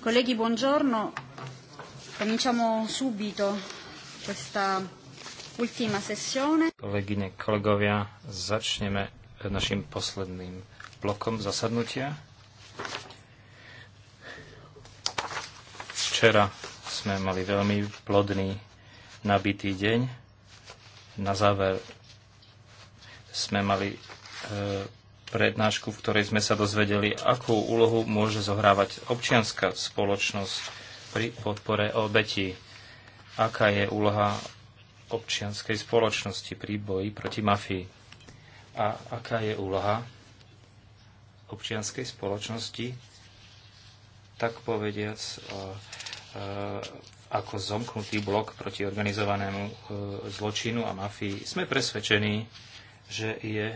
Colleghi, buongiorno. Cominciamo subito questa ultima sessione. Kolegyne, kolegovia, začneme našim posledným blokom zasadnutia. Včera sme mali veľmi plodný, nabitý deň. Na záver sme mali e, prednášku, v ktorej sme sa dozvedeli, akú úlohu môže zohrávať občianská spoločnosť pri podpore obetí. Aká je úloha občianskej spoločnosti pri boji proti mafii? A aká je úloha občianskej spoločnosti, tak povediac, e, e, ako zomknutý blok proti organizovanému e, zločinu a mafii? Sme presvedčení, že je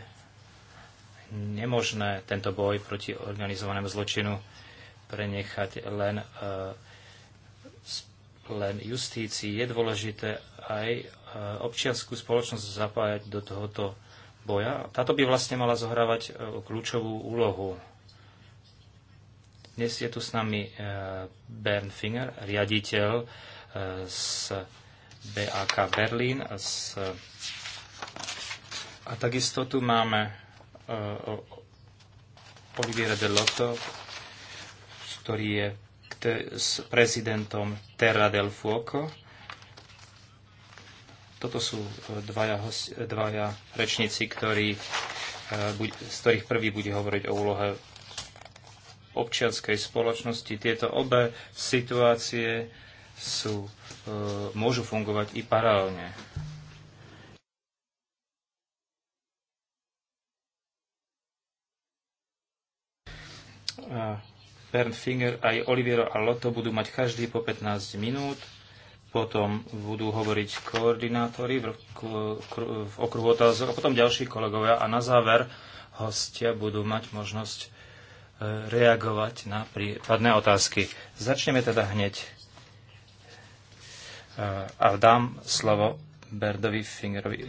nemožné tento boj proti organizovanému zločinu prenechať len, eh, len justícii. Je dôležité aj eh, občianskú spoločnosť zapájať do tohoto boja. Táto by vlastne mala zohrávať eh, kľúčovú úlohu. Dnes je tu s nami Bern Finger, riaditeľ z BAK Berlín. Z... A takisto tu máme Eh, Oliviera de Lotto, ktorý je s prezidentom Terra del Fuoco. Toto sú eh, dvaja, eh, dvaja rečníci, ktorí, z ktorých prvý bude hovoriť o úlohe občianskej spoločnosti. Tieto obe situácie sú, môžu fungovať i paralelne. Bernd Finger aj Oliviero a Lotto budú mať každý po 15 minút. Potom budú hovoriť koordinátori v, v okruhu otázok a potom ďalší kolegovia. A na záver hostia budú mať možnosť e, reagovať na prípadné otázky. Začneme teda hneď e, a dám slovo Berdovi Fingerovi, e,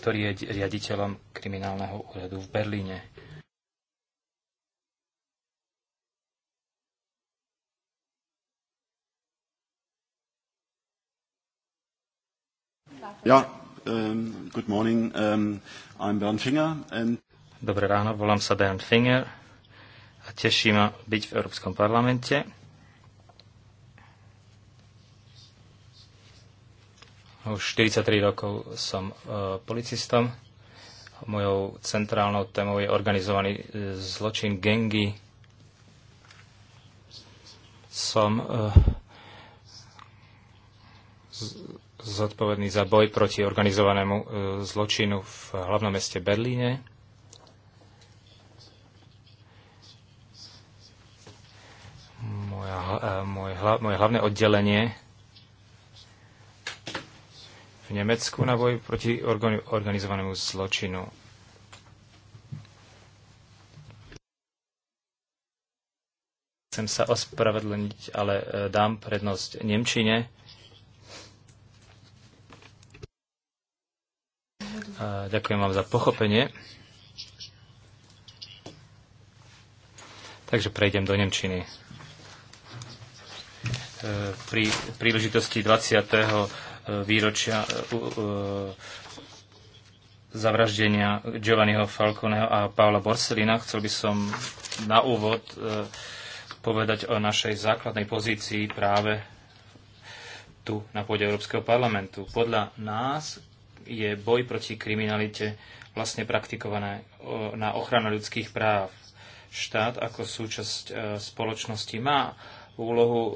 ktorý je riaditeľom kriminálneho úradu v Berlíne. Ja, um, good morning. Um, I'm Bernd Finger. And... Dobré ráno, volám sa Bernd Finger a teší ma byť v Európskom parlamente. Už 43 rokov som uh, policistom. Mojou centrálnou témou je organizovaný e, zločin gengy. Som uh, zodpovedný za boj proti organizovanému e, zločinu v hlavnom meste Berlíne. Moja, e, moje, moje hlavné oddelenie v Nemecku na boj proti organizovanému zločinu chcem sa ospravedlniť, ale e, dám prednosť Nemčine. A ďakujem vám za pochopenie. Takže prejdem do Nemčiny. E, pri príležitosti 20. E, výročia e, zavraždenia Giovanniho Falconeho a Paula Borsellina. Chcel by som na úvod povedať o našej základnej pozícii práve tu na pôde Európskeho parlamentu. Podľa nás je boj proti kriminalite vlastne praktikované na ochranu ľudských práv. Štát ako súčasť e, spoločnosti má úlohu e,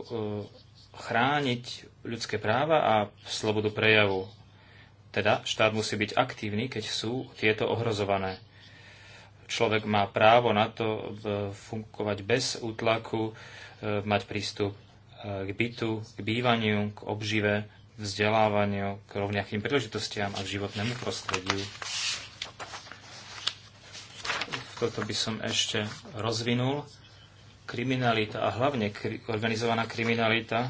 chrániť ľudské práva a slobodu prejavu. Teda štát musí byť aktívny, keď sú tieto ohrozované. Človek má právo na to fungovať bez útlaku, e, mať prístup k bytu, k bývaniu, k obžive, vzdelávaniu, k rovnakým príležitostiam a k životnému prostrediu. Toto by som ešte rozvinul. Kriminalita a hlavne kri- organizovaná kriminalita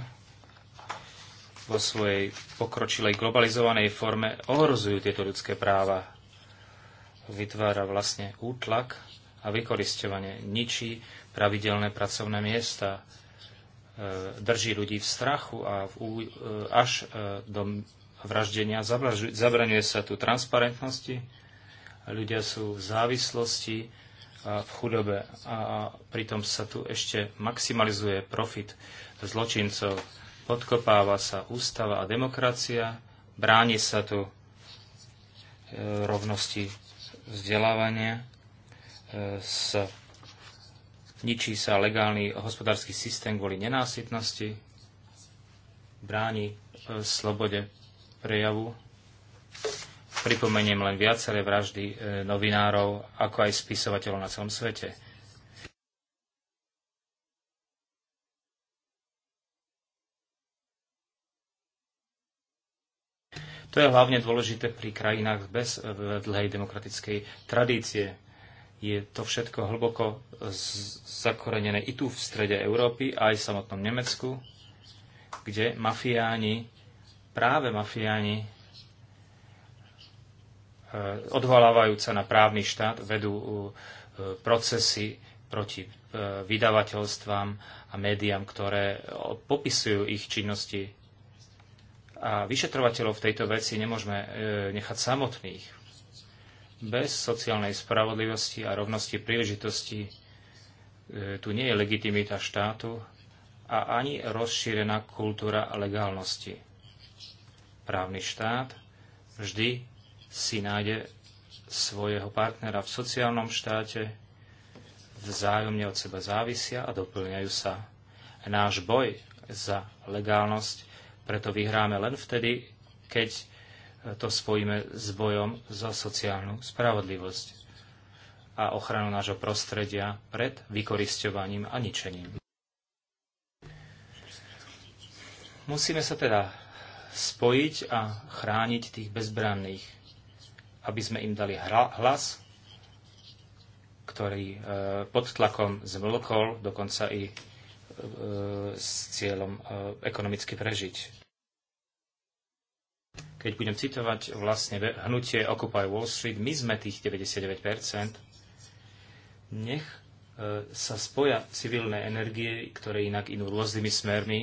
vo svojej pokročilej globalizovanej forme ohrozujú tieto ľudské práva. Vytvára vlastne útlak a vykoristovanie, ničí pravidelné pracovné miesta, E, drží ľudí v strachu a v, e, až e, do vraždenia. Zabraňuje sa tu transparentnosti, ľudia sú v závislosti, a v chudobe a pritom sa tu ešte maximalizuje profit zločincov, podkopáva sa ústava a demokracia, bráni sa tu rovnosti vzdelávania s ničí sa legálny hospodársky systém kvôli nenásytnosti, bráni e, slobode prejavu. Pripomeniem len viaceré vraždy e, novinárov, ako aj spisovateľov na celom svete. To je hlavne dôležité pri krajinách bez e, dlhej demokratickej tradície je to všetko hlboko zakorenené i tu v strede Európy, aj v samotnom Nemecku, kde mafiáni, práve mafiáni, e, odvolávajúca na právny štát, vedú e, procesy proti e, vydavateľstvám a médiám, ktoré popisujú ich činnosti. A vyšetrovateľov v tejto veci nemôžeme nechať samotných bez sociálnej spravodlivosti a rovnosti príležitosti e, tu nie je legitimita štátu a ani rozšírená kultúra legálnosti. Právny štát vždy si nájde svojho partnera v sociálnom štáte, vzájomne od seba závisia a doplňajú sa. Náš boj za legálnosť preto vyhráme len vtedy, keď to spojíme s bojom za sociálnu spravodlivosť a ochranu nášho prostredia pred vykoristovaním a ničením. Musíme sa teda spojiť a chrániť tých bezbranných, aby sme im dali hlas, ktorý e, pod tlakom zmlkol, dokonca i e, s cieľom e, ekonomicky prežiť. Keď budem citovať vlastne hnutie Occupy Wall Street, my sme tých 99%, nech e, sa spoja civilné energie, ktoré inak inú rôznymi smermi.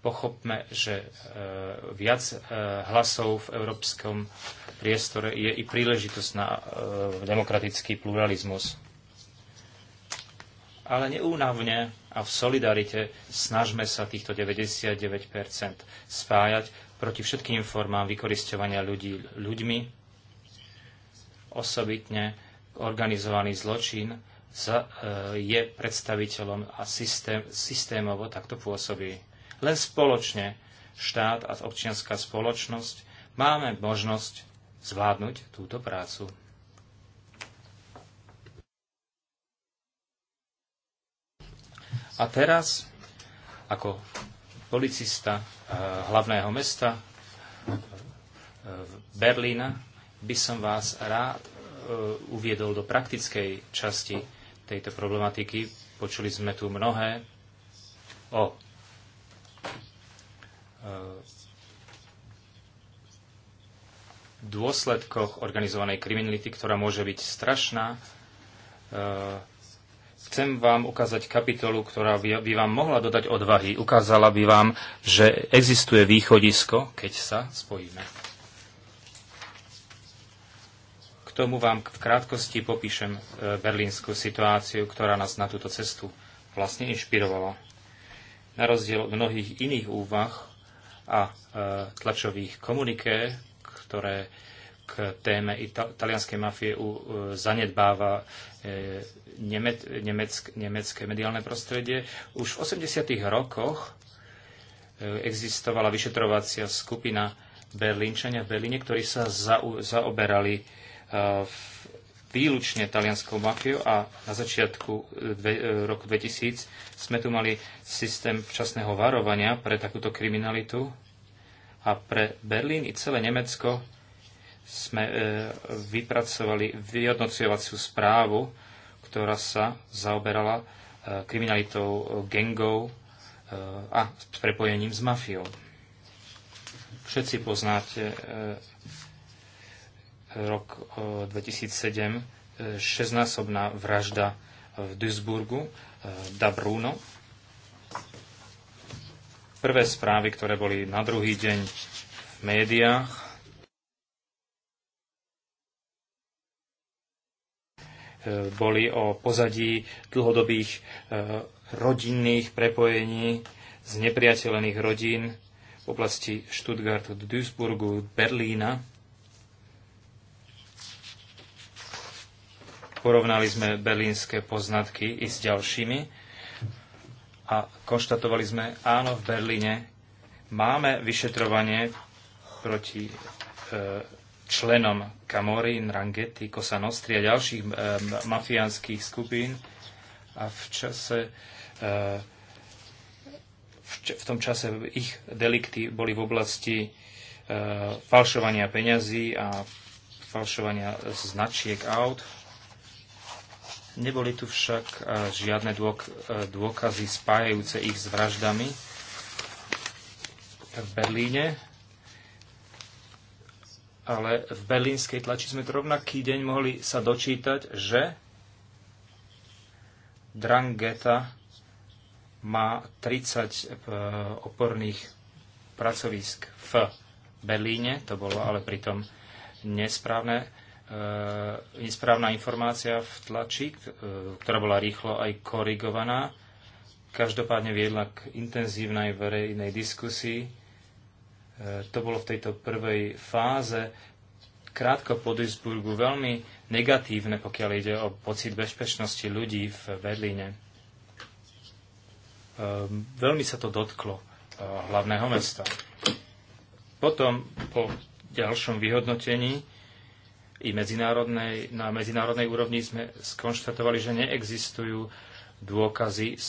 Pochopme, že e, viac e, hlasov v európskom priestore je i príležitosť na demokratický pluralizmus. Ale neúnavne a v solidarite snažme sa týchto 99% spájať proti všetkým formám vykoristovania ľudí ľuďmi, osobitne organizovaný zločin za, e, je predstaviteľom a systém, systémovo takto pôsobí. Len spoločne štát a občianská spoločnosť máme možnosť zvládnuť túto prácu. A teraz, ako policista eh, hlavného mesta eh, Berlína, by som vás rád eh, uviedol do praktickej časti tejto problematiky. Počuli sme tu mnohé o dôsledkoch organizovanej kriminality, ktorá môže byť strašná. Chcem vám ukázať kapitolu, ktorá by vám mohla dodať odvahy. Ukázala by vám, že existuje východisko, keď sa spojíme. K tomu vám v krátkosti popíšem e, berlínsku situáciu, ktorá nás na túto cestu vlastne inšpirovala. Na rozdiel od mnohých iných úvah a e, tlačových komuniké, ktoré k téme talianskej mafie e, zanedbáva e, nemecké mediálne prostredie. Už v 80. rokoch e, existovala vyšetrovacia skupina Berlínčania v Berlíne, ktorí sa zaoberali v, výlučne talianskou mafiou a na začiatku roku 2000 sme tu mali systém včasného varovania pre takúto kriminalitu a pre Berlín i celé Nemecko sme e, vypracovali vyhodnocovaciu správu, ktorá sa zaoberala e, kriminalitou e, gangov a prepojením s mafiou. Všetci poznáte rok 2007, šestnásobná vražda v Duisburgu, Da Bruno. Prvé správy, ktoré boli na druhý deň v médiách, E, boli o pozadí dlhodobých e, rodinných prepojení z nepriateľených rodín v oblasti Stuttgartu, Duisburgu, Berlína. Porovnali sme berlínske poznatky i s ďalšími a konštatovali sme, áno, v Berlíne máme vyšetrovanie proti e, členom Camory, Nrangetti, Cosa Nostri a ďalších e, mafiánskych skupín a v čase e, v, v tom čase ich delikty boli v oblasti e, falšovania peňazí a falšovania značiek aut. Neboli tu však žiadne dôk, dôkazy spájajúce ich s vraždami v Berlíne ale v berlínskej tlači sme to rovnaký deň mohli sa dočítať, že Drangeta má 30 e, oporných pracovisk v Berlíne, to bolo ale pritom nesprávne, e, nesprávna informácia v tlači, e, ktorá bola rýchlo aj korigovaná. Každopádne viedla k intenzívnej verejnej diskusii E, to bolo v tejto prvej fáze krátko po Duisburgu veľmi negatívne, pokiaľ ide o pocit bezpečnosti ľudí v Berlíne. E, veľmi sa to dotklo e, hlavného mesta. Potom po ďalšom vyhodnotení i medzinárodnej, na medzinárodnej úrovni sme skonštatovali, že neexistujú dôkazy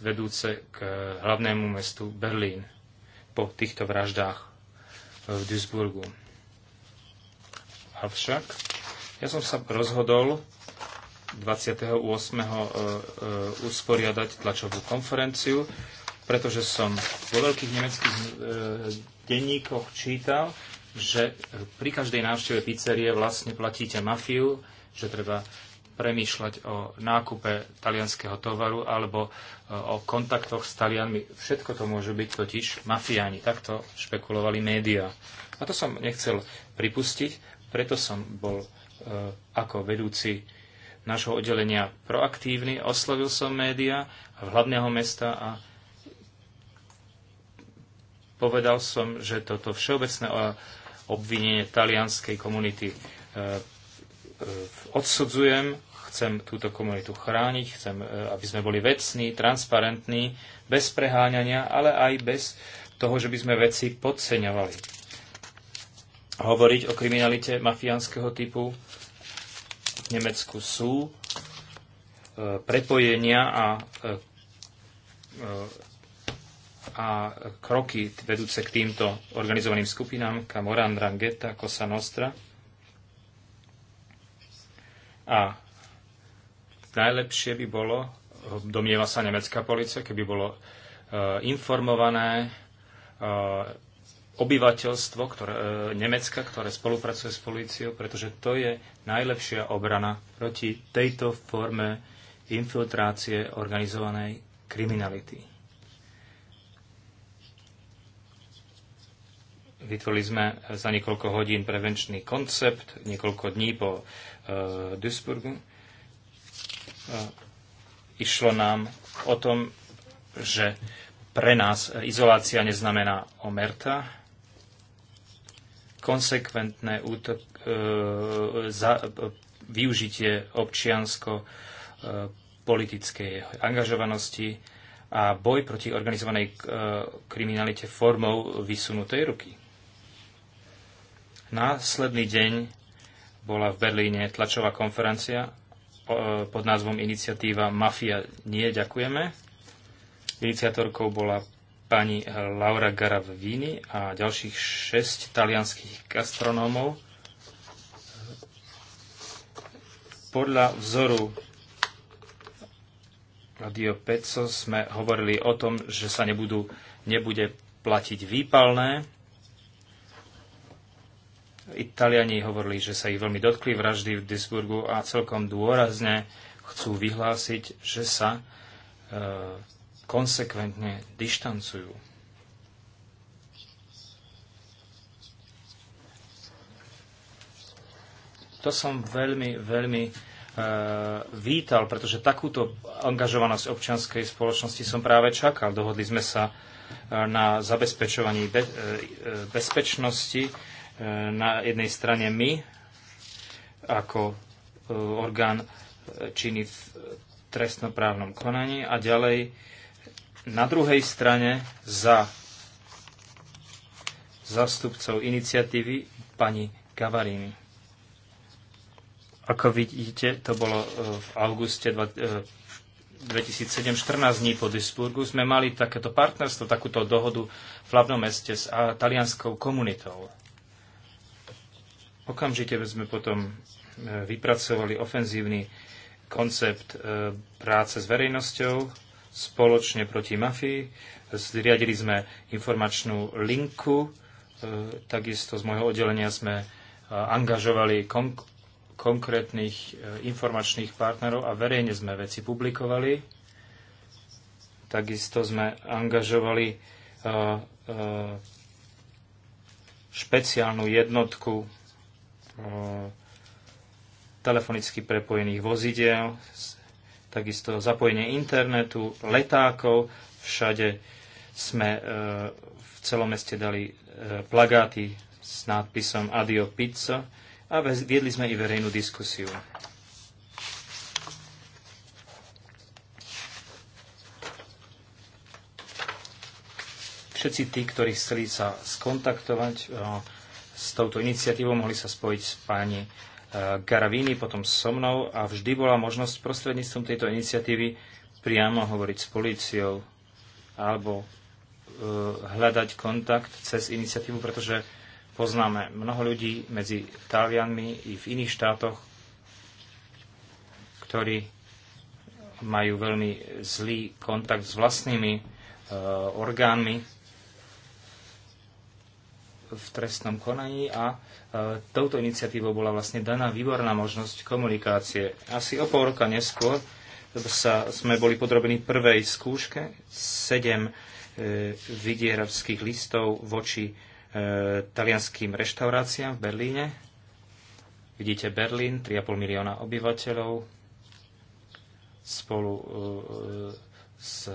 vedúce k hlavnému mestu Berlín po týchto vraždách v Duisburgu. Avšak ja som sa rozhodol 28. E, e, usporiadať tlačovú konferenciu, pretože som vo veľkých nemeckých e, denníkoch čítal, že pri každej návšteve pizzerie vlastne platíte mafiu, že treba premýšľať o nákupe talianského tovaru alebo e, o kontaktoch s Talianmi. Všetko to môžu byť totiž mafiáni. Takto špekulovali médiá. A to som nechcel pripustiť, preto som bol e, ako vedúci nášho oddelenia proaktívny, oslovil som médiá v hlavného mesta a povedal som, že toto všeobecné obvinenie talianskej komunity e, odsudzujem, chcem túto komunitu chrániť, chcem, e, aby sme boli vecní, transparentní, bez preháňania, ale aj bez toho, že by sme veci podceňovali. Hovoriť o kriminalite mafiánskeho typu v Nemecku sú e, prepojenia a, e, a kroky vedúce k týmto organizovaným skupinám, Camoran, Drangheta, Cosa Nostra, a najlepšie by bolo, domnieva sa nemecká policia, keby bolo e, informované e, obyvateľstvo ktoré, e, Nemecka, ktoré spolupracuje s políciou, pretože to je najlepšia obrana proti tejto forme infiltrácie organizovanej kriminality. Vytvorili sme za niekoľko hodín prevenčný koncept, niekoľko dní po uh, Duisburgu. Uh, išlo nám o tom, že pre nás izolácia neznamená omerta. Konsekventné útok, uh, za, uh, využitie občiansko politickej angažovanosti a boj proti organizovanej kriminalite formou vysunutej ruky. Následný deň bola v Berlíne tlačová konferencia e, pod názvom Iniciatíva Mafia nie ďakujeme. Iniciatorkou bola pani Laura Garavini a ďalších šesť talianských gastronómov. Podľa vzoru Radio 500 sme hovorili o tom, že sa nebudú, nebude platiť výpalné, Italiani hovorili, že sa ich veľmi dotkli vraždy v Duisburgu a celkom dôrazne chcú vyhlásiť, že sa e, konsekventne dištancujú. To som veľmi, veľmi e, vítal, pretože takúto angažovanosť občianskej spoločnosti som práve čakal. Dohodli sme sa e, na zabezpečovaní be e, bezpečnosti E, na jednej strane my, ako e, orgán e, činy v trestnoprávnom konaní a ďalej na druhej strane za zastupcov iniciatívy pani Gavarini. Ako vidíte, to bolo v auguste 2007, 14 dní po Duisburgu, sme mali takéto partnerstvo, takúto dohodu v hlavnom meste s talianskou komunitou. Okamžite sme potom e, vypracovali ofenzívny koncept e, práce s verejnosťou spoločne proti mafii. Zriadili sme informačnú linku, e, takisto z môjho oddelenia sme angažovali konk- konkrétnych informačných partnerov a verejne sme veci publikovali. Takisto sme angažovali špeciálnu jednotku telefonicky prepojených vozidiel, takisto zapojenie internetu, letákov. Všade sme e, v celom meste dali e, plagáty s nápisom Adio Pizza a viedli sme i verejnú diskusiu. Všetci tí, ktorí chceli sa skontaktovať, s touto iniciatívou, mohli sa spojiť s pani e, Garavini, potom so mnou a vždy bola možnosť prostredníctvom tejto iniciatívy priamo hovoriť s políciou alebo e, hľadať kontakt cez iniciatívu, pretože poznáme mnoho ľudí medzi Talianmi i v iných štátoch, ktorí majú veľmi zlý kontakt s vlastnými e, orgánmi v trestnom konaní a e, touto iniciatívou bola vlastne daná výborná možnosť komunikácie. Asi o pol roka neskôr sa, sme boli podrobení prvej skúške, sedem e, vydieravských listov voči e, talianským reštauráciám v Berlíne. Vidíte Berlín, 3,5 milióna obyvateľov spolu e, e s e,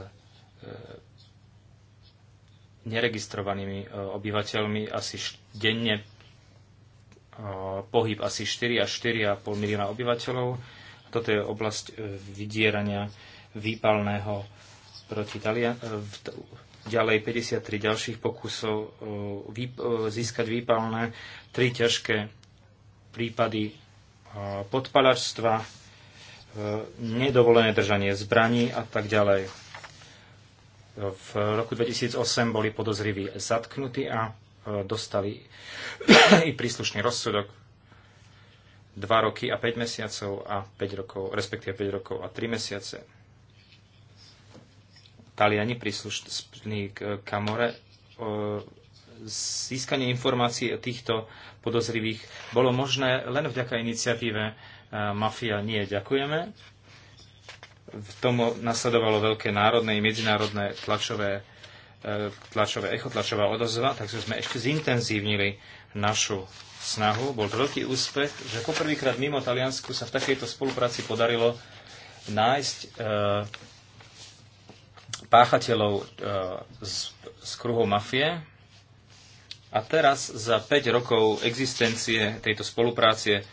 neregistrovanými e, obyvateľmi asi denne e, pohyb asi 4 až 4,5 milióna obyvateľov. Toto je oblasť e, vydierania výpalného proti Talian- ďalej 53 ďalších pokusov získať výpalné, tri ťažké prípady podpalačstva, nedovolené držanie zbraní a tak ďalej v roku 2008 boli podozriví zatknutí a e, dostali i príslušný rozsudok 2 roky a 5 mesiacov a 5 rokov, respektíve 5 rokov a 3 mesiace. Taliani príslušní k Kamore e, získanie informácií o týchto podozrivých bolo možné len vďaka iniciatíve e, Mafia nie ďakujeme v tom nasledovalo veľké národné i medzinárodné tlačové, e, tlačové echo, tlačová odozva, takže sme ešte zintenzívnili našu snahu. Bol to veľký úspech, že poprvýkrát mimo Taliansku sa v takejto spolupráci podarilo nájsť e, páchateľov e, z, z kruhov mafie. A teraz za 5 rokov existencie tejto spolupráce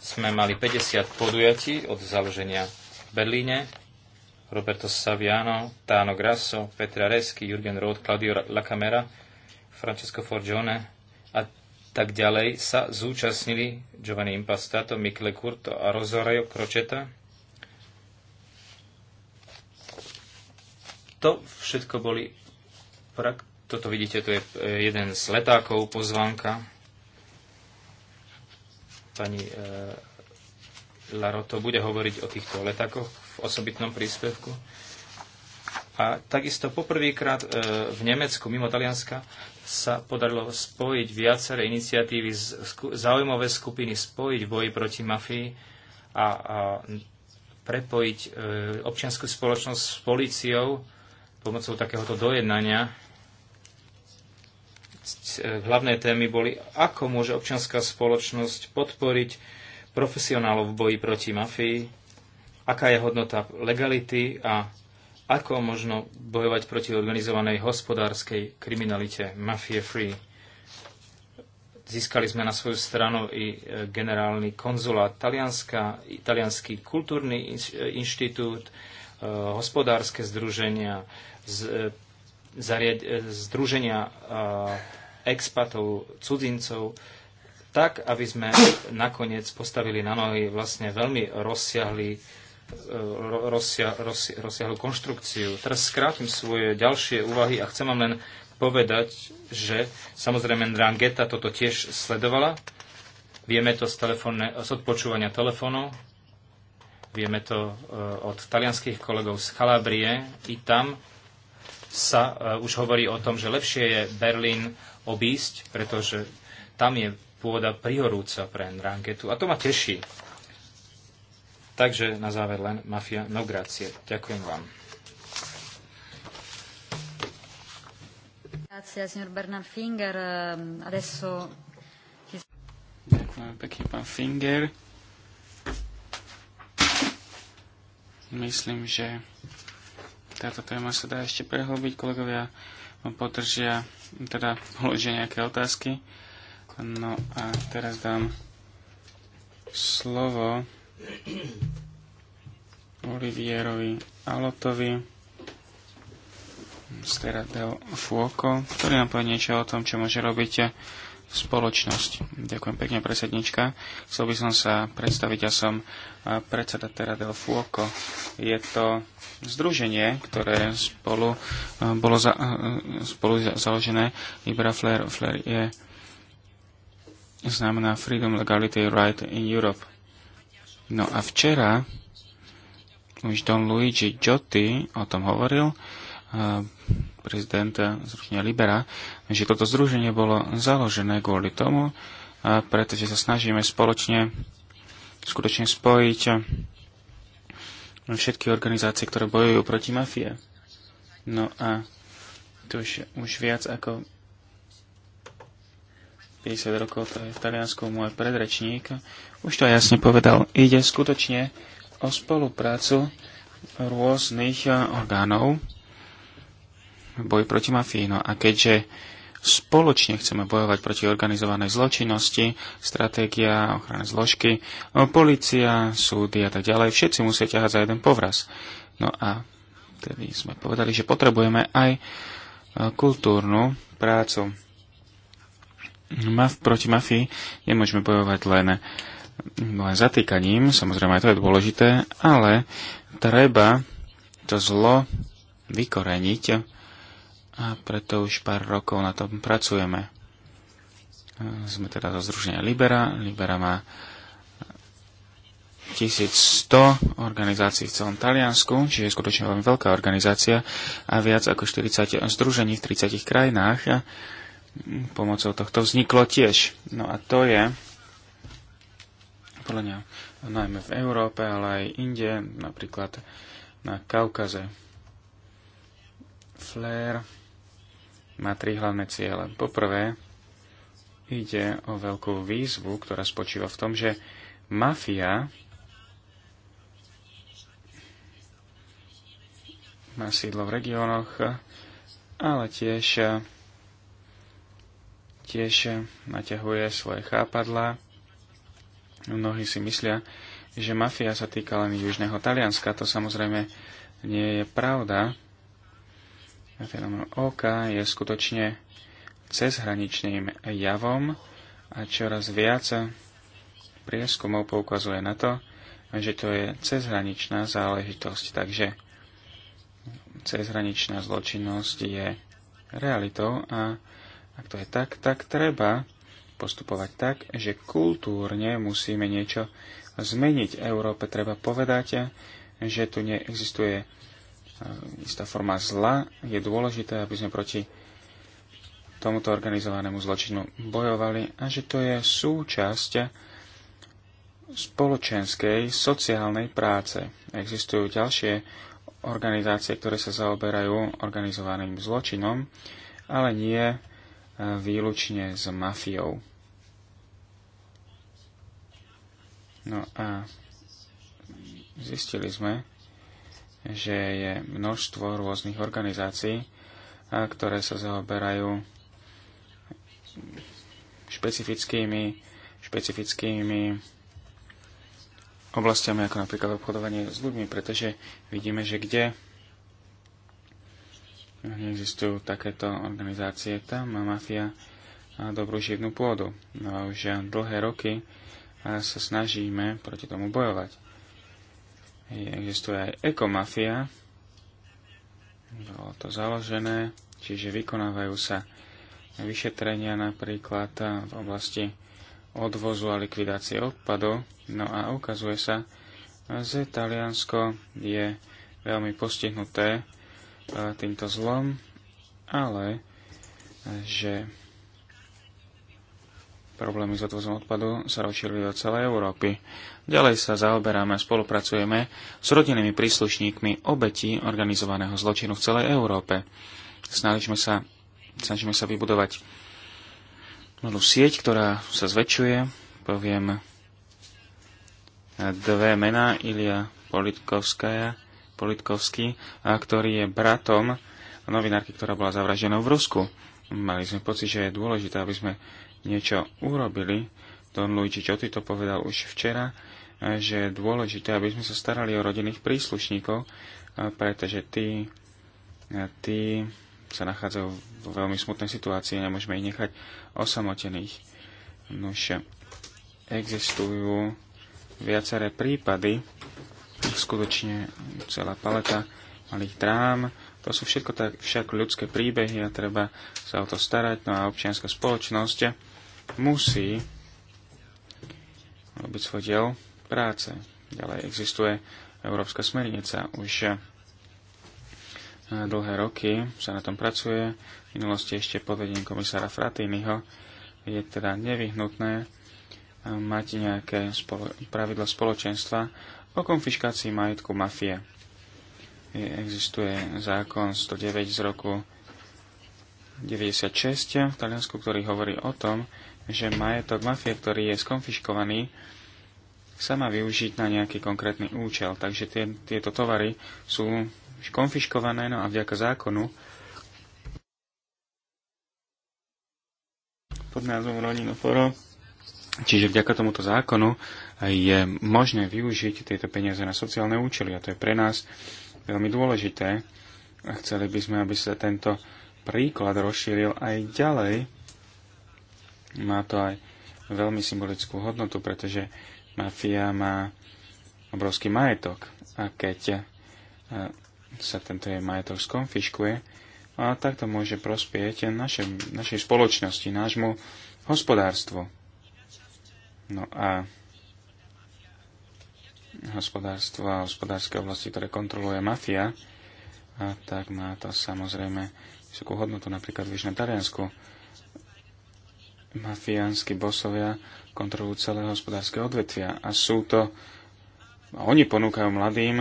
sme mali 50 podujatí od založenia Berlíne, Roberto Saviano, Tano Grasso, Petra Resky, Jürgen Roth, Claudio Camera, Francesco Forgione a tak ďalej sa zúčastnili Giovanni Impastato, Michele Curto a Rosario Crocetta. To všetko boli prak- toto vidíte, to je e, jeden z letákov pozvánka. Pani e Laroto bude hovoriť o týchto letakoch v osobitnom príspevku. A takisto poprvýkrát e, v Nemecku, mimo Talianska, sa podarilo spojiť viaceré iniciatívy, zaujímavé skupiny spojiť boji proti mafii a, a prepojiť e, občianskú spoločnosť s políciou pomocou takéhoto dojednania. E, hlavné témy boli, ako môže občianská spoločnosť podporiť profesionálov v boji proti mafii, aká je hodnota legality a ako možno bojovať proti organizovanej hospodárskej kriminalite Mafia Free. Získali sme na svoju stranu i e, generálny konzulát Talianska, Italianský kultúrny e, inštitút, e, hospodárske združenia, združenia expatov, cudzincov, tak, aby sme nakoniec postavili na nohy vlastne veľmi rozsiahlý e, rozsiahlu konštrukciu. Teraz skrátim svoje ďalšie úvahy a chcem vám len povedať, že samozrejme Drangheta toto tiež sledovala. Vieme to z, telefónne, z odpočúvania telefónov, vieme to e, od talianských kolegov z Kalabrie, i tam sa e, už hovorí o tom, že lepšie je Berlín obísť, pretože tam je pôda prihorúca pre Ranketu. A to ma teší. Takže na záver len mafia no grazie. Ďakujem vám. Ehm, Ďakujem pekne, pán Finger. Myslím, že táto téma sa dá ešte prehlbiť. Kolegovia podržia, teda položia nejaké otázky. No a teraz dám slovo Olivierovi Alotovi z Teradel Fuoco, ktorý nám povie niečo o tom, čo môže robiť spoločnosť. Ďakujem pekne, predsednička. Chcel by som sa predstaviť, ja som predseda Teradel Fuoco. Je to združenie, ktoré spolu bolo za, spolu založené. Ibra Flair, Flair je znamená Freedom, Legality, Right in Europe. No a včera už Don Luigi Giotti o tom hovoril, eh, prezident zrušenia Libera, že toto združenie bolo založené kvôli tomu, pretože sa snažíme spoločne skutočne spojiť všetky organizácie, ktoré bojujú proti mafie. No a to už, už viac ako 50 rokov je v Taliansku môj predrečník, už to jasne povedal, ide skutočne o spoluprácu rôznych eh, orgánov v boji proti mafii. No a keďže spoločne chceme bojovať proti organizovanej zločinnosti, stratégia, ochranné zložky, eh, policia, súdy a tak ďalej, všetci musia ťahať za jeden povraz. No a tedy sme povedali, že potrebujeme aj eh, kultúrnu prácu maf- proti mafii nemôžeme bojovať len, len zatýkaním, samozrejme aj to je dôležité, ale treba to zlo vykoreniť a preto už pár rokov na tom pracujeme. Sme teda zo Združenia Libera. Libera má 1100 organizácií v celom Taliansku, čiže je skutočne veľmi veľká organizácia a viac ako 40 združení v 30 krajinách pomocou tohto vzniklo tiež. No a to je, podľa mňa, najmä v Európe, ale aj inde, napríklad na Kaukaze. Flair má tri hlavné ciele. Poprvé, ide o veľkú výzvu, ktorá spočíva v tom, že mafia má sídlo v regiónoch, ale tiež tiež naťahuje svoje chápadlá. Mnohí si myslia, že mafia sa týka len južného Talianska. To samozrejme nie je pravda. Fenomén OK je skutočne cezhraničným javom a čoraz viac prieskumov poukazuje na to, že to je cezhraničná záležitosť. Takže cezhraničná zločinnosť je realitou a ak to je tak, tak treba postupovať tak, že kultúrne musíme niečo zmeniť Európe. Treba povedať, že tu neexistuje e, istá forma zla. Je dôležité, aby sme proti tomuto organizovanému zločinu bojovali a že to je súčasť spoločenskej sociálnej práce. Existujú ďalšie organizácie, ktoré sa zaoberajú organizovaným zločinom, ale nie výlučne s mafiou. No a zistili sme, že je množstvo rôznych organizácií, ktoré sa zaoberajú špecifickými, špecifickými oblastiami, ako napríklad obchodovanie s ľuďmi, pretože vidíme, že kde neexistujú takéto organizácie. Tam má mafia dobrú živnú pôdu. No a už dlhé roky sa snažíme proti tomu bojovať. Existuje aj ekomafia, bolo to založené, čiže vykonávajú sa vyšetrenia napríklad v oblasti odvozu a likvidácie odpadov. No a ukazuje sa, že Taliansko je veľmi postihnuté týmto zlom, ale e, že problémy s odvozom odpadu sa rozšírili do celej Európy. Ďalej sa zaoberáme a spolupracujeme s rodinnými príslušníkmi obetí organizovaného zločinu v celej Európe. Snažíme sa, snažíme sa vybudovať novú sieť, ktorá sa zväčšuje. Poviem dve mená, Ilia Politkovská Politkovský, ktorý je bratom novinárky, ktorá bola zavraženou v Rusku. Mali sme pocit, že je dôležité, aby sme niečo urobili. Don Luigi Čoty to povedal už včera, že je dôležité, aby sme sa starali o rodinných príslušníkov, pretože tí, tí sa nachádzajú vo veľmi smutnej situácii, nemôžeme ich nechať osamotených. Nož existujú viaceré prípady skutočne celá paleta malých drám. To sú všetko tak však ľudské príbehy a treba sa o to starať. No a občianská spoločnosť musí robiť svoj diel práce. Ďalej existuje Európska smernica. Už eh, dlhé roky sa na tom pracuje. V minulosti ešte pod vedením komisára Fratýnyho je teda nevyhnutné eh, mať nejaké spolo- pravidlo spoločenstva o konfiškácii majetku mafie. Existuje zákon 109 z roku 96 v Taliansku, ktorý hovorí o tom, že majetok mafie, ktorý je skonfiškovaný, sa má využiť na nejaký konkrétny účel. Takže tie, tieto tovary sú konfiškované, no a vďaka zákonu pod názvom Ronino Foro Čiže vďaka tomuto zákonu je možné využiť tieto peniaze na sociálne účely a to je pre nás veľmi dôležité a chceli by sme, aby sa tento príklad rozšíril aj ďalej. Má to aj veľmi symbolickú hodnotu, pretože mafia má obrovský majetok a keď e, sa tento jej majetok skonfiškuje, a tak to môže prospieť našej, našej spoločnosti, nášmu hospodárstvu. No a hospodárstvo a hospodárske oblasti, ktoré kontroluje mafia, a tak má to samozrejme vysokú hodnotu, napríklad v Vyšnom Taliansku. Mafiánsky bosovia kontrolujú celé hospodárske odvetvia a sú to, a oni ponúkajú mladým,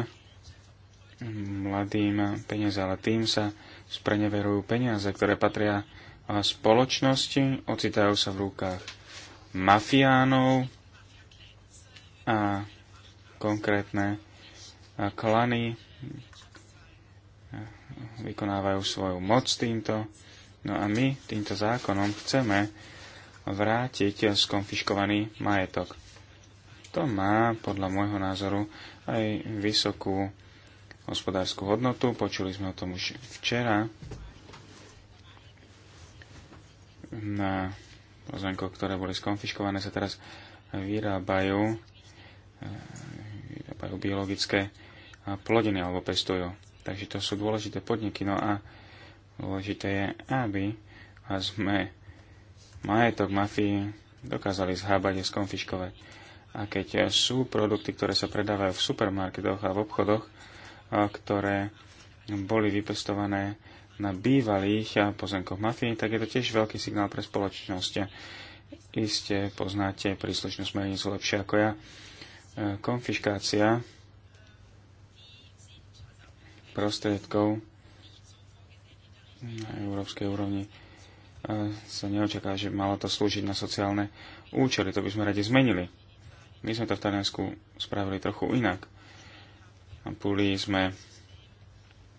mladým peniaze, ale tým sa spreneverujú peniaze, ktoré patria spoločnosti, ocitajú sa v rukách mafiánov a konkrétne klany vykonávajú svoju moc týmto. No a my týmto zákonom chceme vrátiť skonfiškovaný majetok. To má, podľa môjho názoru, aj vysokú hospodárskú hodnotu. Počuli sme o tom už včera na Pozemkov, ktoré boli skonfiškované, sa teraz vyrábajú, e, vyrábajú biologické plodiny alebo pestujú. Takže to sú dôležité podniky. No a dôležité je, aby a sme majetok mafii dokázali zhábať a skonfiškovať. A keď sú produkty, ktoré sa predávajú v supermarketoch a v obchodoch, ktoré boli vypestované na bývalých eh, pozemkoch mafie, tak je to tiež veľký signál pre spoločnosť. Iste poznáte príslušnosť smernicu lepšie ako ja. Eh, konfiškácia prostriedkov na európskej úrovni eh, sa neočaká, že malo to slúžiť na sociálne účely. To by sme radi zmenili. My sme to v Taliansku spravili trochu inak. Púli sme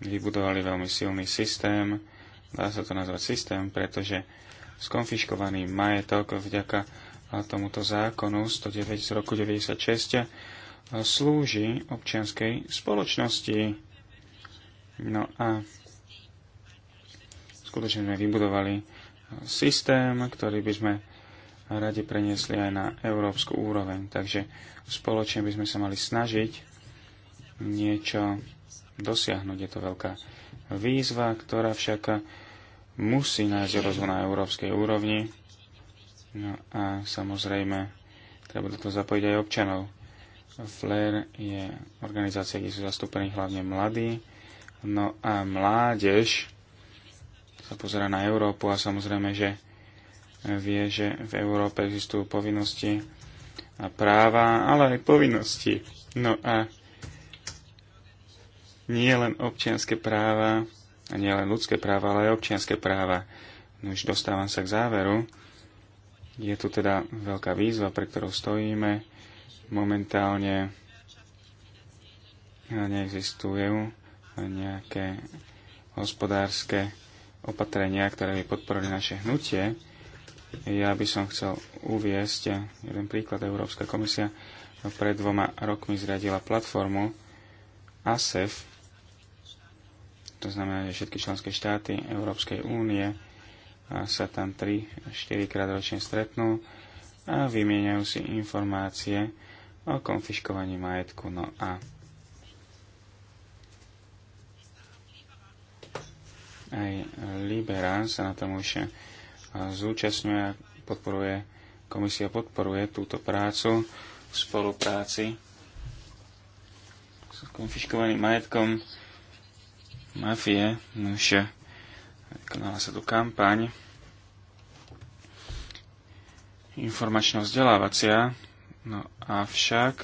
vybudovali veľmi silný systém, dá sa to nazvať systém, pretože skonfiškovaný majetok vďaka tomuto zákonu 109 z roku 96 eh, slúži občianskej spoločnosti. No a skutočne sme vybudovali eh, systém, ktorý by sme radi preniesli aj na európsku úroveň. Takže spoločne by sme sa mali snažiť niečo dosiahnuť. Je to veľká výzva, ktorá však musí nájsť rozvoj na európskej úrovni. No a samozrejme, treba do toho zapojiť aj občanov. FLAIR je organizácia, kde sú zastúpení hlavne mladí. No a mládež sa pozera na Európu a samozrejme, že vie, že v Európe existujú povinnosti a práva, ale aj povinnosti. No a nie len občianské práva, a nie len ľudské práva, ale aj občianské práva. No už dostávam sa k záveru. Je tu teda veľká výzva, pre ktorou stojíme. Momentálne neexistujú nejaké hospodárske opatrenia, ktoré by podporili naše hnutie. Ja by som chcel uviesť jeden príklad. Európska komisia pred dvoma rokmi zriadila platformu ASEF, to znamená, že všetky členské štáty Európskej únie sa tam 3-4 krát ročne stretnú a vymieňajú si informácie o konfiškovaní majetku. No a aj Libera sa na tom už zúčastňuje a podporuje, komisia podporuje túto prácu v spolupráci s konfiškovaným majetkom mafie, už konala sa tu kampaň informačno-vzdelávacia, no avšak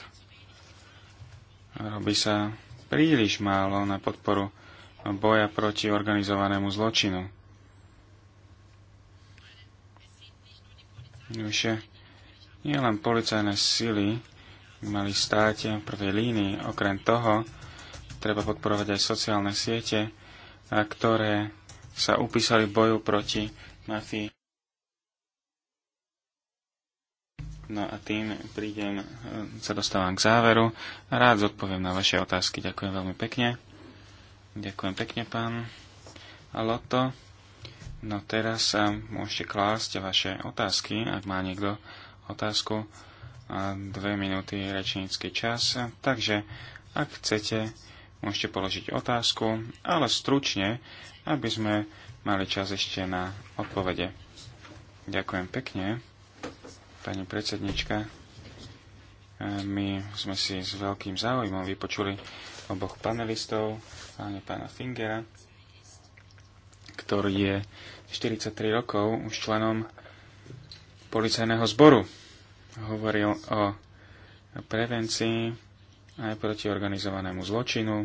robí sa príliš málo na podporu boja proti organizovanému zločinu. Už nie len policajné sily mali státe v prvej línii, okrem toho, treba podporovať aj sociálne siete, ktoré sa upísali v boju proti mafii. No a tým prídem, e, sa dostávam k záveru a rád zodpoviem na vaše otázky. Ďakujem veľmi pekne. Ďakujem pekne, pán Loto. No teraz sa e, môžete klásť vaše otázky, ak má niekto otázku. A dve minúty rečnícky čas. E, takže, ak chcete, Môžete položiť otázku, ale stručne, aby sme mali čas ešte na odpovede. Ďakujem pekne, pani predsednička. E, my sme si s veľkým záujmom vypočuli oboch panelistov, hlavne pána Fingera, ktorý je 43 rokov už členom policajného zboru. Hovoril o prevencii aj proti organizovanému zločinu.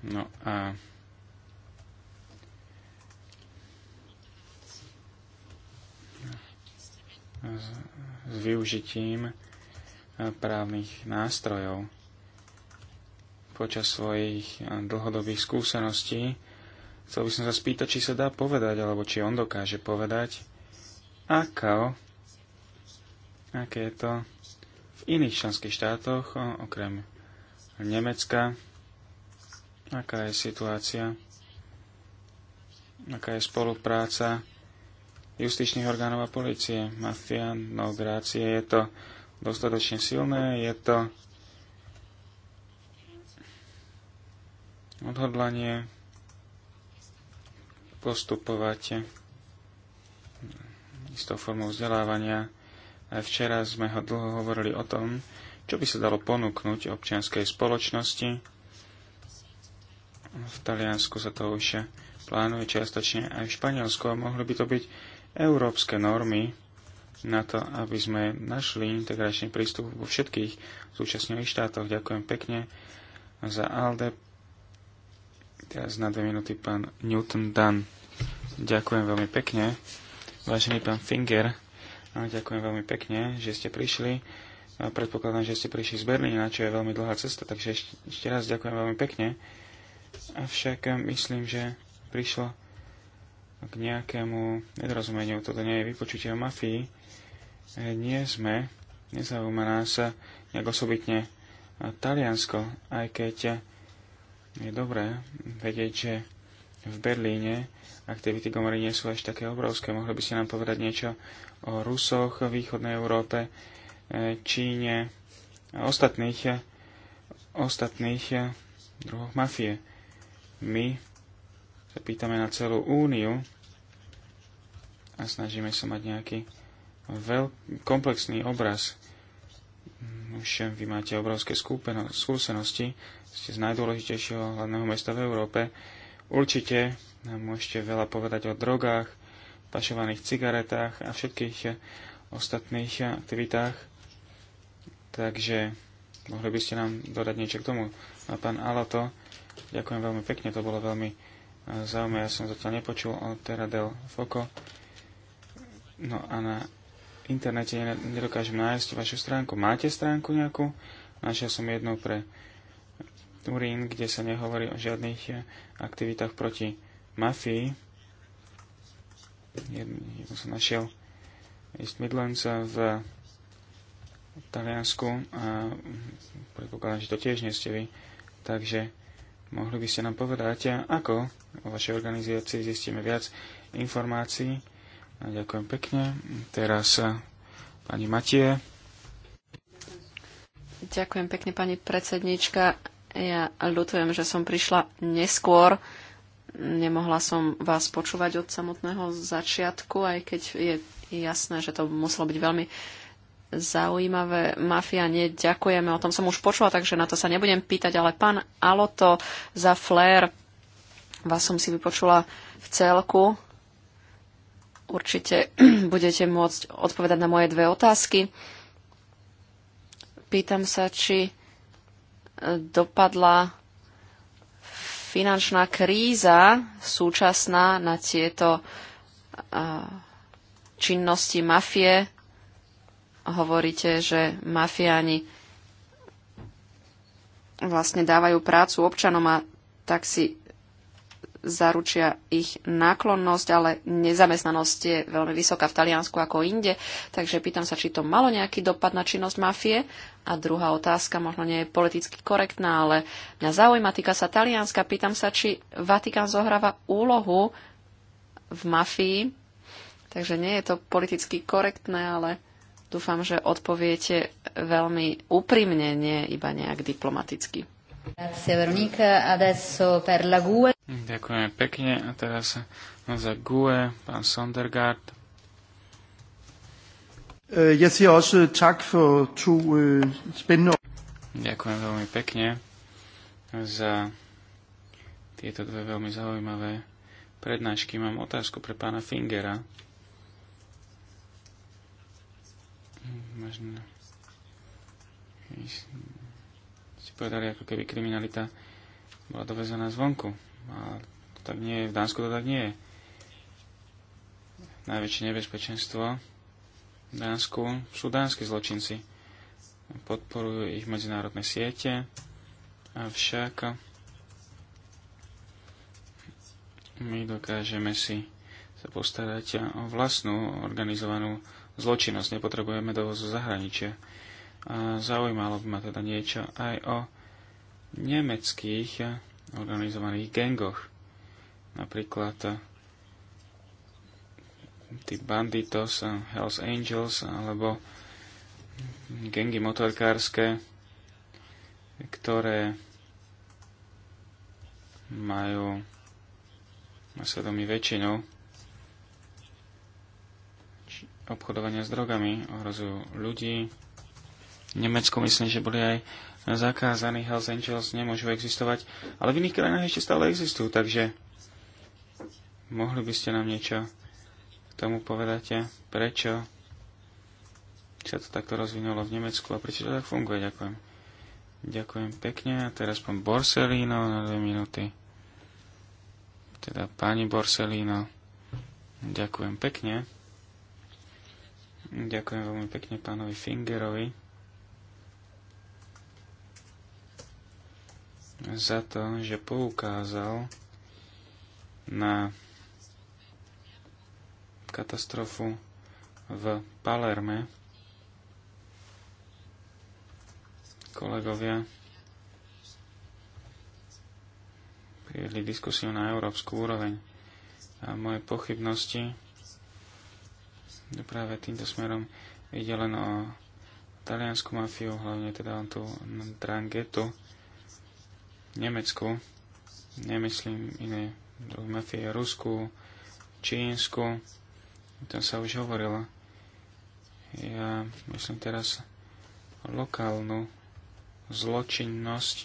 No a s, využitím právnych nástrojov. Počas svojich dlhodobých skúseností chcel by som sa spýtať, či sa dá povedať, alebo či on dokáže povedať, ako aké je to v iných členských štátoch, okrem Nemecka, aká je situácia, aká je spolupráca justičných orgánov a policie. Mafia, no grácie, je to dostatočne silné, je to odhodlanie postupovať istou formou vzdelávania Včera sme ho dlho hovorili o tom, čo by sa dalo ponúknuť občianskej spoločnosti. V Taliansku sa to už plánuje čiastočne aj v Španielsku a mohli by to byť európske normy na to, aby sme našli integračný prístup vo všetkých súčasných štátoch. Ďakujem pekne za ALDE. Teraz na dve minúty pán Newton Dan. Ďakujem veľmi pekne. Vážený pán Finger, Ďakujem veľmi pekne, že ste prišli. Predpokladám, že ste prišli z Berlína, čo je veľmi dlhá cesta, takže ešte, ešte raz ďakujem veľmi pekne. Avšak eh, myslím, že prišlo k nejakému nedorozumeniu. Toto nie je vypočutie o mafii. Eh, nie sme, nezaujíma nás eh, nejak osobitne Taliansko, aj keď je dobré vedieť, že v Berlíne aktivity Gomory nie sú až také obrovské. Mohli by ste nám povedať niečo o Rusoch, východnej Európe, e, Číne a ostatných, e, ostatných e, druhoch mafie. My sa pýtame na celú úniu a snažíme sa mať nejaký veľ, komplexný obraz. Už vy máte obrovské skúsenosti, ste z najdôležitejšieho hlavného mesta v Európe Určite nám môžete veľa povedať o drogách, pašovaných cigaretách a všetkých ostatných aktivitách. Takže mohli by ste nám dodať niečo k tomu. A pán Alato, ďakujem veľmi pekne, to bolo veľmi e, zaujímavé. Ja som zatiaľ nepočul o Teradel Foco. No a na internete nedokážem nájsť vašu stránku. Máte stránku nejakú? Našiel som jednu pre Turín, kde sa nehovorí o žiadnych eh, aktivitách proti mafii. Jednu som našiel East Midlands eh, v Taliansku a predpokladám, že to tiež nie ste vy. Takže mohli by ste nám povedať, eh, ako o vašej organizácii zistíme viac informácií. A ďakujem pekne. Teraz pani Matie. Ďakujem pekne, pani predsednička. Ja ľutujem, že som prišla neskôr. Nemohla som vás počúvať od samotného začiatku, aj keď je jasné, že to muselo byť veľmi zaujímavé. Mafia, nie, ďakujeme, o tom som už počula, takže na to sa nebudem pýtať, ale pán Aloto za flair vás som si vypočula v celku. Určite budete môcť odpovedať na moje dve otázky. Pýtam sa, či dopadla finančná kríza súčasná na tieto činnosti mafie. Hovoríte, že mafiáni vlastne dávajú prácu občanom a tak si zaručia ich náklonnosť, ale nezamestnanosť je veľmi vysoká v Taliansku ako inde, takže pýtam sa, či to malo nejaký dopad na činnosť mafie. A druhá otázka, možno nie je politicky korektná, ale mňa zaujíma, týka sa Talianska, pýtam sa, či Vatikán zohráva úlohu v mafii, takže nie je to politicky korektné, ale dúfam, že odpoviete veľmi úprimne, nie iba nejak diplomaticky. Ďakujem pekne a teraz za GUE, pán Sondergaard. Eh, jeg siger også eh, tak for to eh, spændende Ďakujem veľmi pekne za tieto dve veľmi zaujímavé prednášky. Mám otázku pre pána Fingera. Hm, možno povedali, ako keby kriminalita bola dovezená zvonku. A to tak nie je, v Dánsku to tak nie je. Najväčšie nebezpečenstvo v Dánsku sú dánsky zločinci. Podporujú ich medzinárodné siete, avšak my dokážeme si sa postarať o vlastnú organizovanú zločinnosť. Nepotrebujeme dovoz zo zahraničia. A zaujímalo by ma teda niečo aj o nemeckých organizovaných gengoch. Napríklad eh, tí Banditos, eh, Hells Angels alebo gengy motorkárske, ktoré majú na svedomí väčšinu obchodovania s drogami, ohrozujú ľudí, Nemecku myslím, že boli aj zakázaní Hells Angels, nemôžu existovať, ale v iných krajinách ešte stále existujú, takže mohli by ste nám niečo k tomu povedať, prečo sa to takto rozvinulo v Nemecku a prečo to tak funguje. Ďakujem. Ďakujem pekne. A teraz pán Borsellino na dve minúty. Teda pani Borsellino. Ďakujem pekne. Ďakujem veľmi pekne pánovi Fingerovi za to, že poukázal na katastrofu v Palerme. Kolegovia priedli diskusiu na európsku úroveň a moje pochybnosti práve týmto smerom ide len o taliansku mafiu, hlavne teda tú Drangetu Nemecku, nemyslím iné druh mafie, Rusku, Čínsku, tom sa už hovorilo. Ja myslím teraz lokálnu zločinnosť,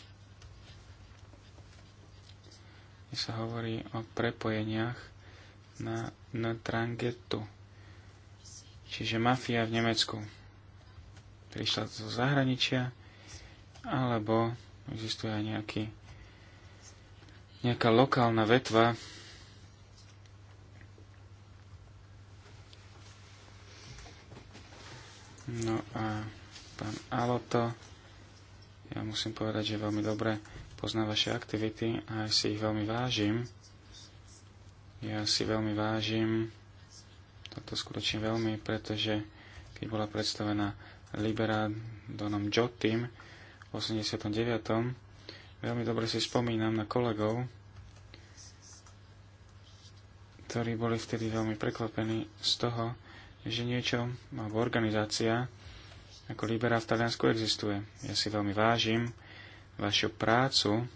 kde sa hovorí o prepojeniach na, na trangetu. čiže mafia v Nemecku. Prišla zo zahraničia, alebo Existuje aj nejaký, nejaká lokálna vetva, No a pán Aloto, ja musím povedať, že veľmi dobre pozná vaše aktivity a ja si ich veľmi vážim. Ja si veľmi vážim toto skutočne veľmi, pretože keď bola predstavená Libera Donom Jotim, 89. Veľmi dobre si spomínam na kolegov, ktorí boli vtedy veľmi prekvapení z toho, že niečo alebo organizácia ako Libera v Taliansku existuje. Ja si veľmi vážim vašu prácu,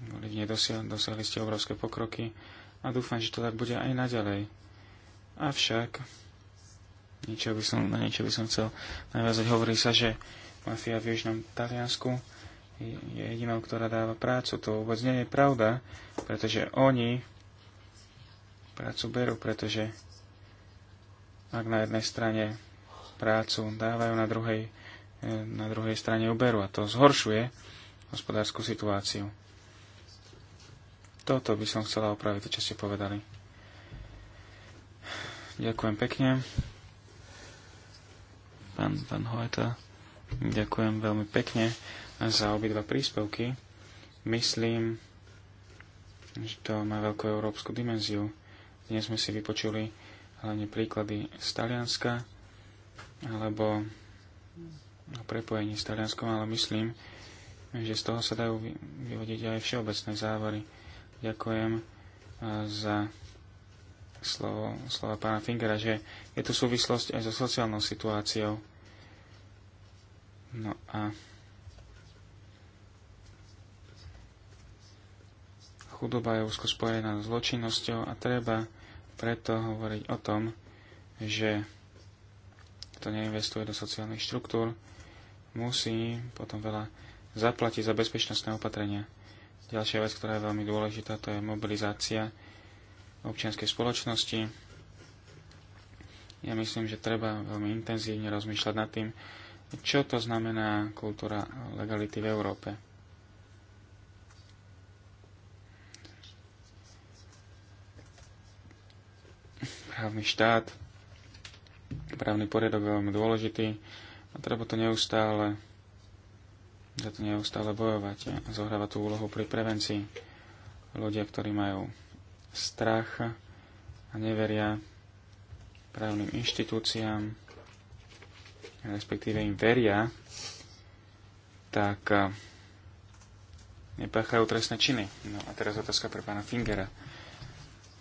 boli v nej dosiahli, dosiahli ste obrovské pokroky a dúfam, že to tak bude aj naďalej. Avšak, niečo by som, na niečo by som chcel najviac hovorí sa, že Mafia v južnom Taliansku je jedinou, ktorá dáva prácu. To vôbec nie je pravda, pretože oni prácu berú, pretože ak na jednej strane prácu dávajú, na druhej, e, na druhej strane uberú a to zhoršuje hospodárskú situáciu. Toto by som chcela opraviť, čo ste povedali. Ďakujem pekne. Pán, pán Hojta. Ďakujem veľmi pekne za obidva príspevky. Myslím, že to má veľkú európsku dimenziu. Dnes sme si vypočuli hlavne príklady z Talianska alebo prepojení s Talianskom, ale myslím, že z toho sa dajú vyvodiť aj všeobecné závory. Ďakujem e, za slovo, slova pána Fingera, že je tu súvislosť aj so sociálnou situáciou. No a chudoba je úzko spojená s zločinnosťou a treba preto hovoriť o tom, že kto neinvestuje do sociálnych štruktúr, musí potom veľa zaplatiť za bezpečnostné opatrenia. Ďalšia vec, ktorá je veľmi dôležitá, to je mobilizácia občianskej spoločnosti. Ja myslím, že treba veľmi intenzívne rozmýšľať nad tým, čo to znamená kultúra legality v Európe. Právny štát, právny poriadok je veľmi dôležitý a treba to neustále za to neustále bojovať a zohrávať tú úlohu pri prevencii. Ľudia, ktorí majú strach a neveria právnym inštitúciám, respektíve im veria, tak eh, nepáchajú trestné činy. No a teraz otázka pre pána Fingera.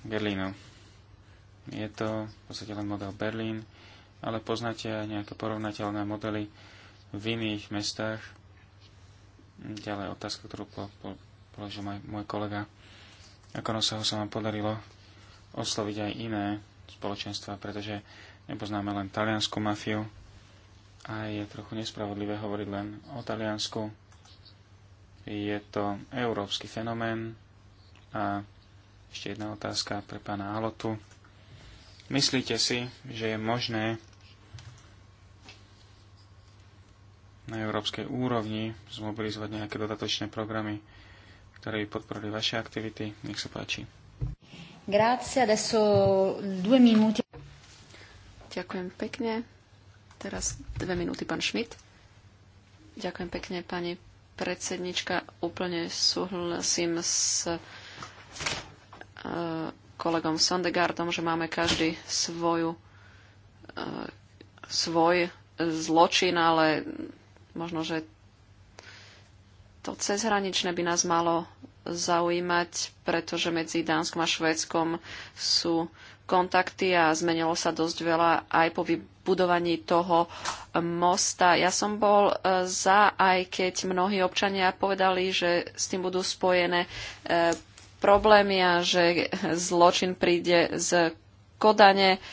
Berlínu. Je to v podstate len model Berlín, ale poznáte aj nejaké porovnateľné modely v iných mestách. Ďalej otázka, ktorú po, po, položil môj, môj kolega. Ako no sa ho sa vám podarilo osloviť aj iné spoločenstva, pretože nepoznáme len taliansku mafiu, a je trochu nespravodlivé hovoriť len o Taliansku. Je to európsky fenomén a ešte jedna otázka pre pána Alotu. Myslíte si, že je možné na európskej úrovni zmobilizovať nejaké dodatočné programy, ktoré by podporili vaše aktivity? Nech sa páči. Grazie, adesso due minuti. Ďakujem pekne. Teraz dve minúty, pán Šmit. Ďakujem pekne, pani predsednička. Úplne súhlasím s e, kolegom Sondegardom, že máme každý svoju, e, svoj zločin, ale možno, že to cezhraničné by nás malo zaujímať, pretože medzi Dánskom a Švédskom sú kontakty a zmenilo sa dosť veľa aj po vy budovaní toho eh, mosta. Ja som bol eh, za, aj keď mnohí občania povedali, že s tým budú spojené eh, problémy a že zločin príde z Kodane,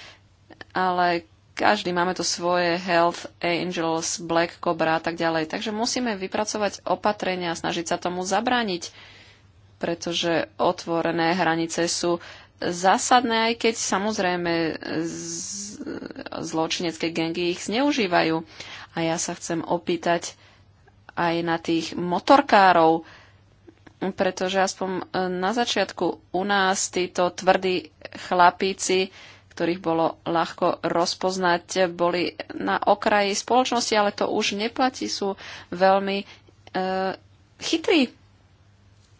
ale každý máme to svoje Health Angels, Black Cobra a tak ďalej. Takže musíme vypracovať opatrenia a snažiť sa tomu zabrániť, pretože otvorené hranice sú zásadné, aj keď samozrejme zločinecké gengy ich zneužívajú. A ja sa chcem opýtať aj na tých motorkárov, pretože aspoň e, na začiatku u nás títo tvrdí chlapíci, ktorých bolo ľahko rozpoznať, boli na okraji spoločnosti, ale to už neplatí, sú veľmi e, chytrí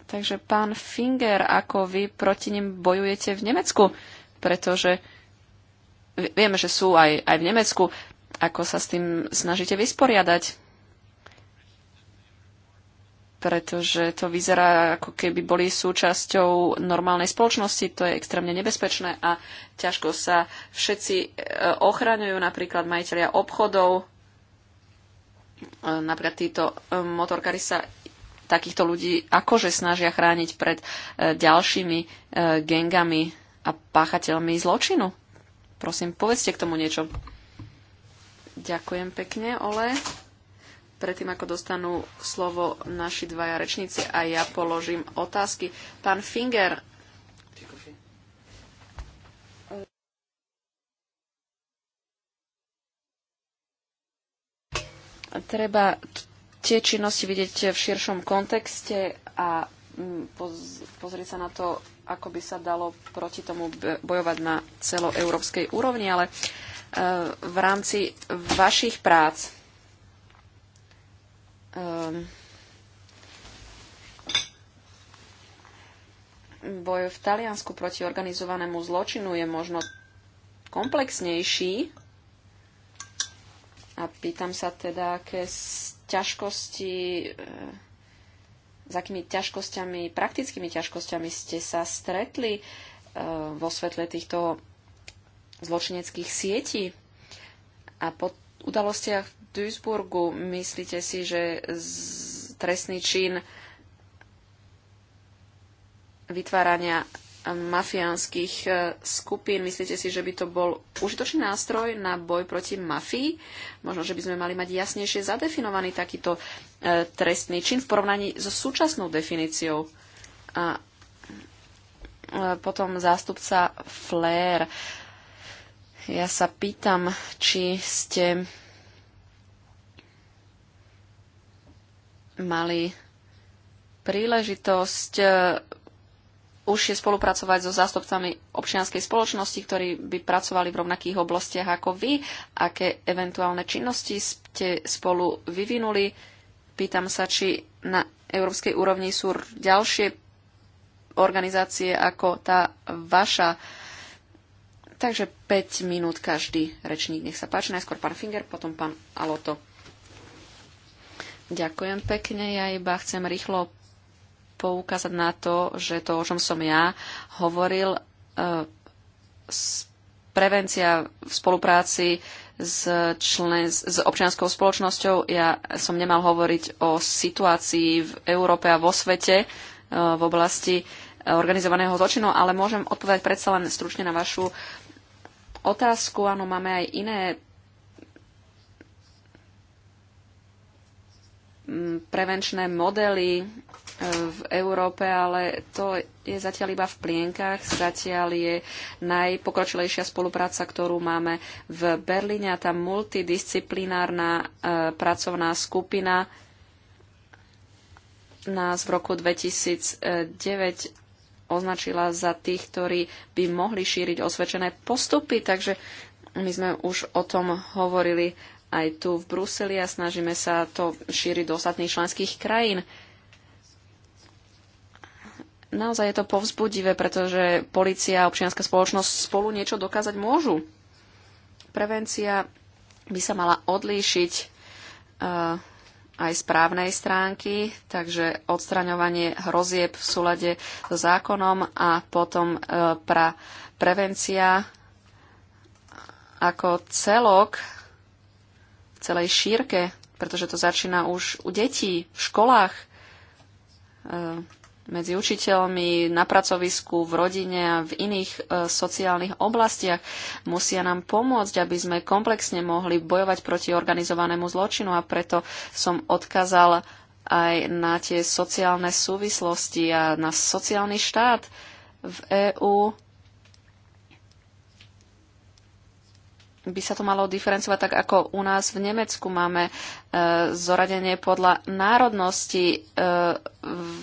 Takže pán Finger, ako vy proti nim bojujete v Nemecku? Pretože vieme, že sú aj, aj v Nemecku. Ako sa s tým snažíte vysporiadať? Pretože to vyzerá, ako keby boli súčasťou normálnej spoločnosti. To je extrémne nebezpečné a ťažko sa všetci e, ochraňujú, napríklad majiteľia obchodov. E, napríklad títo e, motorkári sa takýchto ľudí akože snažia chrániť pred e, ďalšími e, gengami a páchateľmi zločinu. Prosím, povedzte k tomu niečo. Ďakujem pekne, Ole. Predtým, ako dostanú slovo naši dvaja rečníci a ja položím otázky. Pán Finger, treba tie činnosti vidieť v širšom kontexte a mm, pozrieť sa na to, ako by sa dalo proti tomu bojovať na celoeurópskej úrovni, ale eh, v rámci vašich prác eh, boj v Taliansku proti organizovanému zločinu je možno komplexnejší. A pýtam sa teda, aké ťažkosti, s e, akými ťažkosťami, praktickými ťažkosťami ste sa stretli e, vo svetle týchto zločineckých sietí a po udalostiach v Duisburgu myslíte si, že trestný čin vytvárania mafiánskych e, skupín. Myslíte si, že by to bol užitočný nástroj na boj proti mafii? Možno, že by sme mali mať jasnejšie zadefinovaný takýto e, trestný čin v porovnaní so súčasnou definíciou. A e, potom zástupca Flair. Ja sa pýtam, či ste mali príležitosť užšie spolupracovať so zástupcami občianskej spoločnosti, ktorí by pracovali v rovnakých oblastiach ako vy? Aké eventuálne činnosti ste spolu vyvinuli? Pýtam sa, či na európskej úrovni sú ďalšie organizácie ako tá vaša. Takže 5 minút každý rečník. Nech sa páči, najskôr pán Finger, potom pán Aloto. Ďakujem pekne. Ja iba chcem rýchlo poukázať na to, že to, o čom som ja hovoril, e, prevencia v spolupráci s, člen, s občianskou spoločnosťou. Ja som nemal hovoriť o situácii v Európe a vo svete e, v oblasti organizovaného zločinu, ale môžem odpovedať predsa len stručne na vašu otázku. Áno, máme aj iné prevenčné modely v Európe, ale to je zatiaľ iba v plienkach. Zatiaľ je najpokročilejšia spolupráca, ktorú máme v Berlíne a tá multidisciplinárna e, pracovná skupina nás v roku 2009 označila za tých, ktorí by mohli šíriť osvedčené postupy, takže my sme už o tom hovorili aj tu v Bruseli a snažíme sa to šíriť do ostatných členských krajín naozaj je to povzbudivé, pretože policia a občianská spoločnosť spolu niečo dokázať môžu. Prevencia by sa mala odlíšiť uh, aj správnej stránky, takže odstraňovanie hrozieb v súlade so zákonom a potom uh, pra prevencia ako celok v celej šírke, pretože to začína už u detí, v školách. Uh, medzi učiteľmi, na pracovisku, v rodine a v iných e, sociálnych oblastiach. Musia nám pomôcť, aby sme komplexne mohli bojovať proti organizovanému zločinu a preto som odkázal aj na tie sociálne súvislosti a na sociálny štát v EÚ by sa to malo diferencovať tak, ako u nás v Nemecku máme e, zoradenie podľa národnosti. E,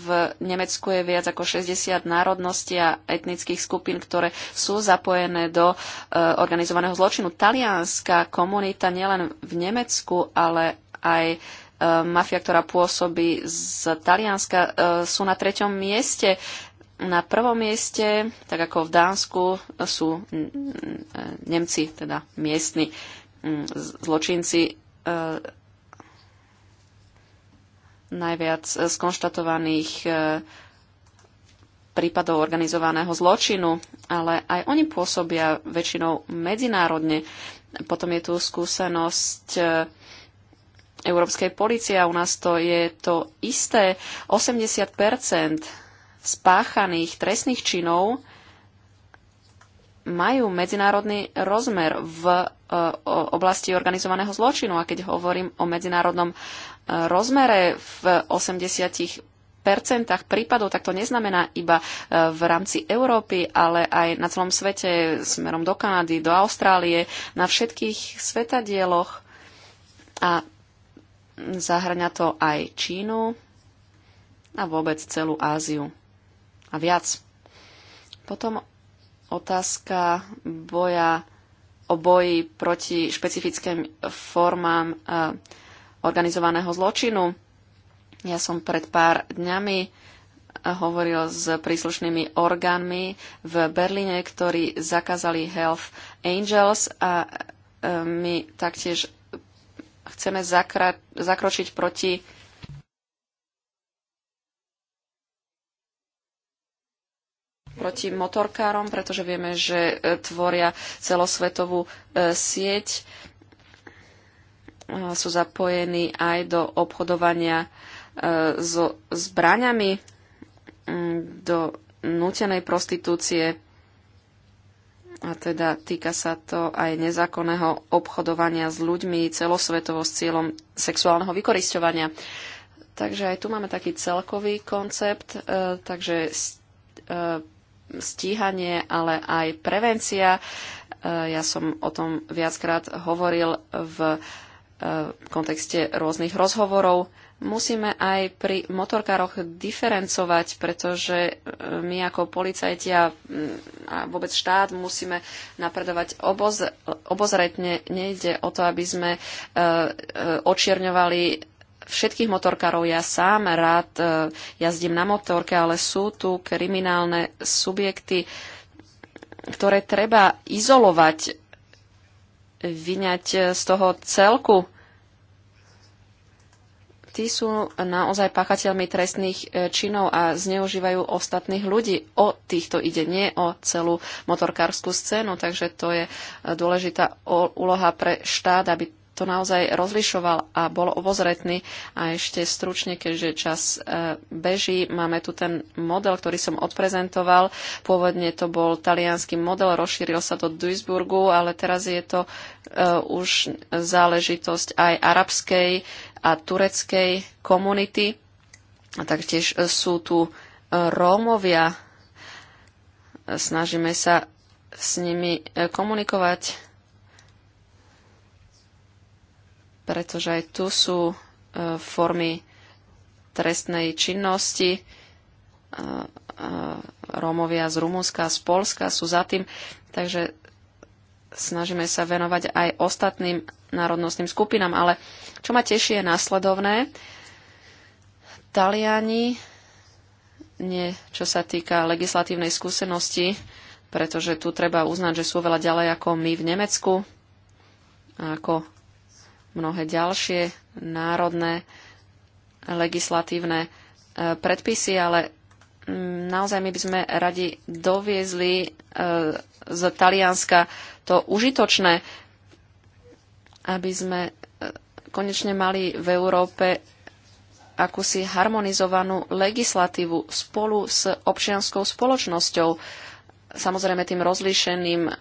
v Nemecku je viac ako 60 národností a etnických skupín, ktoré sú zapojené do e, organizovaného zločinu. Talianská komunita nielen v Nemecku, ale aj e, mafia, ktorá pôsobí z Talianska, e, sú na treťom mieste na prvom mieste, tak ako v Dánsku, sú Nemci, teda miestni mm, zločinci. E, najviac skonštatovaných e, prípadov organizovaného zločinu, ale aj oni pôsobia väčšinou medzinárodne. Potom je tu skúsenosť e, Európskej policie a u nás to je to isté. 80 spáchaných trestných činov majú medzinárodný rozmer v e, oblasti organizovaného zločinu. A keď hovorím o medzinárodnom e, rozmere v 80 percentách prípadov, tak to neznamená iba e, v rámci Európy, ale aj na celom svete, smerom do Kanady, do Austrálie, na všetkých svetadieloch. A zahrňa to aj Čínu a vôbec celú Áziu a viac. Potom otázka boja o boji proti špecifickým formám e, organizovaného zločinu. Ja som pred pár dňami e, hovoril s príslušnými orgánmi v Berlíne, ktorí zakázali Health Angels a e, my taktiež chceme zakra- zakročiť proti proti motorkárom, pretože vieme, že e, tvoria celosvetovú e, sieť. E, sú zapojení aj do obchodovania so zbraňami, mm, do nutenej prostitúcie a teda týka sa to aj nezákonného obchodovania s ľuďmi celosvetovo s cieľom sexuálneho vykoristovania. Takže aj tu máme taký celkový koncept, takže stíhanie, ale aj prevencia. E, ja som o tom viackrát hovoril e, v kontexte rôznych rozhovorov. Musíme aj pri motorkároch diferencovať, pretože e, my ako policajti mm, a vôbec štát musíme napredovať obozretne. Nejde o to, aby sme očierňovali všetkých motorkárov. Ja sám rád e, jazdím na motorke, ale sú tu kriminálne subjekty, ktoré treba izolovať, vyňať e, z toho celku. Tí sú naozaj páchateľmi trestných e, činov a zneužívajú ostatných ľudí. O týchto ide, nie o celú motorkárskú scénu, takže to je dôležitá úloha pre štát, aby to naozaj rozlišoval a bol obozretný. A ešte stručne, keďže čas e, beží, máme tu ten model, ktorý som odprezentoval. Pôvodne to bol talianský model, rozšíril sa do Duisburgu, ale teraz je to e, už záležitosť aj arabskej a tureckej komunity. A taktiež sú tu e, Rómovia. Snažíme sa s nimi komunikovať pretože aj tu sú e, formy trestnej činnosti. E, e, Rómovia z Rumunska a z Polska sú za tým, takže snažíme sa venovať aj ostatným národnostným skupinám. Ale čo ma teší je následovné. Taliani, nie čo sa týka legislatívnej skúsenosti, pretože tu treba uznať, že sú veľa ďalej ako my v Nemecku, ako mnohé ďalšie národné legislatívne e, predpisy, ale mm, naozaj my by sme radi doviezli e, z Talianska to užitočné, aby sme e, konečne mali v Európe akúsi harmonizovanú legislatívu spolu s občianskou spoločnosťou samozrejme tým rozlíšeným, e,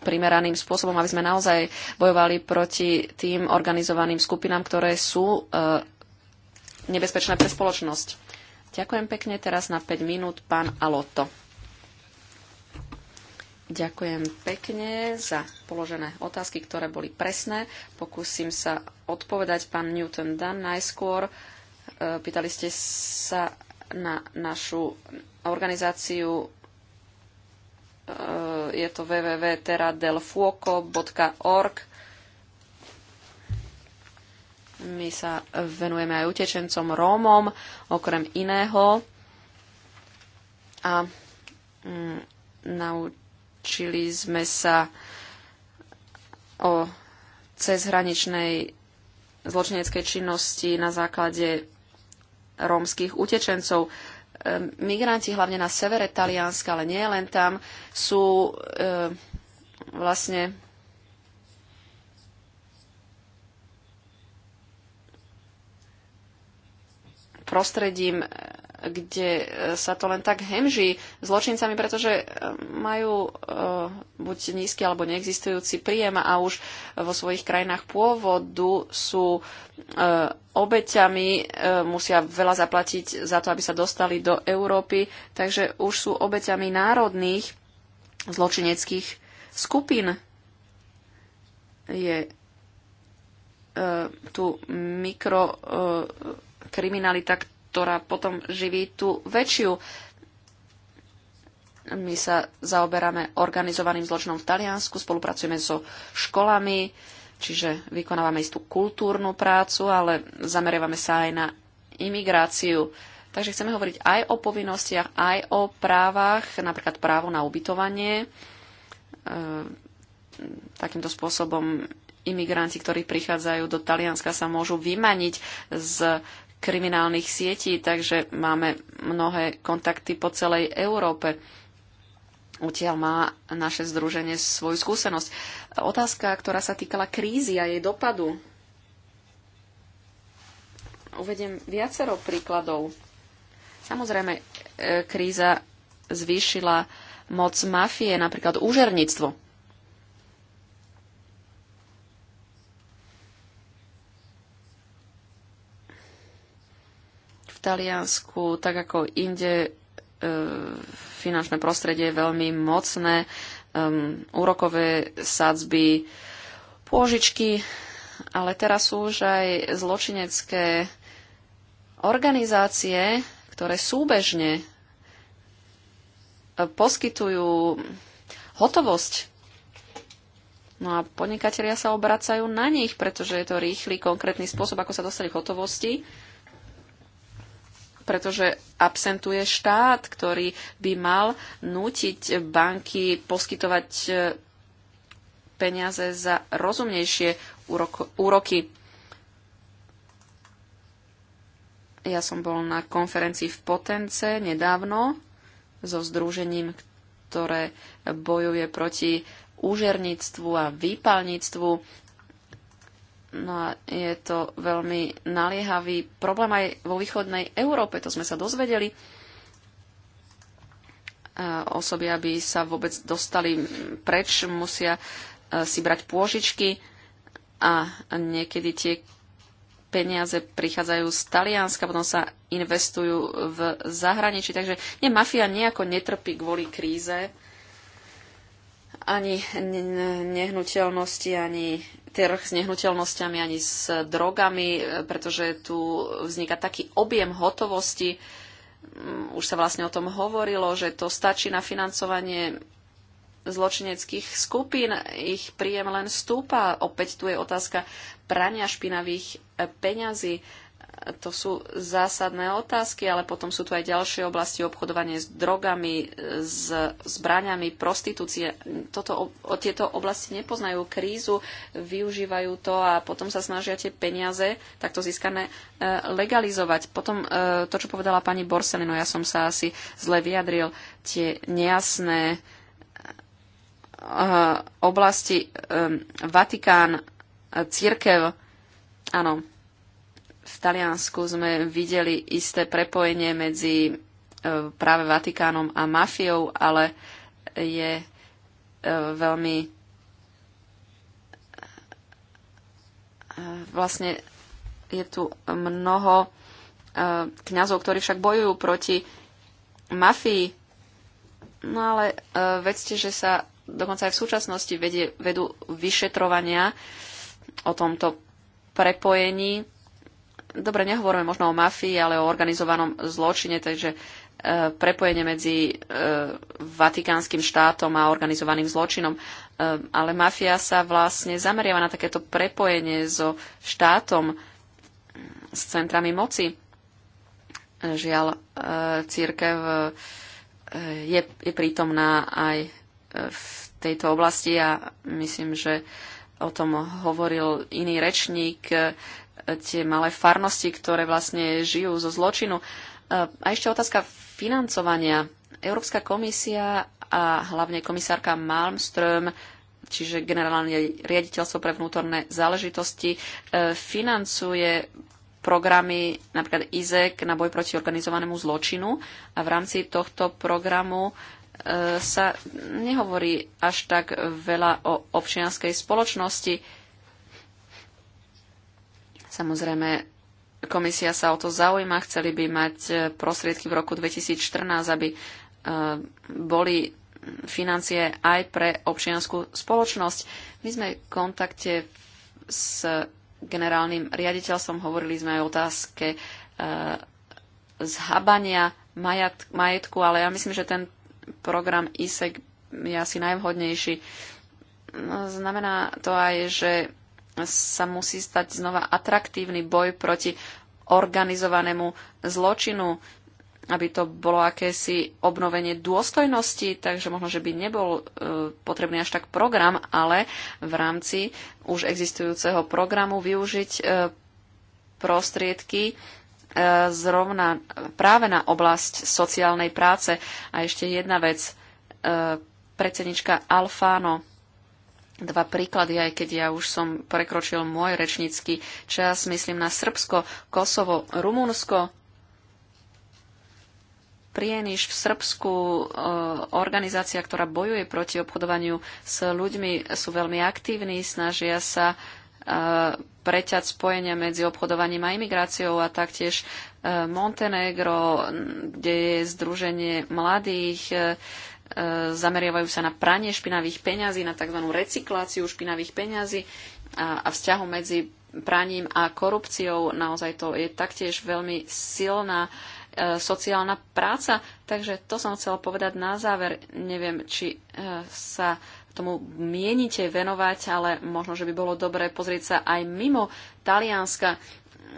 primeraným spôsobom, aby sme naozaj bojovali proti tým organizovaným skupinám, ktoré sú e, nebezpečné pre spoločnosť. Ďakujem pekne teraz na 5 minút pán Aloto. Ďakujem pekne za položené otázky, ktoré boli presné. Pokúsim sa odpovedať pán Newton Dan najskôr. E, pýtali ste sa na našu organizáciu Eh, je to www.teradelfuoco.org. My sa venujeme aj utečencom Rómom, okrem iného. A mm, naučili sme sa o cezhraničnej zločineckej činnosti na základe rómskych utečencov migranti, hlavne na severe Talianska, ale nie len tam, sú e, vlastne prostredím, e, kde e, sa to len tak hemží zločincami, pretože e, majú e, buď nízky alebo neexistujúci príjem a už vo svojich krajinách pôvodu sú e, obeťami, e, musia veľa zaplatiť za to, aby sa dostali do Európy, takže už sú obeťami národných zločineckých skupín. Je e, tu mikrokriminalita, ktorá potom živí tú väčšiu. My sa zaoberáme organizovaným zločinom v Taliansku, spolupracujeme so školami, Čiže vykonávame istú kultúrnu prácu, ale zameriavame sa aj na imigráciu. Takže chceme hovoriť aj o povinnostiach, aj o právach, napríklad právo na ubytovanie. E, takýmto spôsobom imigranti, ktorí prichádzajú do Talianska, sa môžu vymaniť z kriminálnych sietí, takže máme mnohé kontakty po celej Európe. Utiaľ má naše združenie svoju skúsenosť. Otázka, ktorá sa týkala krízy a jej dopadu. Uvediem viacero príkladov. Samozrejme, e, kríza zvýšila moc mafie, napríklad úžerníctvo. V Taliansku, tak ako inde, E, finančné prostredie je veľmi mocné, um, úrokové sadzby, pôžičky, ale teraz sú už aj zločinecké organizácie, ktoré súbežne e, poskytujú hotovosť. No a podnikatelia sa obracajú na nich, pretože je to rýchly, konkrétny spôsob, ako sa dostali k hotovosti pretože absentuje štát, ktorý by mal nútiť banky poskytovať e, peniaze za rozumnejšie úroky. Ja som bol na konferencii v Potence nedávno so združením, ktoré bojuje proti úžerníctvu a výpalníctvu No a je to veľmi naliehavý problém aj vo východnej Európe, to sme sa dozvedeli. E, osoby, aby sa vôbec dostali preč, musia e, si brať pôžičky a niekedy tie peniaze prichádzajú z Talianska, potom sa investujú v zahraničí. Takže nie, mafia nejako netrpí kvôli kríze ani nehnuteľnosti, ani trh s nehnuteľnosťami, ani s drogami, e, pretože tu vzniká taký objem hotovosti. Mm, už sa vlastne o tom hovorilo, že to stačí na financovanie zločineckých skupín. Ich príjem len stúpa. Opäť tu je otázka prania špinavých e, peňazí. To sú zásadné otázky, ale potom sú tu aj ďalšie oblasti obchodovanie s drogami, s zbraniami, prostitúcie. Toto, o, tieto oblasti nepoznajú krízu, využívajú to a potom sa snažia tie peniaze takto získané e, legalizovať. Potom e, to, čo povedala pani Borselino, ja som sa asi zle vyjadril, tie nejasné e, oblasti Vatikán, církev, áno, v Taliansku sme videli isté prepojenie medzi e, práve Vatikánom a mafiou, ale je e, veľmi e, vlastne je tu mnoho kňazov, ktorí však bojujú proti mafii. No ale vedzte, že sa dokonca aj v súčasnosti vedie, vedú vyšetrovania o tomto prepojení dobre, nehovoríme možno o mafii, ale o organizovanom zločine, takže e, prepojenie medzi e, Vatikánskym štátom a organizovaným zločinom. E, ale mafia sa vlastne zameriava na takéto prepojenie so štátom, s centrami moci. Žiaľ, církev je, je prítomná aj v tejto oblasti a myslím, že o tom hovoril iný rečník tie malé farnosti, ktoré vlastne žijú zo zločinu. E, a ešte otázka financovania. Európska komisia a hlavne komisárka Malmström, čiže generálne riaditeľstvo pre vnútorné záležitosti, e, financuje programy napríklad IZEK na boj proti organizovanému zločinu a v rámci tohto programu e, sa nehovorí až tak veľa o občianskej spoločnosti Samozrejme, komisia sa o to zaujíma, chceli by mať e, prostriedky v roku 2014, aby e, boli financie aj pre občianskú spoločnosť. My sme v kontakte s generálnym riaditeľstvom, hovorili sme aj o otázke e, zhabania majetku, ale ja myslím, že ten program ISEC je asi najvhodnejší. No, znamená to aj, že sa musí stať znova atraktívny boj proti organizovanému zločinu, aby to bolo akési obnovenie dôstojnosti, takže možno, že by nebol e, potrebný až tak program, ale v rámci už existujúceho programu využiť e, prostriedky e, zrovna práve na oblasť sociálnej práce. A ešte jedna vec, e, predsednička Alfano dva príklady, aj keď ja už som prekročil môj rečnícky čas, myslím na Srbsko, Kosovo, Rumunsko. Prieniš v Srbsku eh, organizácia, ktorá bojuje proti obchodovaniu s ľuďmi, sú veľmi aktívni, snažia sa eh, preťať spojenia medzi obchodovaním a imigráciou a taktiež eh, Montenegro, kde je združenie mladých E, zameriavajú sa na pranie špinavých peňazí, na tzv. recykláciu špinavých peňazí a, a vzťahu medzi praním a korupciou. Naozaj to je taktiež veľmi silná e, sociálna práca. Takže to som chcela povedať na záver. Neviem, či e, sa tomu mienite venovať, ale možno, že by bolo dobré pozrieť sa aj mimo Talianska.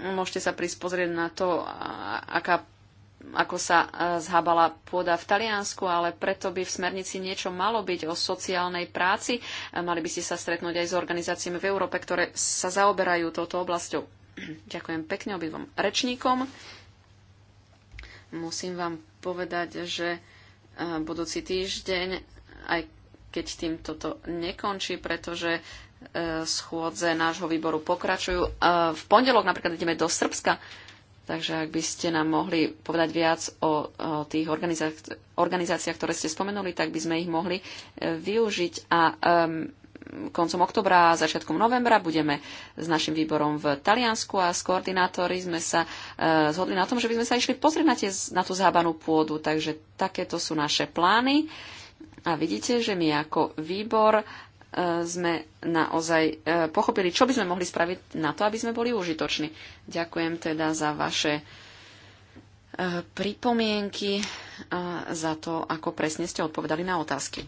Môžete sa prísť pozrieť na to, aká ako sa e, zhábala pôda v Taliansku, ale preto by v smernici niečo malo byť o sociálnej práci. E, mali by ste sa stretnúť aj s organizáciami v Európe, ktoré sa zaoberajú touto oblasťou. Ďakujem pekne obidvom rečníkom. Musím vám povedať, že e, budúci týždeň, aj keď tým toto nekončí, pretože schôdze nášho výboru pokračujú. V pondelok napríklad ideme do Srbska Takže ak by ste nám mohli povedať viac o, o tých organizáci- organizáciách, ktoré ste spomenuli, tak by sme ich mohli e, využiť a e, koncom oktobra a začiatkom novembra budeme s našim výborom v Taliansku a s koordinátori sme sa e, zhodli na tom, že by sme sa išli pozrieť na, tie, na tú zábanú pôdu. Takže takéto sú naše plány. A vidíte, že my ako výbor sme naozaj e, pochopili, čo by sme mohli spraviť na to, aby sme boli užitoční. Ďakujem teda za vaše e, pripomienky a za to, ako presne ste odpovedali na otázky.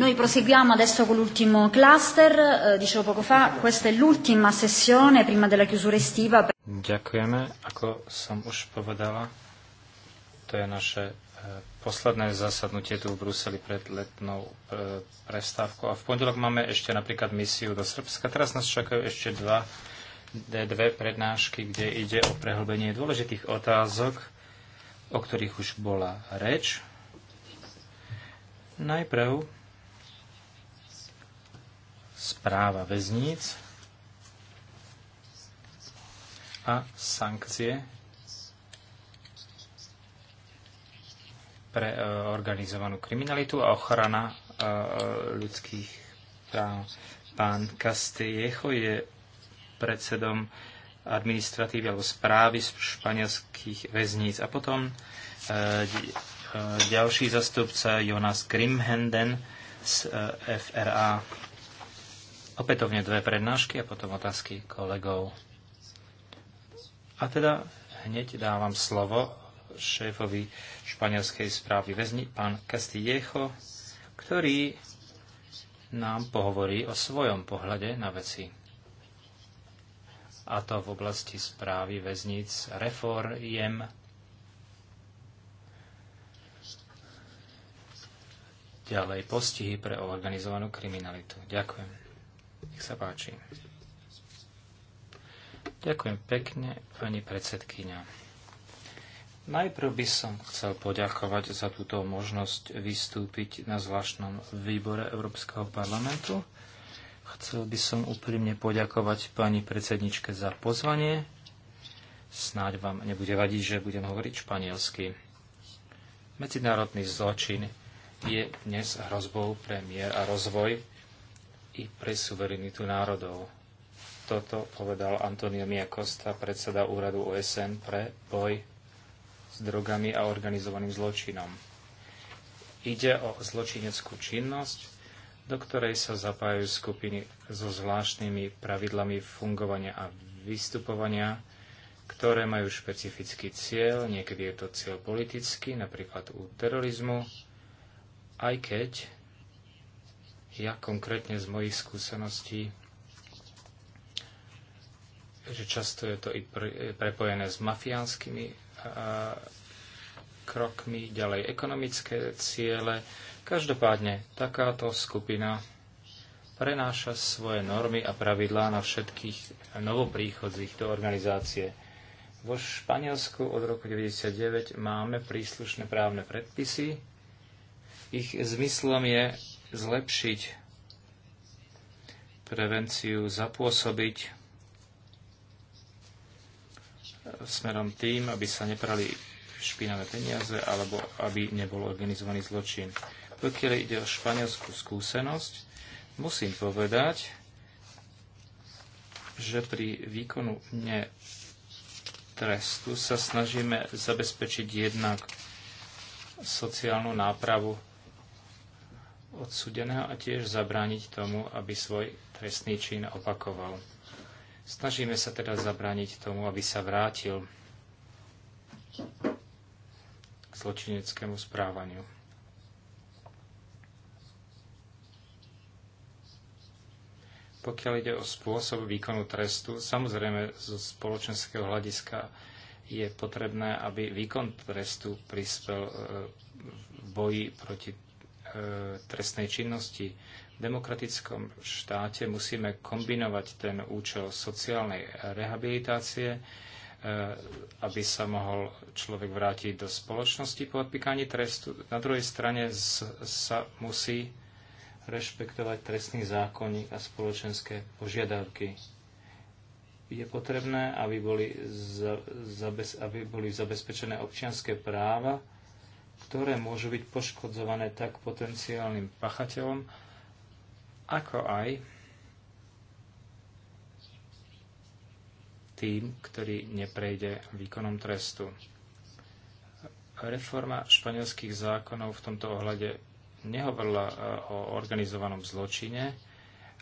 Noi proseguiamo adesso con l'ultimo cluster, e, dicevo poco fa, questa è l'ultima sessione prima della chiusura estiva. Ďakujeme, ako som už povedala, to je naše posledné zasadnutie tu v Bruseli pred letnou e, prestávkou a v pondelok máme ešte napríklad misiu do Srbska. Teraz nás čakajú ešte dva, dve prednášky, kde ide o prehlbenie dôležitých otázok, o ktorých už bola reč. Najprv správa väzníc a sankcie pre e, organizovanú kriminalitu a ochrana e, e, ľudských práv. Pán Castillejo je predsedom administratívy alebo správy španielských väzníc. A potom e, ďalší zastupca Jonas Grimhenden z FRA. Opätovne dve prednášky a potom otázky kolegov. A teda hneď dávam slovo šéfovi španielskej správy väzni, pán Castillejo, ktorý nám pohovorí o svojom pohľade na veci. A to v oblasti správy väznic reforiem, ďalej postihy pre organizovanú kriminalitu. Ďakujem. Nech sa páči. Ďakujem pekne, pani predsedkyňa. Najprv by som chcel poďakovať za túto možnosť vystúpiť na zvláštnom výbore Európskeho parlamentu. Chcel by som úprimne poďakovať pani predsedničke za pozvanie. Snáď vám nebude vadiť, že budem hovoriť španielsky. Medzinárodný zločin je dnes hrozbou pre mier a rozvoj i pre suverenitu národov. Toto povedal Antonio Mia Costa, predseda úradu OSN pre boj s drogami a organizovaným zločinom. Ide o zločineckú činnosť, do ktorej sa zapájajú skupiny so zvláštnymi pravidlami fungovania a vystupovania, ktoré majú špecifický cieľ, niekedy je to cieľ politický, napríklad u terorizmu, aj keď ja konkrétne z mojich skúseností, že často je to i prepojené s mafiánskymi krokmi, ďalej ekonomické ciele. Každopádne takáto skupina prenáša svoje normy a pravidlá na všetkých novopríchodzích do organizácie. Vo Španielsku od roku 1999 máme príslušné právne predpisy. Ich zmyslom je zlepšiť prevenciu, zapôsobiť smerom tým, aby sa neprali špinavé peniaze alebo aby nebol organizovaný zločin. Pokiaľ ide o španielskú skúsenosť, musím povedať, že pri výkonu trestu sa snažíme zabezpečiť jednak sociálnu nápravu odsudeného a tiež zabrániť tomu, aby svoj trestný čin opakoval. Snažíme sa teda zabrániť tomu, aby sa vrátil k zločineckému správaniu. Pokiaľ ide o spôsob výkonu trestu, samozrejme zo spoločenského hľadiska je potrebné, aby výkon trestu prispel e, v boji proti e, trestnej činnosti demokratickom štáte musíme kombinovať ten účel sociálnej rehabilitácie, e, aby sa mohol človek vrátiť do spoločnosti po odpíkaní trestu. Na druhej strane sa musí rešpektovať trestný zákonník a spoločenské požiadavky. Je potrebné, aby boli, za, zabez, aby boli zabezpečené občianské práva, ktoré môžu byť poškodzované tak potenciálnym pachateľom, ako aj tým, ktorý neprejde výkonom trestu. Reforma španielských zákonov v tomto ohľade nehovorila e, o organizovanom zločine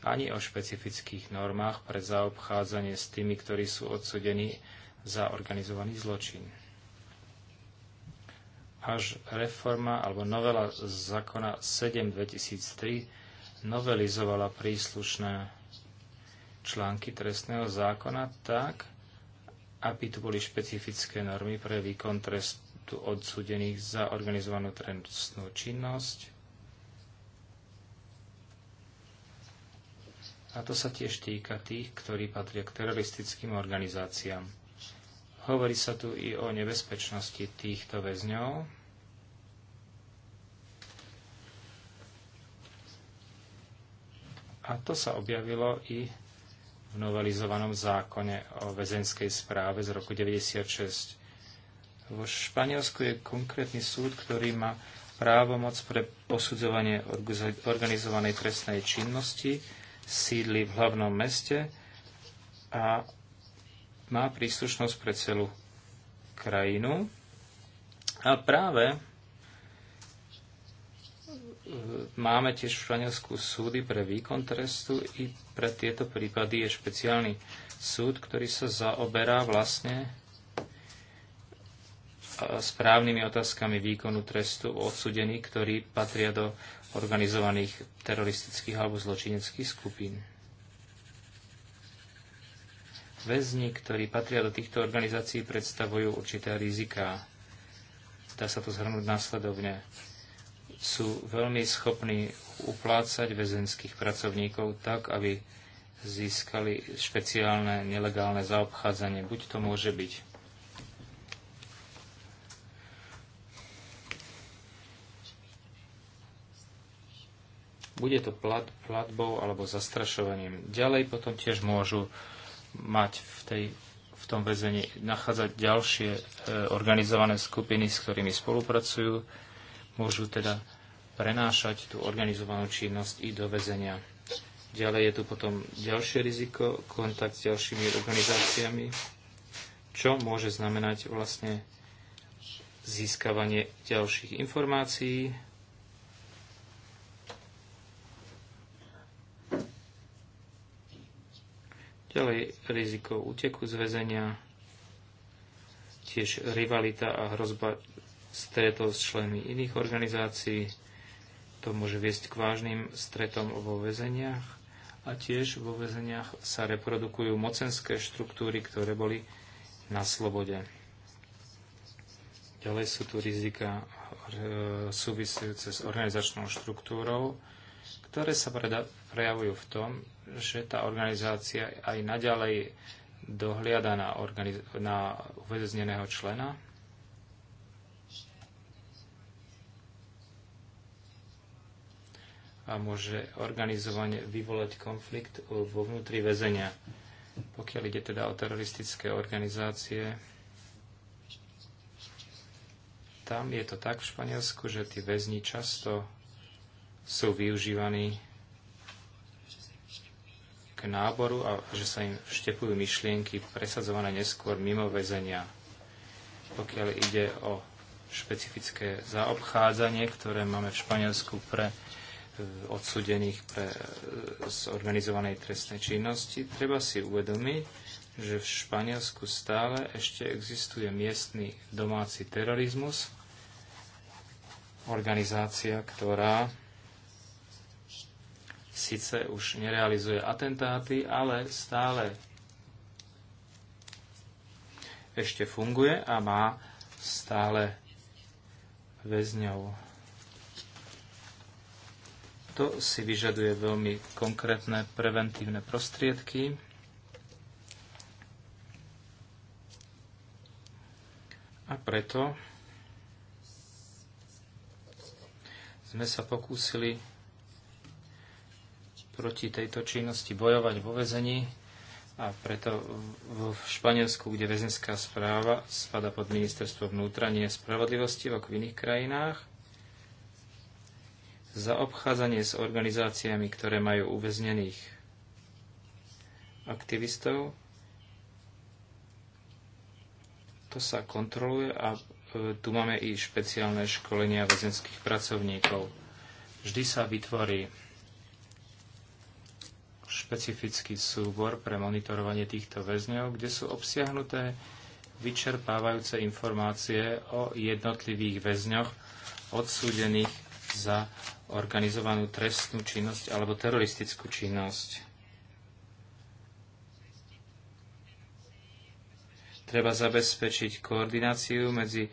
ani o špecifických normách pre zaobchádzanie s tými, ktorí sú odsudení za organizovaný zločin. Až reforma alebo novela zákona 7 2003 novelizovala príslušné články trestného zákona tak, aby tu boli špecifické normy pre výkon trestu odsudených za organizovanú trestnú činnosť. A to sa tiež týka tých, ktorí patria k teroristickým organizáciám. Hovorí sa tu i o nebezpečnosti týchto väzňov, A to sa objavilo i v novelizovanom zákone o väzenskej správe z roku 96. Vo Španielsku je konkrétny súd, ktorý má právomoc pre posudzovanie organizovanej trestnej činnosti, sídli v hlavnom meste a má príslušnosť pre celú krajinu. A práve máme tiež v Španielsku súdy pre výkon trestu i pre tieto prípady je špeciálny súd, ktorý sa zaoberá vlastne správnymi otázkami výkonu trestu odsudení, ktorí patria do organizovaných teroristických alebo zločineckých skupín. Väzni, ktorí patria do týchto organizácií, predstavujú určité riziká. Dá sa to zhrnúť následovne sú veľmi schopní uplácať väzenských pracovníkov tak, aby získali špeciálne nelegálne zaobchádzanie. Buď to môže byť bude to plat, platbou alebo zastrašovaním. Ďalej potom tiež môžu mať v, tej, v tom väzení nachádzať ďalšie e, organizované skupiny, s ktorými spolupracujú. Môžu teda prenášať tú organizovanú činnosť i do väzenia. Ďalej je tu potom ďalšie riziko, kontakt s ďalšími organizáciami, čo môže znamenať vlastne získavanie ďalších informácií, Ďalej riziko úteku z väzenia, tiež rivalita a hrozba stretov s členmi iných organizácií, to môže viesť k vážnym stretom vo väzeniach a tiež vo väzeniach sa reprodukujú mocenské štruktúry, ktoré boli na slobode. Ďalej sú tu rizika eh, súvisujúce s organizačnou štruktúrou, ktoré sa prejavujú v tom, že tá organizácia aj naďalej dohliada na, organiz- na uväzneného člena a môže organizovane vyvolať konflikt uh, vo vnútri väzenia. Pokiaľ ide teda o teroristické organizácie, tam je to tak v Španielsku, že tí väzni často sú využívaní k náboru a že sa im vštepujú myšlienky presadzované neskôr mimo väzenia. Pokiaľ ide o špecifické zaobchádzanie, ktoré máme v Španielsku pre odsudených pre, e, z organizovanej trestnej činnosti, treba si uvedomiť, že v Španielsku stále ešte existuje miestny domáci terorizmus, organizácia, ktorá síce už nerealizuje atentáty, ale stále ešte funguje a má stále väzňov to si vyžaduje veľmi konkrétne preventívne prostriedky. A preto sme sa pokúsili proti tejto činnosti bojovať vo väzení a preto v Španielsku, kde väzenská správa spada pod ministerstvo vnútra, nie spravodlivosti, ako v iných krajinách, za obchádzanie s organizáciami, ktoré majú uväznených aktivistov. To sa kontroluje a e, tu máme i špeciálne školenia väzenských pracovníkov. Vždy sa vytvorí špecifický súbor pre monitorovanie týchto väzňov, kde sú obsiahnuté vyčerpávajúce informácie o jednotlivých väzňoch odsúdených za organizovanú trestnú činnosť alebo teroristickú činnosť. Treba zabezpečiť koordináciu medzi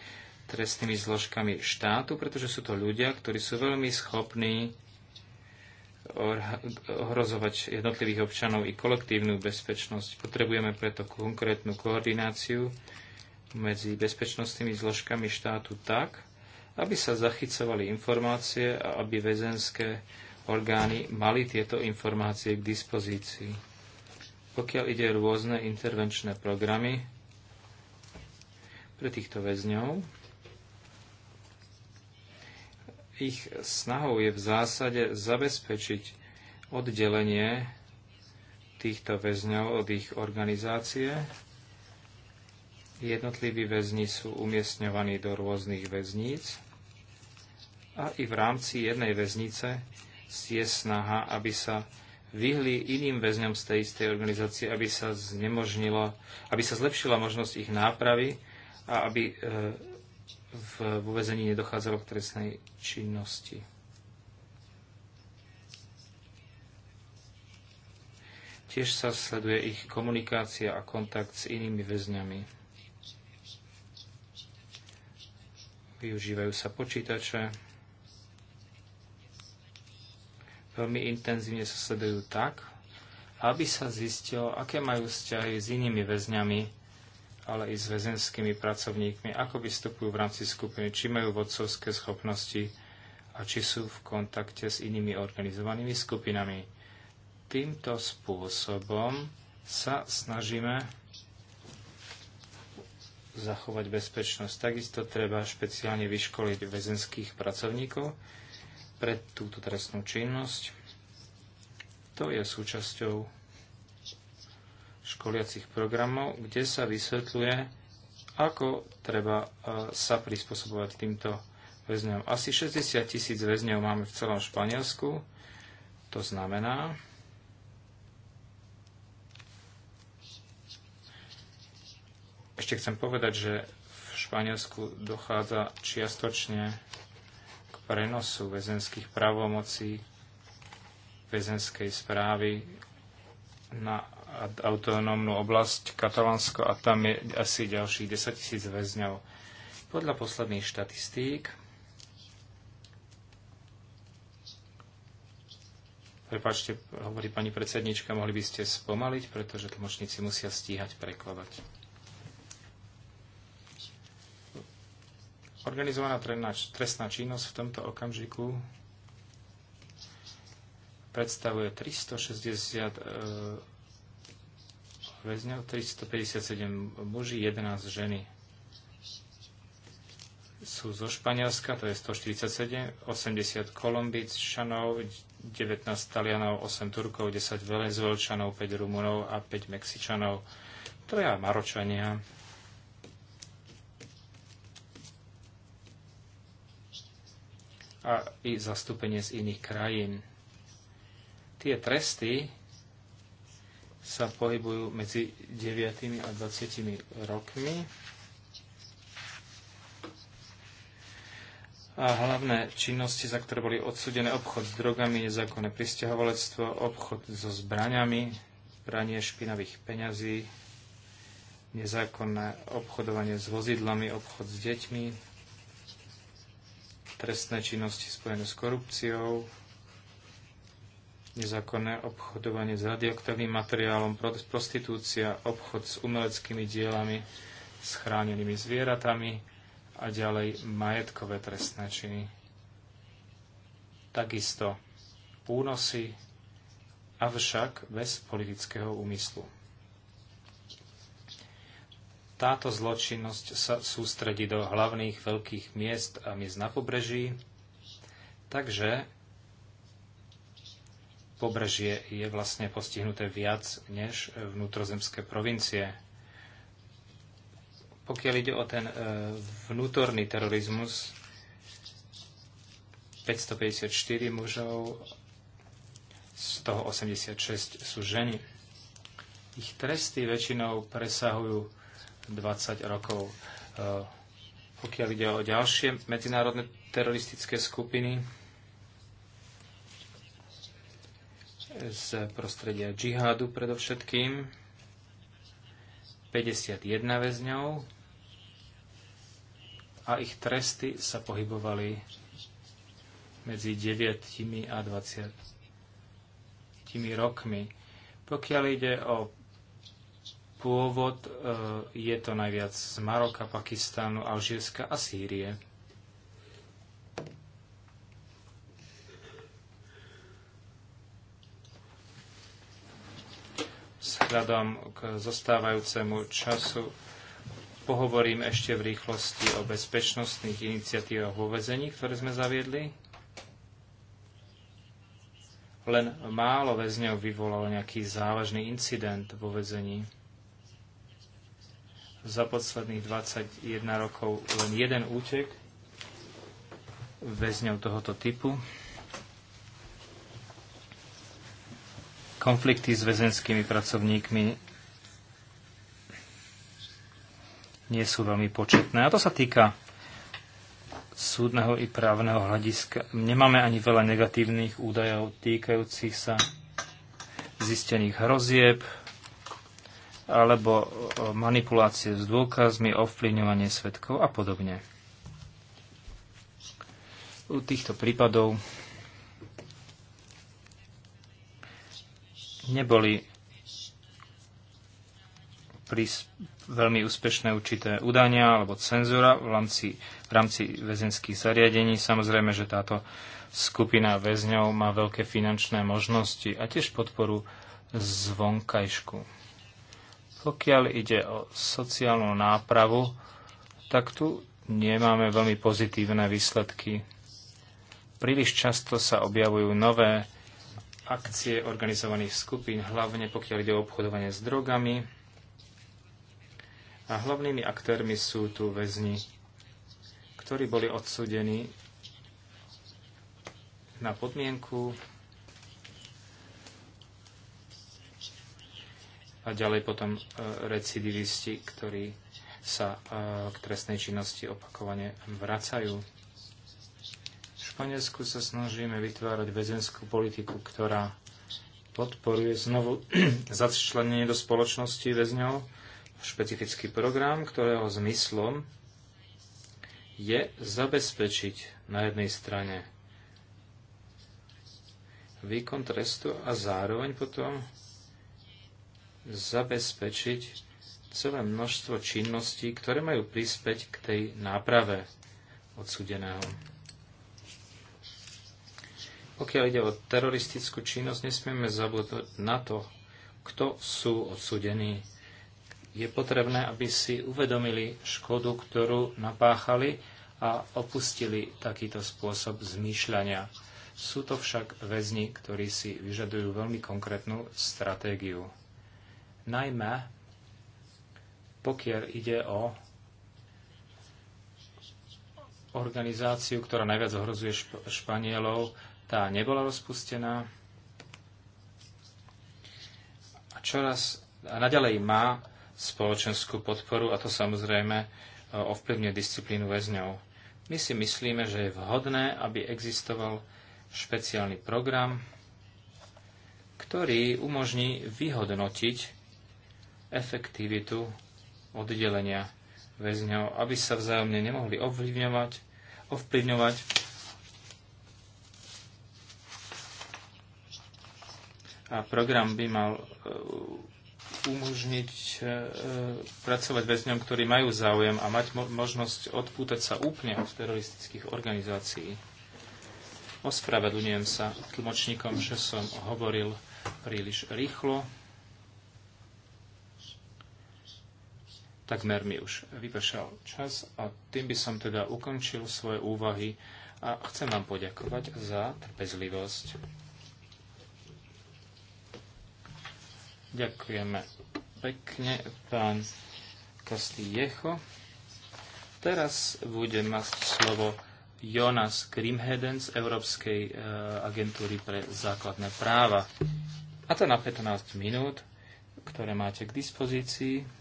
trestnými zložkami štátu, pretože sú to ľudia, ktorí sú veľmi schopní ohrozovať jednotlivých občanov i kolektívnu bezpečnosť. Potrebujeme preto konkrétnu koordináciu medzi bezpečnostnými zložkami štátu tak, aby sa zachycovali informácie a aby väzenské orgány mali tieto informácie k dispozícii. Pokiaľ ide rôzne intervenčné programy pre týchto väzňov, ich snahou je v zásade zabezpečiť oddelenie týchto väzňov od ich organizácie. Jednotliví väzni sú umiestňovaní do rôznych väzníc a i v rámci jednej väznice je snaha, aby sa vyhli iným väzňom z tej istej organizácie, aby sa znemožnilo, aby sa zlepšila možnosť ich nápravy a aby e, v, uväzení nedochádzalo k trestnej činnosti. Tiež sa sleduje ich komunikácia a kontakt s inými väzňami. Využívajú sa počítače, veľmi intenzívne sa sledujú tak, aby sa zistilo, aké majú vzťahy s inými väzňami, ale i s väzenskými pracovníkmi, ako vystupujú v rámci skupiny, či majú vodcovské schopnosti a či sú v kontakte s inými organizovanými skupinami. Týmto spôsobom sa snažíme zachovať bezpečnosť. Takisto treba špeciálne vyškoliť väzenských pracovníkov, pre túto trestnú činnosť. To je súčasťou školiacich programov, kde sa vysvetľuje, ako treba e, sa prispôsobovať týmto väzňom. Asi 60 tisíc väzňov máme v celom Španielsku. To znamená, ešte chcem povedať, že v Španielsku dochádza čiastočne prenosu väzenských právomocí väzenskej správy na autonómnu oblasť Katalánsko a tam je asi ďalších 10 tisíc väzňov. Podľa posledných štatistík Prepačte, hovorí pani predsednička, mohli by ste spomaliť, pretože tlmočníci musia stíhať prekladať. Organizovaná trestná činnosť v tomto okamžiku predstavuje 360 e, väzňov, 357 muží, 11 ženy. Sú zo Španielska, to je 147, 80 Kolumbičanov, 19 Talianov, 8 Turkov, 10 Venezuelčanov, 5 Rumunov a 5 Mexičanov, 3 Maročania. a i zastúpenie z iných krajín. Tie tresty sa pohybujú medzi 9 a 20 rokmi. A hlavné činnosti, za ktoré boli odsudené obchod s drogami, nezákonné pristahovalectvo, obchod so zbraňami, pranie špinavých peňazí, nezákonné obchodovanie s vozidlami, obchod s deťmi, trestné činnosti spojené s korupciou, nezákonné obchodovanie s radioaktívnym materiálom, prostitúcia, obchod s umeleckými dielami, s chránenými zvieratami a ďalej majetkové trestné činy. Takisto únosy, avšak bez politického úmyslu táto zločinnosť sa sústredí do hlavných veľkých miest a miest na pobreží, takže pobrežie je vlastne postihnuté viac než vnútrozemské provincie. Pokiaľ ide o ten e, vnútorný terorizmus, 554 mužov, z toho 86 sú ženy. Ich tresty väčšinou presahujú 20 rokov. E, pokiaľ ide o ďalšie medzinárodné teroristické skupiny z prostredia džihádu predovšetkým, 51 väzňov a ich tresty sa pohybovali medzi 9 a 20 rokmi. Pokiaľ ide o pôvod. E, je to najviac z Maroka, Pakistánu, Alžírska a Sýrie. Vzhľadom k zostávajúcemu času pohovorím ešte v rýchlosti o bezpečnostných iniciatívach vo vezení, ktoré sme zaviedli. Len málo väzňov vyvolalo nejaký závažný incident vo vezení za posledných 21 rokov len jeden útek väzňov tohoto typu. Konflikty s väzenskými pracovníkmi nie sú veľmi početné. A to sa týka súdneho i právneho hľadiska. Nemáme ani veľa negatívnych údajov týkajúcich sa zistených hrozieb, alebo e, manipulácie s dôkazmi, ovplyvňovanie svetkov a podobne. U týchto prípadov neboli prís- veľmi úspešné určité udania alebo cenzúra v rámci, v rámci väzenských zariadení. Samozrejme, že táto skupina väzňov má veľké finančné možnosti a tiež podporu zvonkajšku. Pokiaľ ide o sociálnu nápravu, tak tu nemáme veľmi pozitívne výsledky. Príliš často sa objavujú nové akcie organizovaných skupín, hlavne pokiaľ ide o obchodovanie s drogami. A hlavnými aktérmi sú tu väzni, ktorí boli odsudení na podmienku a ďalej potom e, recidivisti, ktorí sa e, k trestnej činnosti opakovane vracajú. V Španielsku sa snažíme vytvárať väzenskú politiku, ktorá podporuje znovu začlenenie do spoločnosti väzňov, špecifický program, ktorého zmyslom je zabezpečiť na jednej strane výkon trestu a zároveň potom zabezpečiť celé množstvo činností, ktoré majú prispäť k tej náprave odsudeného. Pokiaľ ide o teroristickú činnosť, nesmieme zabudnúť na to, kto sú odsudení. Je potrebné, aby si uvedomili škodu, ktorú napáchali a opustili takýto spôsob zmýšľania. Sú to však väzni, ktorí si vyžadujú veľmi konkrétnu stratégiu najmä pokiaľ ide o organizáciu, ktorá najviac ohrozuje šp- Španielov, tá nebola rozpustená a čoraz a naďalej má spoločenskú podporu a to samozrejme e, ovplyvňuje disciplínu väzňov. My si myslíme, že je vhodné, aby existoval špeciálny program, ktorý umožní vyhodnotiť efektivitu oddelenia väzňov, aby sa vzájomne nemohli ovplyvňovať, ovplyvňovať a program by mal e, umožniť e, pracovať väzňom, ktorí majú záujem a mať možnosť odpútať sa úplne od teroristických organizácií. Ospravedlňujem sa tlmočníkom, že som hovoril príliš rýchlo. Takmer mi už vypršal čas a tým by som teda ukončil svoje úvahy a chcem vám poďakovať za trpezlivosť. Ďakujeme pekne, pán Jecho. Teraz bude mať slovo Jonas Grimheden z Európskej e, agentúry pre základné práva. A to na 15 minút, ktoré máte k dispozícii.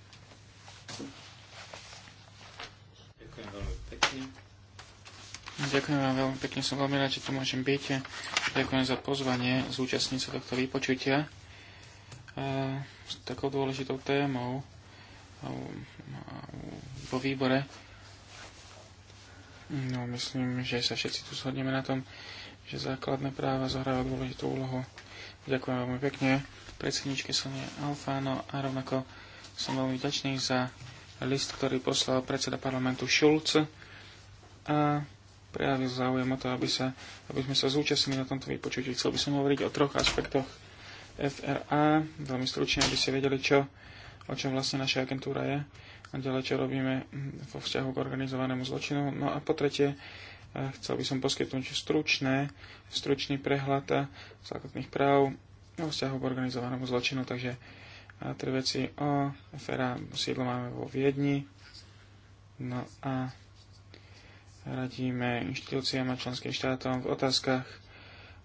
Ďakujem veľmi pekne. Ďakujem vám veľmi pekne, som veľmi rád, že tu môžem byť. Ďakujem za pozvanie zúčastniť sa tohto vypočutia e, s takou dôležitou témou e, vo výbore. No, myslím, že sa všetci tu shodneme na tom, že základné práva zohrávajú dôležitú úlohu. Ďakujem veľmi pekne predsedničke Sonia Alfáno a rovnako som veľmi vďačný za list, ktorý poslal predseda parlamentu Šulc a prejavil záujem o to, aby, sa, aby sme sa zúčastnili na tomto vypočutí. Chcel by som hovoriť o troch aspektoch FRA, veľmi stručne, aby ste vedeli, čo, o čom vlastne naša agentúra je a ďalej, čo robíme vo vzťahu k organizovanému zločinu. No a po tretie, e, chcel by som poskytnúť stručné, stručný prehľad základných práv vo vzťahu k organizovanému zločinu, takže a tri veci o FRA sídlo máme vo Viedni. No a radíme inštitúciám a členským štátom v otázkach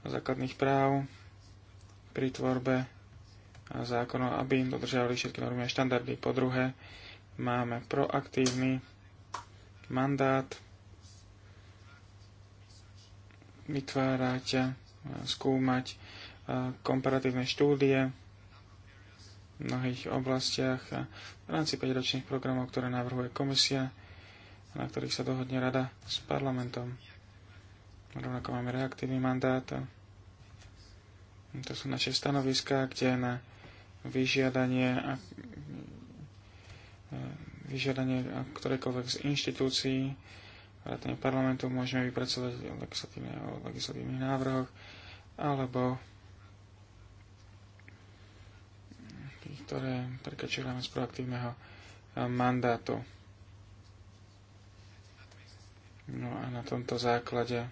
základných práv pri tvorbe zákonov, aby im dodržiavali všetky normy a štandardy. Po druhé, máme proaktívny mandát vytvárať, skúmať komparatívne štúdie, mnohých oblastiach a v rámci 5-ročných programov, ktoré navrhuje komisia, na ktorých sa dohodne rada s parlamentom. Rovnako máme reaktívny mandát. To sú naše stanoviská, kde na vyžiadanie a e, vyžiadanie ktorékoľvek z inštitúcií vrátane parlamentu môžeme vypracovať o legislatívnych návrhoch alebo ktoré prekačujú z proaktívneho e, mandátu. No a na tomto základe e,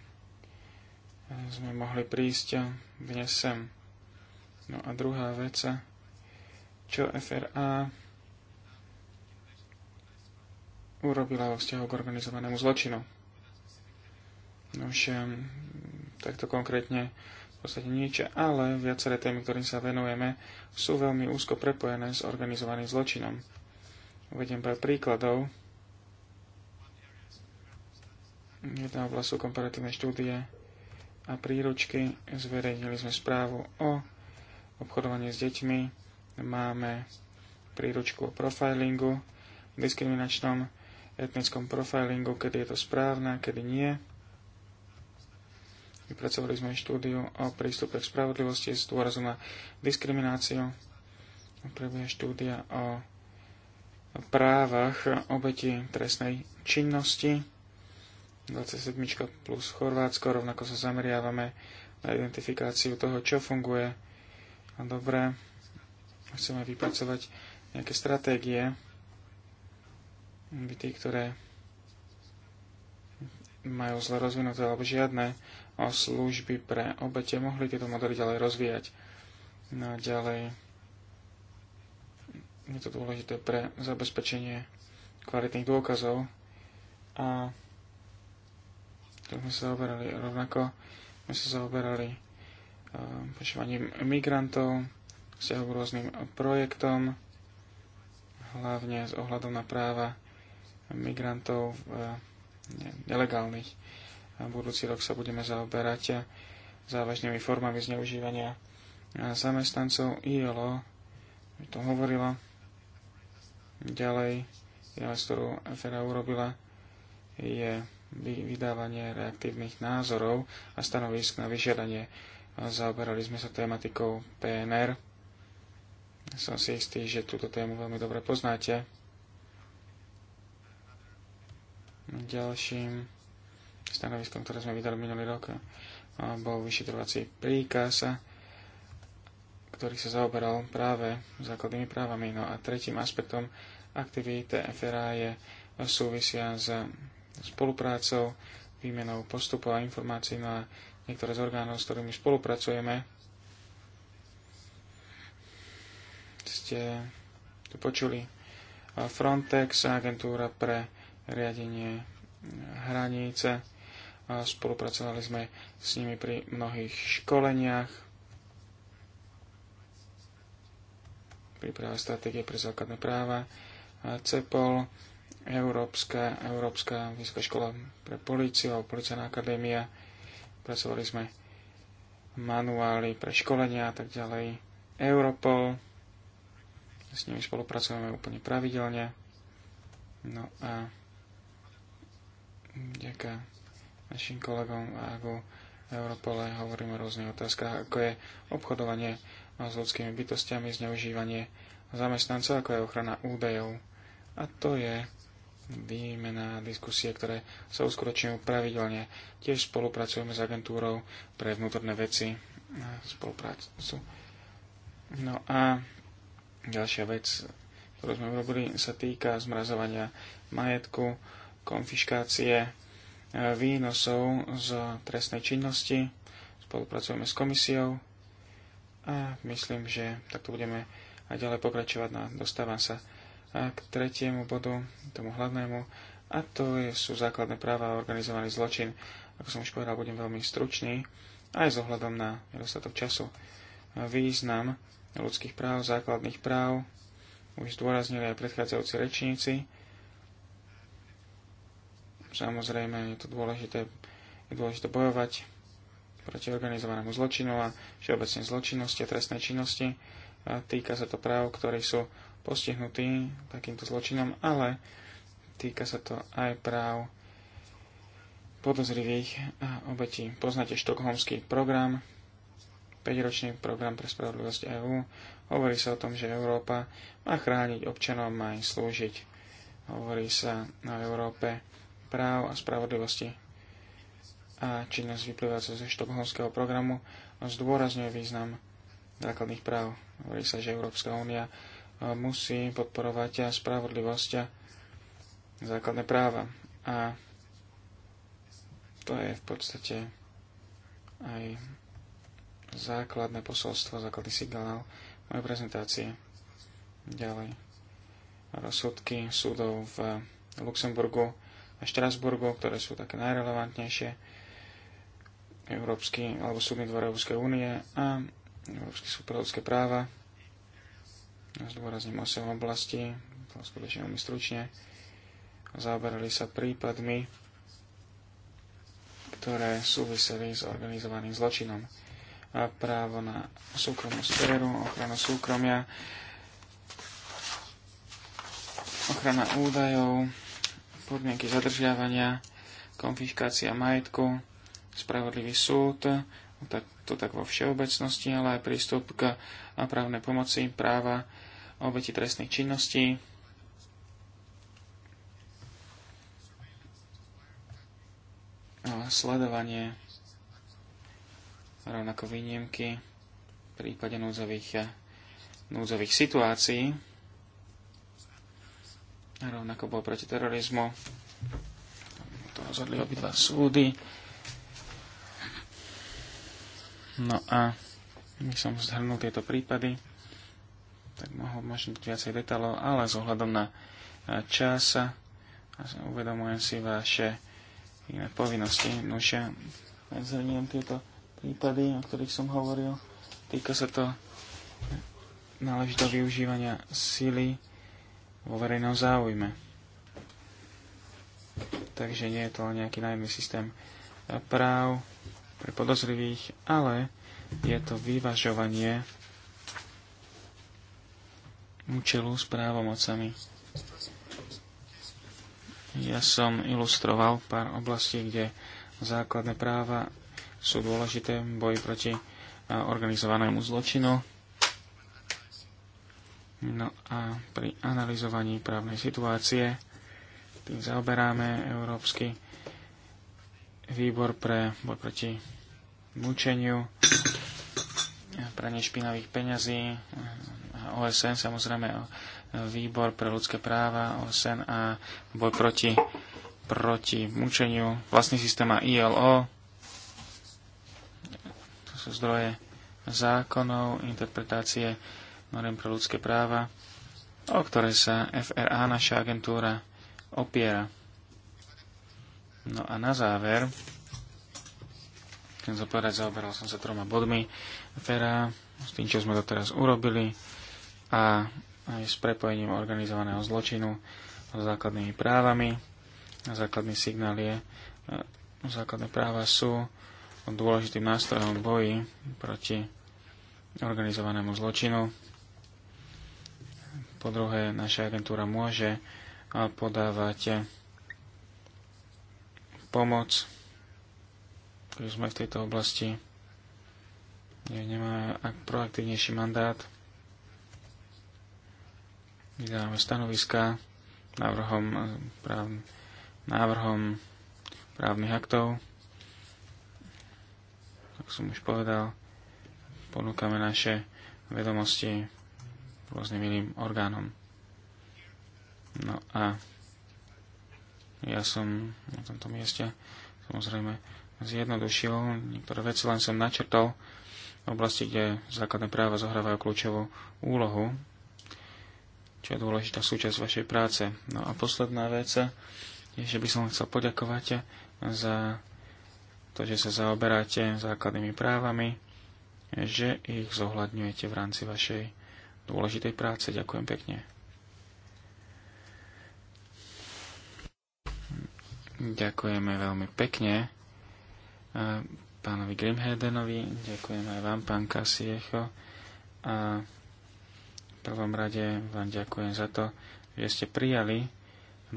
sme mohli prísť dnes sem. No a druhá vec, e, čo FRA urobila vo vzťahu k organizovanému zločinu. No už takto konkrétne v podstate nič, ale viaceré témy, ktorým sa venujeme, sú veľmi úzko prepojené s organizovaným zločinom. Uvediem pár príkladov. Jedna oblasť sú komparatívne štúdie a príručky. Zverejnili sme správu o obchodovaní s deťmi. Máme príručku o profilingu, diskriminačnom etnickom profilingu, kedy je to správne, kedy nie Vypracovali sme štúdiu o prístupe k spravodlivosti s dôrazom na diskrimináciu. Prebieha štúdia o právach obeti trestnej činnosti. 27 plus Chorvátsko, rovnako sa zameriavame na identifikáciu toho, čo funguje a dobre. Chceme vypracovať nejaké stratégie, tí, ktoré majú zle rozvinuté alebo žiadne služby pre obete, mohli tieto modely ďalej rozvíjať. No a ďalej je to dôležité pre zabezpečenie kvalitných dôkazov a to sme sa zaoberali rovnako, sme sa zaoberali ehm, počúvaním migrantov, vzťahom k rôznym projektom, hlavne s ohľadom na práva migrantov uh, nelegálnych. A budúci rok sa budeme zaoberať závažnými formami zneužívania zamestnancov ILO, o tom hovorila. Ďalej, ale z ktorú FRA urobila, je vydávanie reaktívnych názorov a stanovisk na vyžiadanie. Zaoberali sme sa tematikou PNR. Som si istý, že túto tému veľmi dobre poznáte Ďalším stanoviskom, ktoré sme vydali minulý rok, eh, bol vyšetrovací príkaz, eh, ktorý sa zaoberal práve základnými právami. No a tretím aspektom aktivity FRA je eh, súvisia s spoluprácou, výmenou postupov a informácií na no niektoré z orgánov, s ktorými spolupracujeme. Ste tu počuli Frontex, agentúra pre riadenie eh, hranice. A spolupracovali sme s nimi pri mnohých školeniach, príprava stratégie pre základné práva, CEPOL, Európska, Európska vysoká škola pre políciu, Policajná akadémia. Pracovali sme manuály pre školenia a tak ďalej. Europol, s nimi spolupracujeme úplne pravidelne. No a Ďakujem našim kolegom a ako v Europole hovoríme o rôznych otázkach, ako je obchodovanie s ľudskými bytostiami, zneužívanie zamestnancov, ako je ochrana údajov. A to je výmena diskusie, ktoré sa uskutočňujú pravidelne. Tiež spolupracujeme s agentúrou pre vnútorné veci na spoluprácu. No a ďalšia vec, ktorú sme urobili, sa týka zmrazovania majetku konfiškácie e, výnosov z trestnej činnosti. Spolupracujeme s komisiou a myslím, že takto budeme aj ďalej pokračovať. No, dostávam sa e, k tretiemu bodu, tomu hlavnému, a to sú základné práva a organizovaný zločin. Ako som už povedal, budem veľmi stručný, aj s ohľadom na nedostatok času. E, význam ľudských práv, základných práv už zdôraznili aj predchádzajúci rečníci. Samozrejme, je to dôležité, je dôležité bojovať proti organizovanému zločinu a všeobecne zločinnosti a trestnej činnosti. A týka sa to práv, ktorí sú postihnutí takýmto zločinom, ale týka sa to aj práv podozrivých a obetí. Poznáte štokholmský program, 5-ročný program pre spravodlivosť EÚ. Hovorí sa o tom, že Európa má chrániť občanom, má im slúžiť. Hovorí sa o Európe práv a spravodlivosti. A činnosť vyplývajúca ze štokholmského programu zdôrazňuje význam základných práv. Hovorí sa, že Európska únia e, musí podporovať a spravodlivosť a základné práva. A to je v podstate aj základné posolstvo, základný signál mojej prezentácie. Ďalej. Rozsudky súdov v Luxemburgu a Štrasburgu, ktoré sú také najrelevantnejšie. Európsky alebo súdny dvor Európskej únie a Európsky súd pre ľudské práva. Zdôrazním 8 oblastí, to skutočne veľmi stručne. Zaoberali sa prípadmi, ktoré súviseli s organizovaným zločinom. A právo na súkromnú sféru, ochranu súkromia, ochrana údajov, podmienky zadržiavania, konfiškácia majetku, spravodlivý súd, tak, to tak vo všeobecnosti, ale aj prístup k právnej pomoci, práva obeti trestných činností, sledovanie, rovnako výnimky v prípade núdzových, núdzových situácií rovnako bol proti terorizmu. To rozhodli obidva súdy. No a my som zhrnul tieto prípady, tak mohol možno viacej detálov, ale z ohľadom na čas a uvedomujem si vaše iné povinnosti. Nože, ja zhrniem tieto prípady, o ktorých som hovoril. Týka sa to náležitého využívania sily vo verejnom záujme. Takže nie je to nejaký najmý systém práv pre podozrivých, ale je to vyvažovanie účelu s právomocami. Ja som ilustroval pár oblastí, kde základné práva sú dôležité v boji proti organizovanému zločinu, No a pri analyzovaní právnej situácie tým zaoberáme Európsky výbor pre boj proti mučeniu, pranie špinavých peňazí, OSN samozrejme, výbor pre ľudské práva, OSN a boj proti, proti mučeniu, vlastný systém a ILO. To sú zdroje zákonov, interpretácie noriem pre ľudské práva, o ktoré sa FRA, naša agentúra, opiera. No a na záver, chcem zapovedať, zaoberal som sa troma bodmi FRA, s tým, čo sme to teraz urobili a aj s prepojením organizovaného zločinu s základnými právami. A základný signál je, e, základné práva sú dôležitým nástrojom boji proti organizovanému zločinu. Po druhé, naša agentúra môže podávať pomoc, ktorú sme v tejto oblasti. Nemáme proaktívnejší mandát. Vydávame stanoviska návrhom, práv, návrhom právnych aktov. Ako som už povedal, ponúkame naše vedomosti rôznym iným orgánom. No a ja som na tomto mieste samozrejme zjednodušil niektoré veci, len som načrtol oblasti, kde základné práva zohrávajú kľúčovú úlohu, čo je dôležitá súčasť vašej práce. No a posledná vec je, že by som chcel poďakovať za to, že sa zaoberáte základnými právami, že ich zohľadňujete v rámci vašej dôležitej práce. Ďakujem pekne. Ďakujeme veľmi pekne eh, pánovi Grimhedenovi, ďakujem aj vám, pán Kasiecho. A v prvom rade vám ďakujem za to, že ste prijali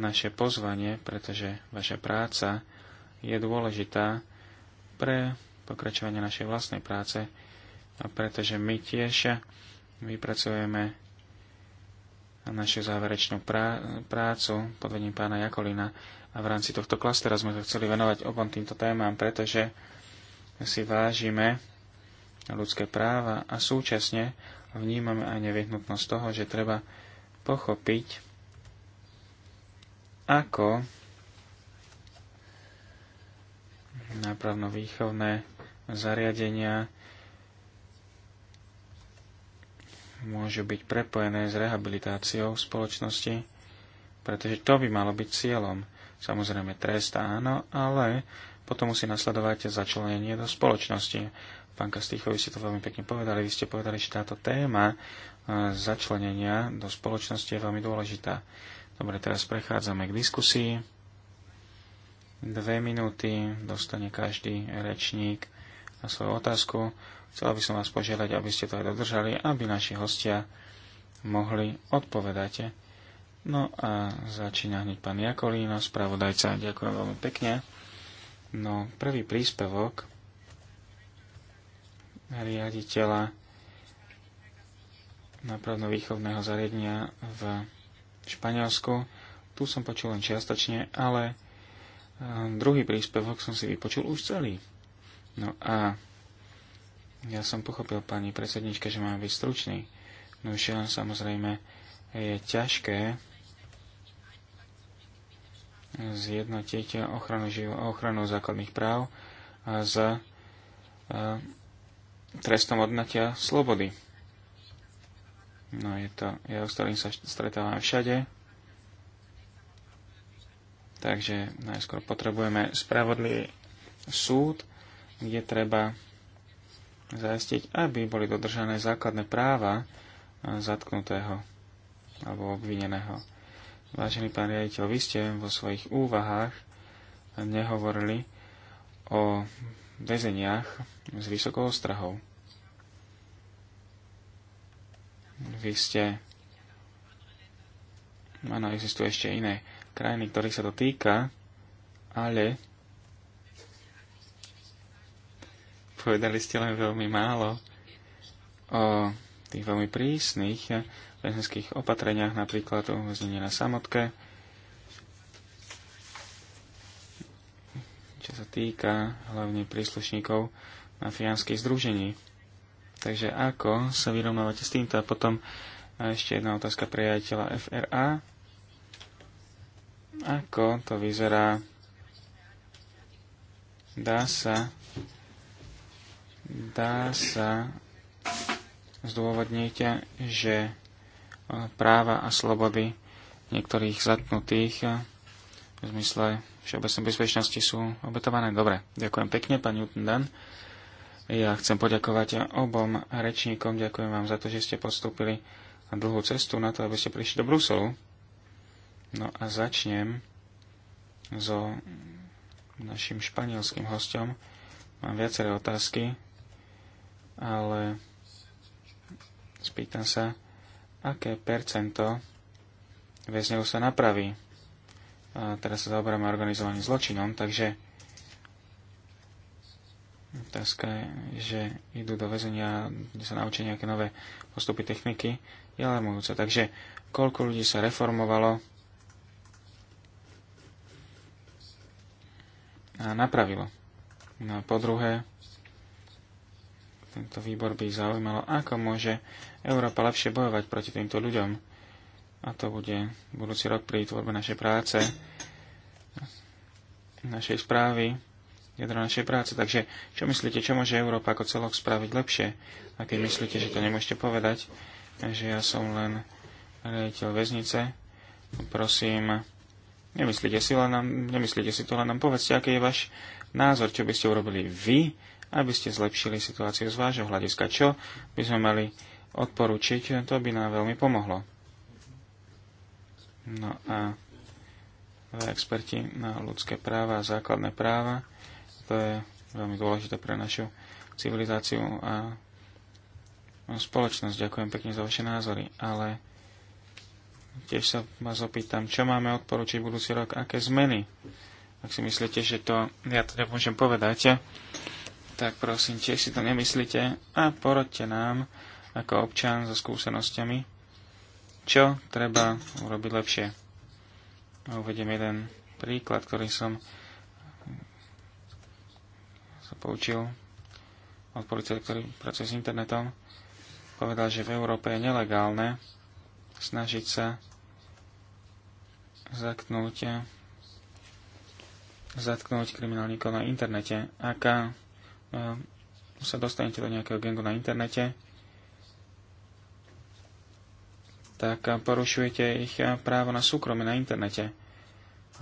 naše pozvanie, pretože vaša práca je dôležitá pre pokračovanie našej vlastnej práce, a pretože my tiež vypracujeme našu záverečnú prá- prácu pod vedením pána Jakolina a v rámci tohto klastera sme sa chceli venovať obom týmto témam, pretože si vážime ľudské práva a súčasne vnímame aj nevyhnutnosť toho, že treba pochopiť, ako nápravno-výchovné zariadenia môžu byť prepojené s rehabilitáciou v spoločnosti, pretože to by malo byť cieľom. Samozrejme trest áno, ale potom musí nasledovať začlenenie do spoločnosti. Pán Kastýcho, vy ste to veľmi pekne povedali. Vy ste povedali, že táto téma e, začlenenia do spoločnosti je veľmi dôležitá. Dobre, teraz prechádzame k diskusii. Dve minúty dostane každý rečník na svoju otázku. Chcel by som vás požiadať, aby ste to aj dodržali, aby naši hostia mohli odpovedať. No a začína hneď pán Jakolíno, spravodajca. Ďakujem veľmi pekne. No, prvý príspevok riaditeľa napravno výchovného zariadenia v Španielsku. Tu som počul len čiastočne, ale eh, druhý príspevok som si vypočul už celý. No a ja som pochopil pani predsedničke, že mám byť stručný. No už len samozrejme je ťažké zjednotiť ochranu, ochranu základných práv s e, trestom odnatia slobody. No je to, ja s ktorým sa stretávam všade. Takže najskôr potrebujeme spravodlivý súd, kde treba zajistiť, aby boli dodržané základné práva e, zatknutého alebo obvineného. Vážený pán riaditeľ, vy ste vo svojich úvahách nehovorili o väzeniach s vysokou strahou. Vy ste... Áno, existujú ešte iné krajiny, ktorých sa to týka, ale Povedali ste len veľmi málo o tých veľmi prísnych väzenských opatreniach, napríklad o uväznení na samotke, čo sa týka hlavne príslušníkov mafiánskych združení. Takže ako sa vyrovnávate s týmto? A potom ešte jedna otázka prijateľa FRA. Ako to vyzerá? Dá sa Dá sa zdôvodniť, že e, práva a slobody niektorých zatknutých e, v zmysle všeobecnej bezpečnosti sú obetované. Dobre, ďakujem pekne, pani Utendan. Ja chcem poďakovať obom rečníkom, ďakujem vám za to, že ste postúpili na dlhú cestu na to, aby ste prišli do Bruselu. No a začnem so našim španielským hostom. Mám viaceré otázky ale spýtam sa, aké percento väzňov sa napraví. A teraz sa zaoberáme organizovaným zločinom, takže otázka je, že idú do väzenia, kde sa naučia nejaké nové postupy techniky, je alarmujúca. Takže koľko ľudí sa reformovalo a napravilo. No a po druhé, tento výbor by zaujímalo, ako môže Európa lepšie bojovať proti týmto ľuďom. A to bude budúci rok pri tvorbe našej práce, našej správy, jadro našej práce. Takže čo myslíte, čo môže Európa ako celok spraviť lepšie? A keď myslíte, že to nemôžete povedať, že ja som len riaditeľ väznice, prosím, nemyslíte si, len nám, nemyslíte si to, len nám povedzte, aký je váš názor, čo by ste urobili vy, aby ste zlepšili situáciu z vášho hľadiska. Čo by sme mali odporučiť, to by nám veľmi pomohlo. No a experti na ľudské práva a základné práva, to je veľmi dôležité pre našu civilizáciu a spoločnosť. Ďakujem pekne za vaše názory, ale tiež sa vás opýtam, čo máme odporúčiť budúci rok, aké zmeny. Ak si myslíte, že to, ja to nemôžem povedať, tak prosím, tiež si to nemyslíte a porodte nám ako občan so skúsenosťami, čo treba urobiť lepšie. A uvediem jeden príklad, ktorý som sa poučil od policie, ktorý pracuje s internetom. Povedal, že v Európe je nelegálne snažiť sa zatknúť, zatknúť kriminálníkov na internete. Aká sa dostanete do nejakého gengu na internete, tak porušujete ich právo na súkromie na internete.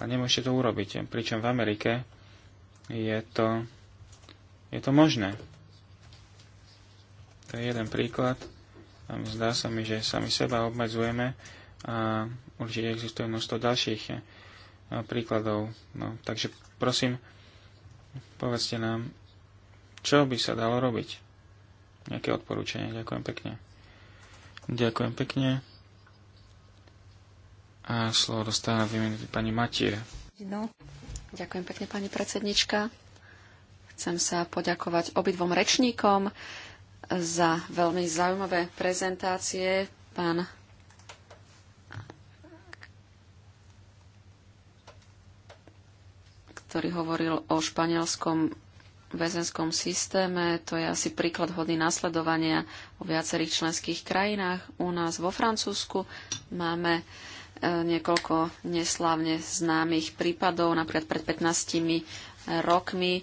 Ale nemôžete to urobiť. Pričom v Amerike je to, je to možné. To je jeden príklad. zdá sa mi, že sami seba obmedzujeme a určite existuje množstvo ďalších príkladov. No, takže prosím, povedzte nám, čo by sa dalo robiť. Nejaké odporúčanie. Ďakujem pekne. Ďakujem pekne. A slovo dostáva dve minúty pani Matier. No. Ďakujem pekne, pani predsednička. Chcem sa poďakovať obidvom rečníkom za veľmi zaujímavé prezentácie. Pán ktorý hovoril o španielskom väzenskom systéme. To je asi príklad hody nasledovania vo viacerých členských krajinách. U nás vo Francúzsku máme e, niekoľko neslávne známych prípadov, napríklad pred 15 rokmi e,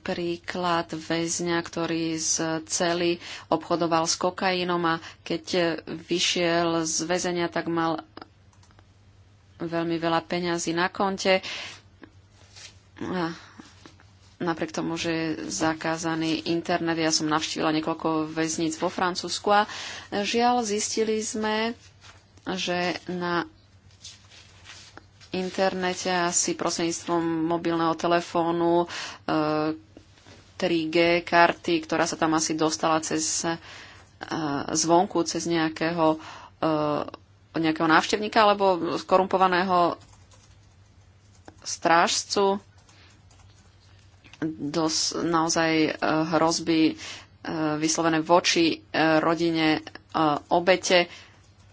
príklad väzňa, ktorý z celý obchodoval s kokainom a keď vyšiel z väzenia, tak mal veľmi veľa peňazí na konte napriek tomu, že je zakázaný internet, ja som navštívila niekoľko väzníc vo Francúzsku a žiaľ zistili sme, že na internete asi prostredníctvom mobilného telefónu e, 3G karty, ktorá sa tam asi dostala cez e, zvonku, cez nejakého, e, nejakého návštevníka alebo skorumpovaného strážcu dosť naozaj e, hrozby e, vyslovené voči e, rodine obete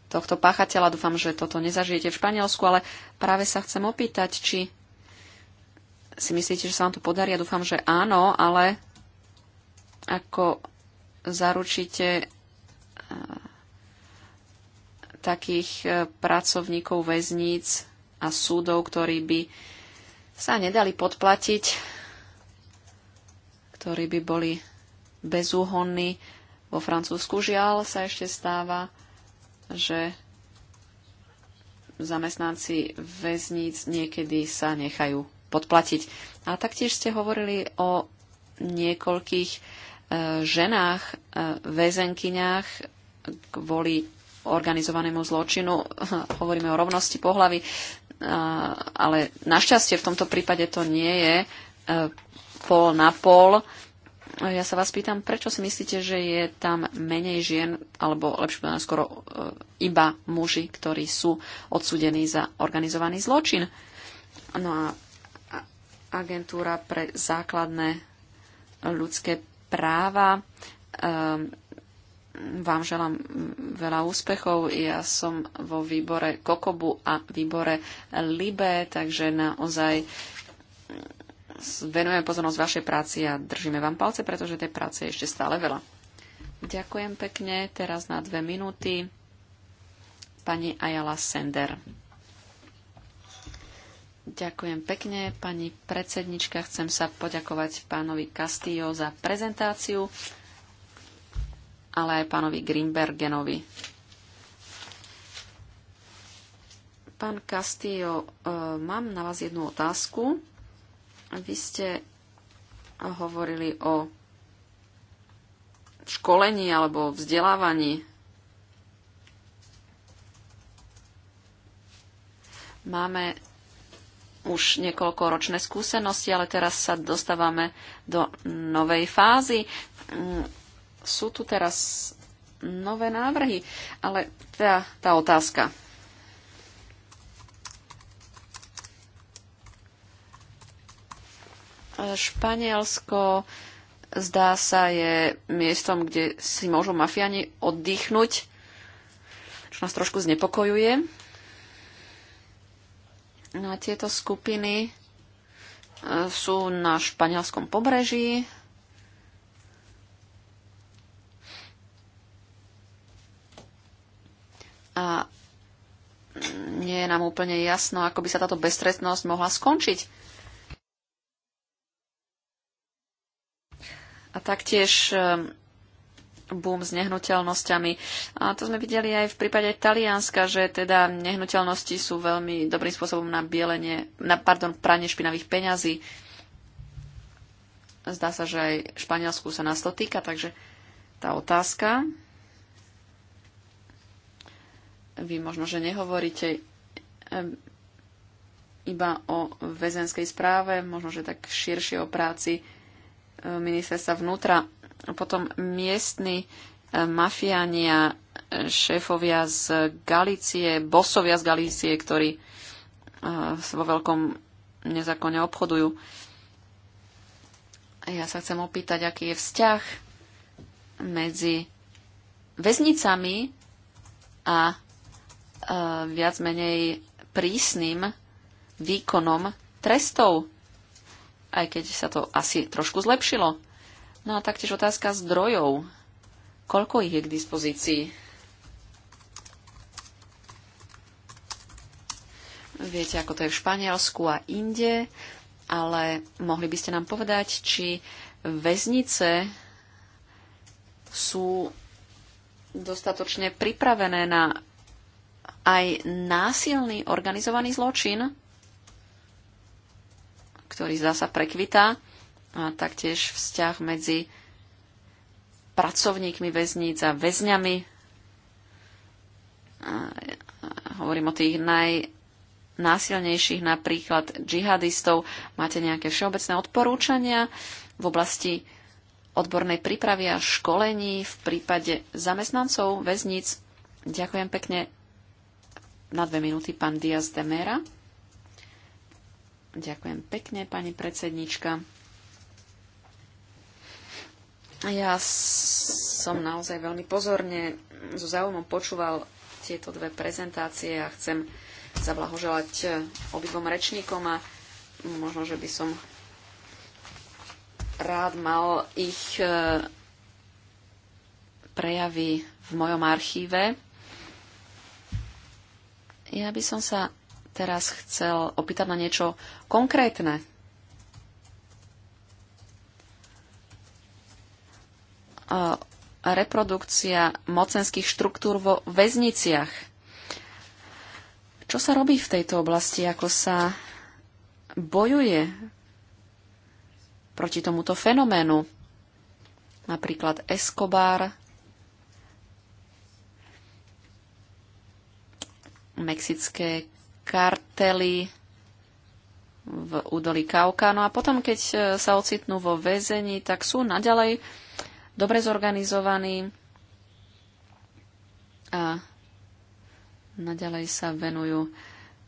tohto páchateľa. Dúfam, že toto nezažijete v Španielsku, ale práve sa chcem opýtať, či si myslíte, že sa vám to podarí. Ja dúfam, že áno, ale ako zaručíte takých pracovníkov väzníc a súdov, ktorí by sa nedali podplatiť ktorí by boli bezúhonní. Vo Francúzsku žiaľ sa ešte stáva, že zamestnanci väzníc niekedy sa nechajú podplatiť. A taktiež ste hovorili o niekoľkých e, ženách, e, väzenkyniach kvôli organizovanému zločinu. Hovoríme o rovnosti pohlavy, ale našťastie v tomto prípade to nie je e, pol na pol. Ja sa vás pýtam, prečo si myslíte, že je tam menej žien, alebo lepšie povedané skoro e, iba muži, ktorí sú odsudení za organizovaný zločin? No a agentúra pre základné ľudské práva. Ehm, vám želám veľa úspechov. Ja som vo výbore Kokobu a výbore Libe, takže naozaj venujeme pozornosť vašej práci a držíme vám palce, pretože tej práce je ešte stále veľa. Ďakujem pekne. Teraz na dve minúty pani Ayala Sender. Ďakujem pekne, pani predsednička. Chcem sa poďakovať pánovi Castillo za prezentáciu, ale aj pánovi Grimbergenovi. Pán Castillo, e, mám na vás jednu otázku. Vy ste hovorili o školení alebo vzdelávaní. Máme už niekoľko ročné skúsenosti, ale teraz sa dostávame do novej fázy. Mm, sú tu teraz nové návrhy, ale teda tá otázka. Španielsko zdá sa je miestom, kde si môžu mafiani oddychnúť, čo nás trošku znepokojuje. No a tieto skupiny e, sú na španielskom pobreží. A nie je nám úplne jasno, ako by sa táto bestretnosť mohla skončiť a taktiež ehm, boom s nehnuteľnosťami. A to sme videli aj v prípade Talianska, že teda nehnuteľnosti sú veľmi dobrým spôsobom na, bielenie, na pardon, pranie špinavých peňazí. Zdá sa, že aj Španielsku sa nás to týka, takže tá otázka. Vy možno, že nehovoríte ehm, iba o väzenskej správe, možno, že tak širšie o práci ministerstva vnútra, potom miestni e, mafiania, šéfovia z Galície, bosovia z Galície, ktorí e, vo veľkom nezákonne obchodujú. Ja sa chcem opýtať, aký je vzťah medzi väznicami a e, viac menej prísnym výkonom trestov aj keď sa to asi trošku zlepšilo. No a taktiež otázka zdrojov. Koľko ich je k dispozícii? Viete, ako to je v Španielsku a inde, ale mohli by ste nám povedať, či väznice sú dostatočne pripravené na aj násilný organizovaný zločin, ktorý zdá sa prekvitá a taktiež vzťah medzi pracovníkmi väzníc a väzňami. A hovorím o tých najnásilnejších, napríklad džihadistov. Máte nejaké všeobecné odporúčania v oblasti odbornej prípravy a školení v prípade zamestnancov väzníc? Ďakujem pekne. Na dve minúty pán Diaz de Mera. Ďakujem pekne, pani predsednička. Ja som naozaj veľmi pozorne so záujmom počúval tieto dve prezentácie a chcem zablahoželať eh, obidvom rečníkom a možno, že by som rád mal ich eh, prejavy v mojom archíve. Ja by som sa teraz chcel opýtať na niečo konkrétne. reprodukcia mocenských štruktúr vo väzniciach. Čo sa robí v tejto oblasti? Ako sa bojuje proti tomuto fenoménu? Napríklad Escobar, mexické kartely v údolí Kauka. No a potom, keď e, sa ocitnú vo väzení, tak sú naďalej dobre zorganizovaní a naďalej sa venujú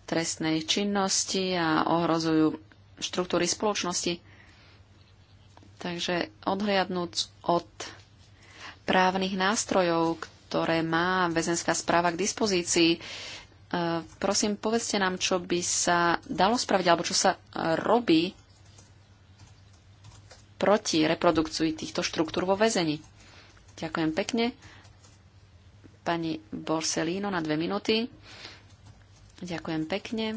trestnej činnosti a ohrozujú štruktúry spoločnosti. Takže odhliadnúc od právnych nástrojov, ktoré má väzenská správa k dispozícii, Eh, prosím, povedzte nám, čo by sa dalo spraviť, alebo čo sa eh, robí proti reprodukcii týchto štruktúr vo väzení. Ďakujem pekne. Pani Borsellino na dve minúty. Ďakujem pekne.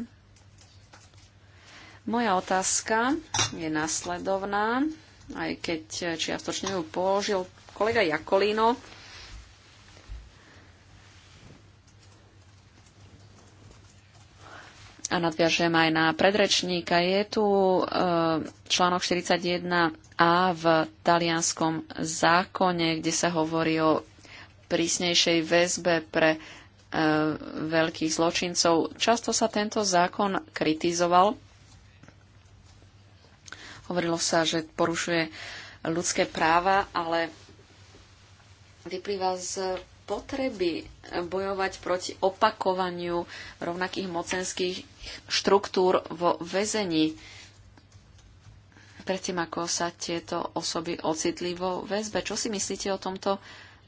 Moja otázka je nasledovná, aj keď eh, čiastočne ju položil kolega Jakolino. a nadviažem aj na predrečníka, je tu eh, článok 41a v talianskom zákone, kde sa hovorí o prísnejšej väzbe pre eh, veľkých zločincov. Často sa tento zákon kritizoval. Hovorilo sa, že porušuje ľudské práva, ale vyplýva z potreby bojovať proti opakovaniu rovnakých mocenských štruktúr vo väzení predtým, ako sa tieto osoby ocitli vo väzbe. Čo si myslíte o tomto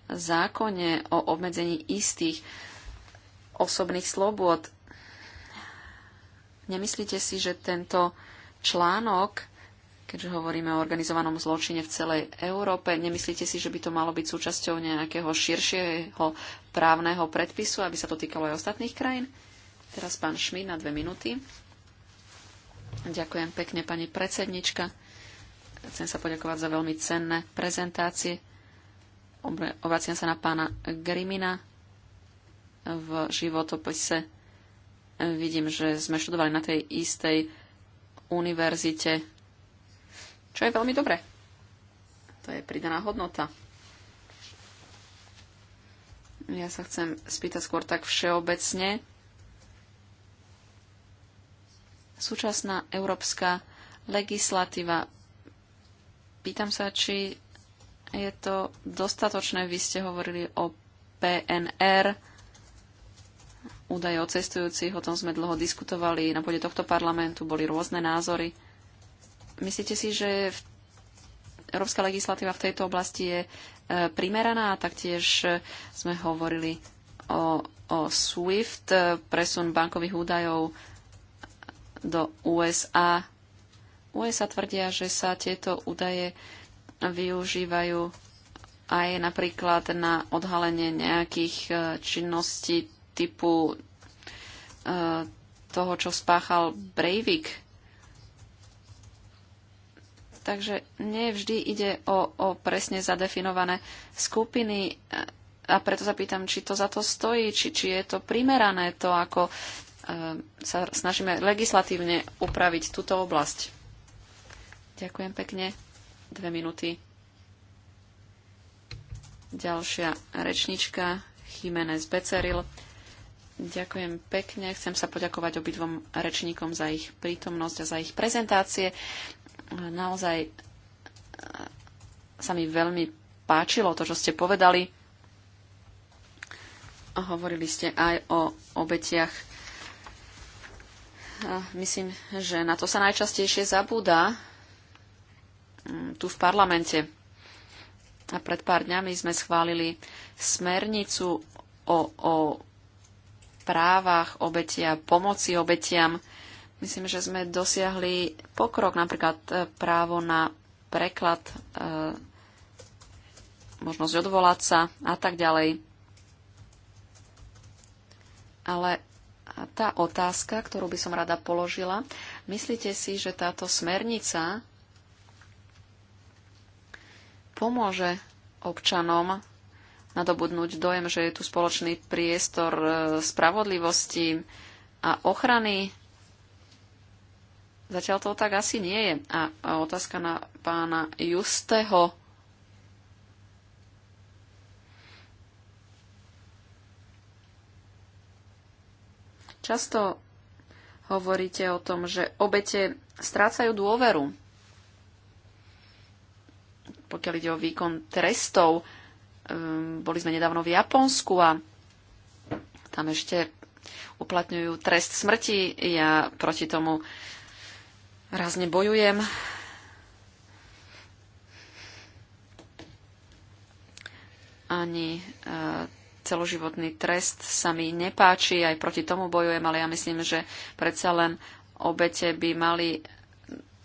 zákone o obmedzení istých osobných slobôd? Nemyslíte si, že tento článok, keďže hovoríme o organizovanom zločine v celej Európe, nemyslíte si, že by to malo byť súčasťou nejakého širšieho právneho predpisu, aby sa to týkalo aj ostatných krajín? Teraz pán Šmín na dve minúty. Ďakujem pekne, pani predsednička. Chcem sa poďakovať za veľmi cenné prezentácie. Obraciam sa na pána Grimina. V životopise vidím, že sme študovali na tej istej univerzite, čo je veľmi dobré. To je pridaná hodnota. Ja sa chcem spýtať skôr tak všeobecne súčasná európska legislatíva. Pýtam sa, či je to dostatočné. Vy ste hovorili o PNR, údaje o cestujúcich, o tom sme dlho diskutovali, na pôde tohto parlamentu boli rôzne názory. Myslíte si, že európska legislatíva v tejto oblasti je e, primeraná a taktiež e, sme hovorili o, o SWIFT, e, presun bankových údajov do USA. USA tvrdia, že sa tieto údaje využívajú aj napríklad na odhalenie nejakých e, činností typu e, toho, čo spáchal Breivik. Takže nie vždy ide o, o presne zadefinované skupiny e, a preto sa pýtam, či to za to stojí, či, či je to primerané to, ako Ehm, sa snažíme legislatívne upraviť túto oblasť. Ďakujem pekne. Dve minúty. Ďalšia rečnička, Jiménez Beceril. Ďakujem pekne. Chcem sa poďakovať obidvom rečníkom za ich prítomnosť a za ich prezentácie. Naozaj e, sa mi veľmi páčilo to, čo ste povedali. Hovorili ste aj o obetiach myslím, že na to sa najčastejšie zabúda mm, tu v parlamente. A pred pár dňami sme schválili smernicu o, o právach obetia, pomoci obetiam. Myslím, že sme dosiahli pokrok, napríklad e, právo na preklad, e, možnosť odvolať sa a tak ďalej. Ale a tá otázka, ktorú by som rada položila, myslíte si, že táto smernica pomôže občanom nadobudnúť dojem, že je tu spoločný priestor e, spravodlivosti a ochrany? Zatiaľ to tak asi nie je. A otázka na pána Justeho Často hovoríte o tom, že obete strácajú dôveru, pokiaľ ide o výkon trestov. Ehm, boli sme nedávno v Japonsku a tam ešte uplatňujú trest smrti. Ja proti tomu razne bojujem. Ani eh, celoživotný trest sa mi nepáči, aj proti tomu bojujem, ale ja myslím, že predsa len obete by mali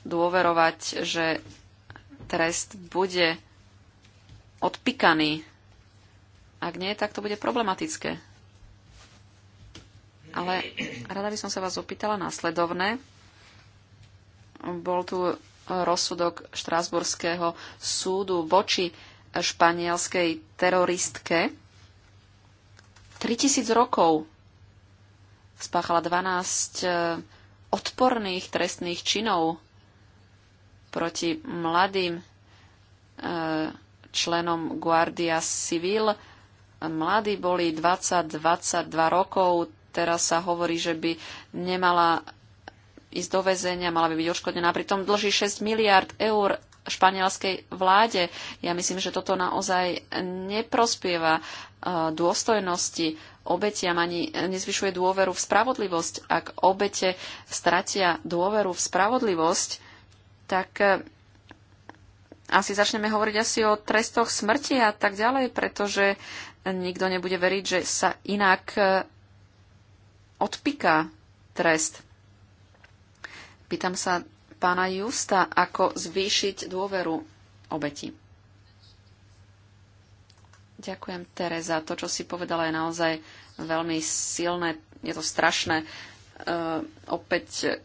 dôverovať, že trest bude odpikaný. Ak nie, tak to bude problematické. Ale rada by som sa vás opýtala následovné. Bol tu rozsudok Štrásburského súdu voči španielskej teroristke, 3000 rokov. Spáchala 12 e, odporných trestných činov proti mladým e, členom Guardia Civil. Mladí boli 20-22 rokov, teraz sa hovorí, že by nemala ísť do väzenia, mala by byť odškodnená. Pritom dlží 6 miliard eur španielskej vláde. Ja myslím, že toto naozaj neprospieva eh, dôstojnosti obetiam ani nezvyšuje dôveru v spravodlivosť. Ak obete stratia dôveru v spravodlivosť, tak eh, asi začneme hovoriť asi o trestoch smrti a tak ďalej, pretože nikto nebude veriť, že sa inak eh, odpíka trest. Pýtam sa pána Justa, ako zvýšiť dôveru obeti. Ďakujem, Tereza. To, čo si povedala, je naozaj veľmi silné. Je to strašné. E, opäť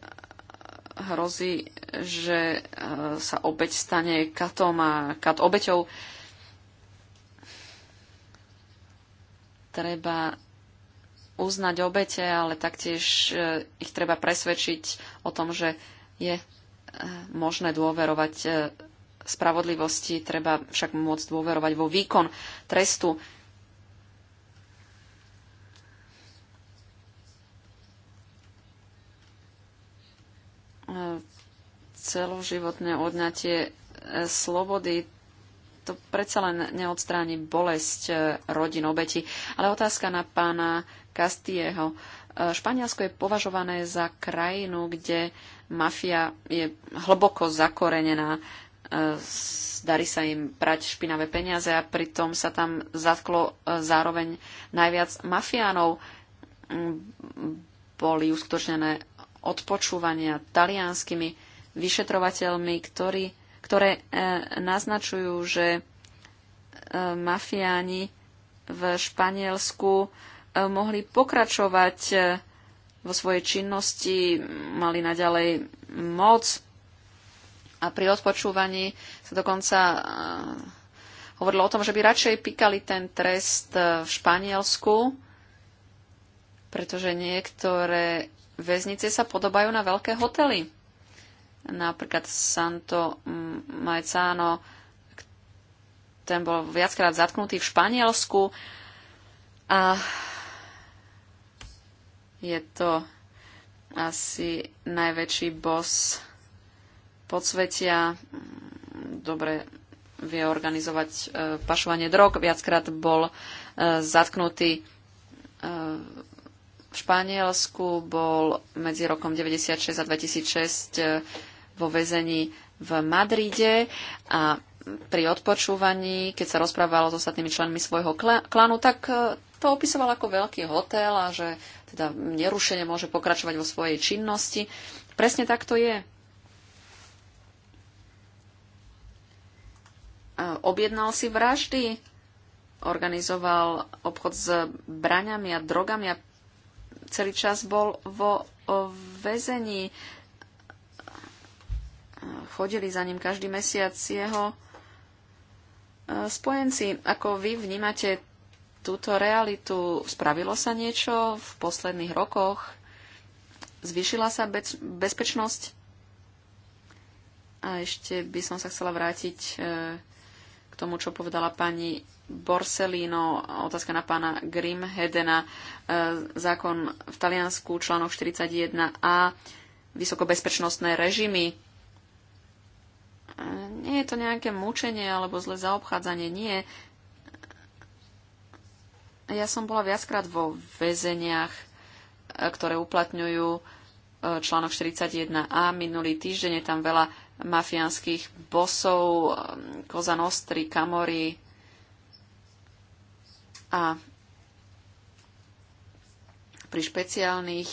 hrozí, že e, sa obeť stane katom a kat obeťou. Treba uznať obete, ale taktiež e, ich treba presvedčiť o tom, že je možné dôverovať e, spravodlivosti, treba však môcť dôverovať vo výkon trestu. E, celoživotné odňatie e, slobody to predsa len neodstráni bolesť rodín obeti. Ale otázka na pána Castieho. Španielsko je považované za krajinu, kde uh, Mafia je hlboko zakorenená, e, darí sa im prať špinavé peniaze a pritom sa tam zatklo e, zároveň najviac mafiánov. Mm, boli uskutočnené odpočúvania talianskými vyšetrovateľmi, ktorí, ktoré e, naznačujú, že mafiáni v Španielsku mohli pokračovať vo svojej činnosti mali naďalej moc a pri odpočúvaní sa dokonca e, hovorilo o tom, že by radšej píkali ten trest e, v Španielsku, pretože niektoré väznice sa podobajú na veľké hotely. Napríklad Santo Majcano, ten bol viackrát zatknutý v Španielsku a je to asi najväčší boss podsvetia. Dobre vie organizovať e, pašovanie drog. Viackrát bol e, zatknutý e, v Španielsku, bol medzi rokom 96 a 2006 vo väzení v Madride a pri odpočúvaní, keď sa rozprával s ostatnými členmi svojho klanu, tak to opisoval ako veľký hotel a že teda nerušene môže pokračovať vo svojej činnosti. Presne tak to je. Objednal si vraždy, organizoval obchod s braňami a drogami a celý čas bol vo väzení. Chodili za ním každý mesiac jeho e, spojenci. Ako vy vnímate túto realitu. Spravilo sa niečo v posledných rokoch? Zvyšila sa bez, bezpečnosť? A ešte by som sa chcela vrátiť e, k tomu, čo povedala pani Borsellino, otázka na pána Grimhedena, e, zákon v Taliansku, článok 41a, vysokobezpečnostné režimy. E, nie je to nejaké mučenie alebo zlé zaobchádzanie, nie. Ja som bola viackrát vo väzeniach, e, ktoré uplatňujú e, článok 41a. Minulý týždeň je tam veľa mafiánskych bosov, Koza e, Nostri, Kamory a pri špeciálnych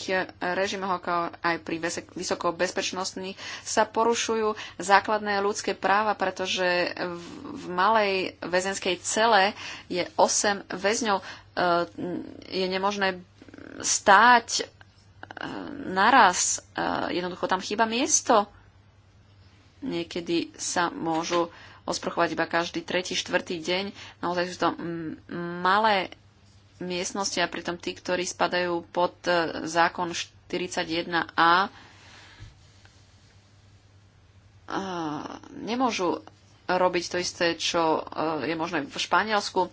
režimoch, ako aj pri vysokobezpečnostných, sa porušujú základné ľudské práva, pretože v malej väzenskej cele je 8 väzňov je nemožné stáť e, naraz. E, jednoducho tam chýba miesto. Niekedy sa môžu osprchovať iba každý tretí, štvrtý deň. Naozaj sú to malé miestnosti a pritom tí, ktorí spadajú pod e, zákon 41a, nemôžu robiť to isté, čo je možné v Španielsku.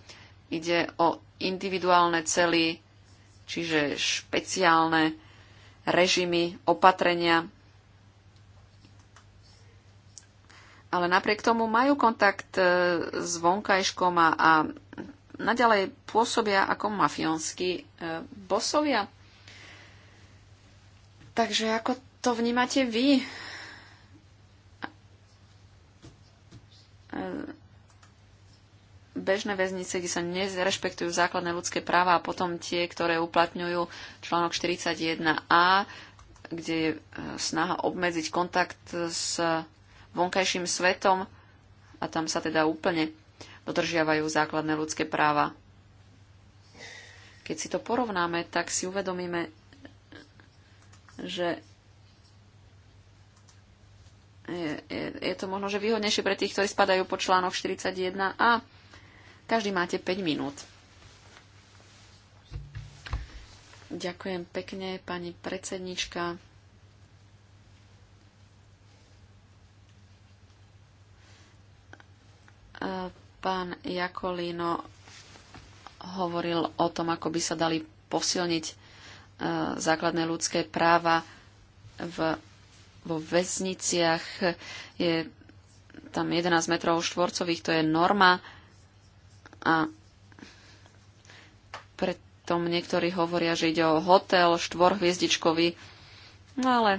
Ide o individuálne cely, čiže špeciálne režimy, opatrenia. Ale napriek tomu majú kontakt e, s vonkajškom a, a naďalej pôsobia ako mafionsky e, bosovia. Takže ako to vnímate vy? E, bežné väznice, kde sa nerešpektujú základné ľudské práva a potom tie, ktoré uplatňujú článok 41a, kde je e, snaha obmedziť kontakt s vonkajším svetom a tam sa teda úplne dodržiavajú základné ľudské práva. Keď si to porovnáme, tak si uvedomíme, že je, je, je to možno, že výhodnejšie pre tých, ktorí spadajú po článok 41a každý máte 5 minút. Ďakujem pekne, pani predsednička. Pán Jakolino hovoril o tom, ako by sa dali posilniť e, základné ľudské práva v, vo väzniciach. Je tam 11 metrov štvorcových, to je norma a preto niektorí hovoria, že ide o hotel štvorhviezdičkový. No ale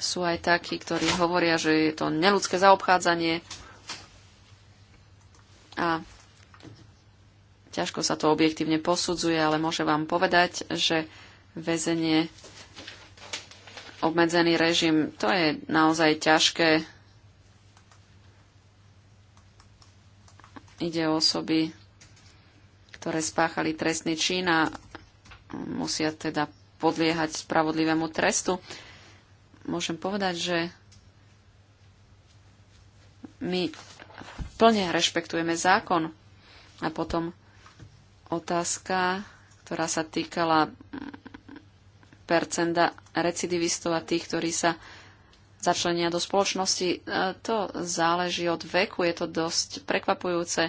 sú aj takí, ktorí hovoria, že je to neludské zaobchádzanie. A ťažko sa to objektívne posudzuje, ale môžem vám povedať, že väzenie, obmedzený režim, to je naozaj ťažké Ide o osoby, ktoré spáchali trestný čin a musia teda podliehať spravodlivému trestu. Môžem povedať, že my plne rešpektujeme zákon. A potom otázka, ktorá sa týkala percenta recidivistov a tých, ktorí sa začlenia do spoločnosti. E, to záleží od veku, je to dosť prekvapujúce.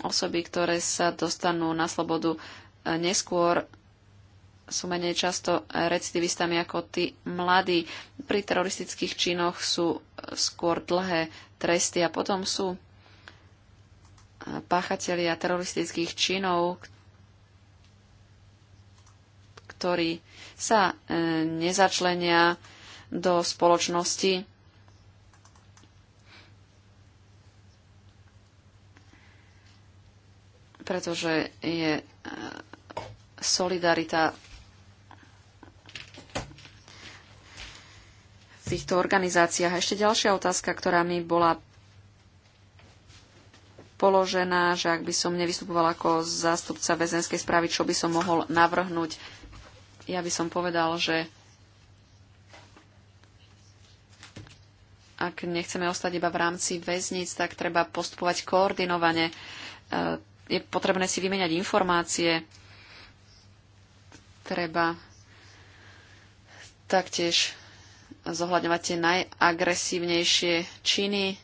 Osoby, ktoré sa dostanú na slobodu e, neskôr, sú menej často recidivistami ako tí mladí. Pri teroristických činoch sú e, skôr dlhé tresty a potom sú páchatelia teroristických činov, ktorí sa nezačlenia do spoločnosti. Pretože je e, solidarita v týchto organizáciách. A ešte ďalšia otázka, ktorá mi bola položená, že ak by som nevystupoval ako zástupca väzenskej správy, čo by som mohol navrhnúť. Ja by som povedal, že ak nechceme ostať iba v rámci väznic, tak treba postupovať koordinovane. E, je potrebné si vymeniať informácie. Treba taktiež zohľadňovať tie najagresívnejšie činy.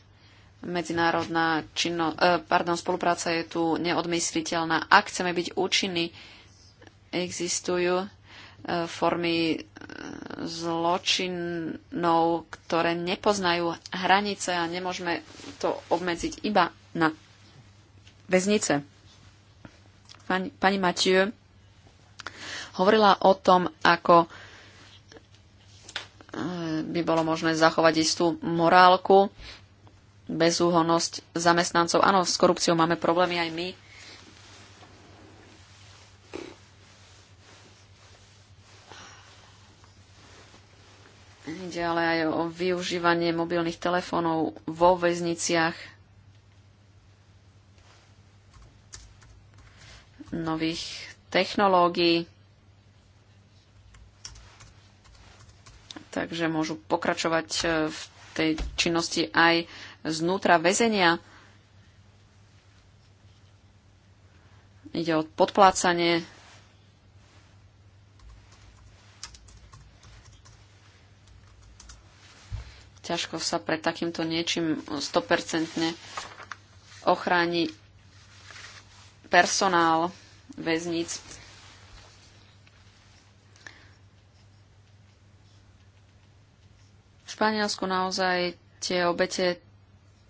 Medzinárodná činno, e, pardon, spolupráca je tu neodmysliteľná. Ak chceme byť účinní, existujú E, formy e, zločinov, ktoré nepoznajú hranice a nemôžeme to obmedziť iba na väznice. Pani, pani Mathieu hovorila o tom, ako e, by bolo možné zachovať istú morálku, bezúhonosť zamestnancov. Áno, s korupciou máme problémy aj my Ide ale aj o využívanie mobilných telefónov vo väzniciach, nových technológií. Takže môžu pokračovať e, v tej činnosti aj znútra väzenia. Ide o podplácanie Ťažko sa pred takýmto niečím 100% ochráni personál väzníc. V Španielsku naozaj tie obete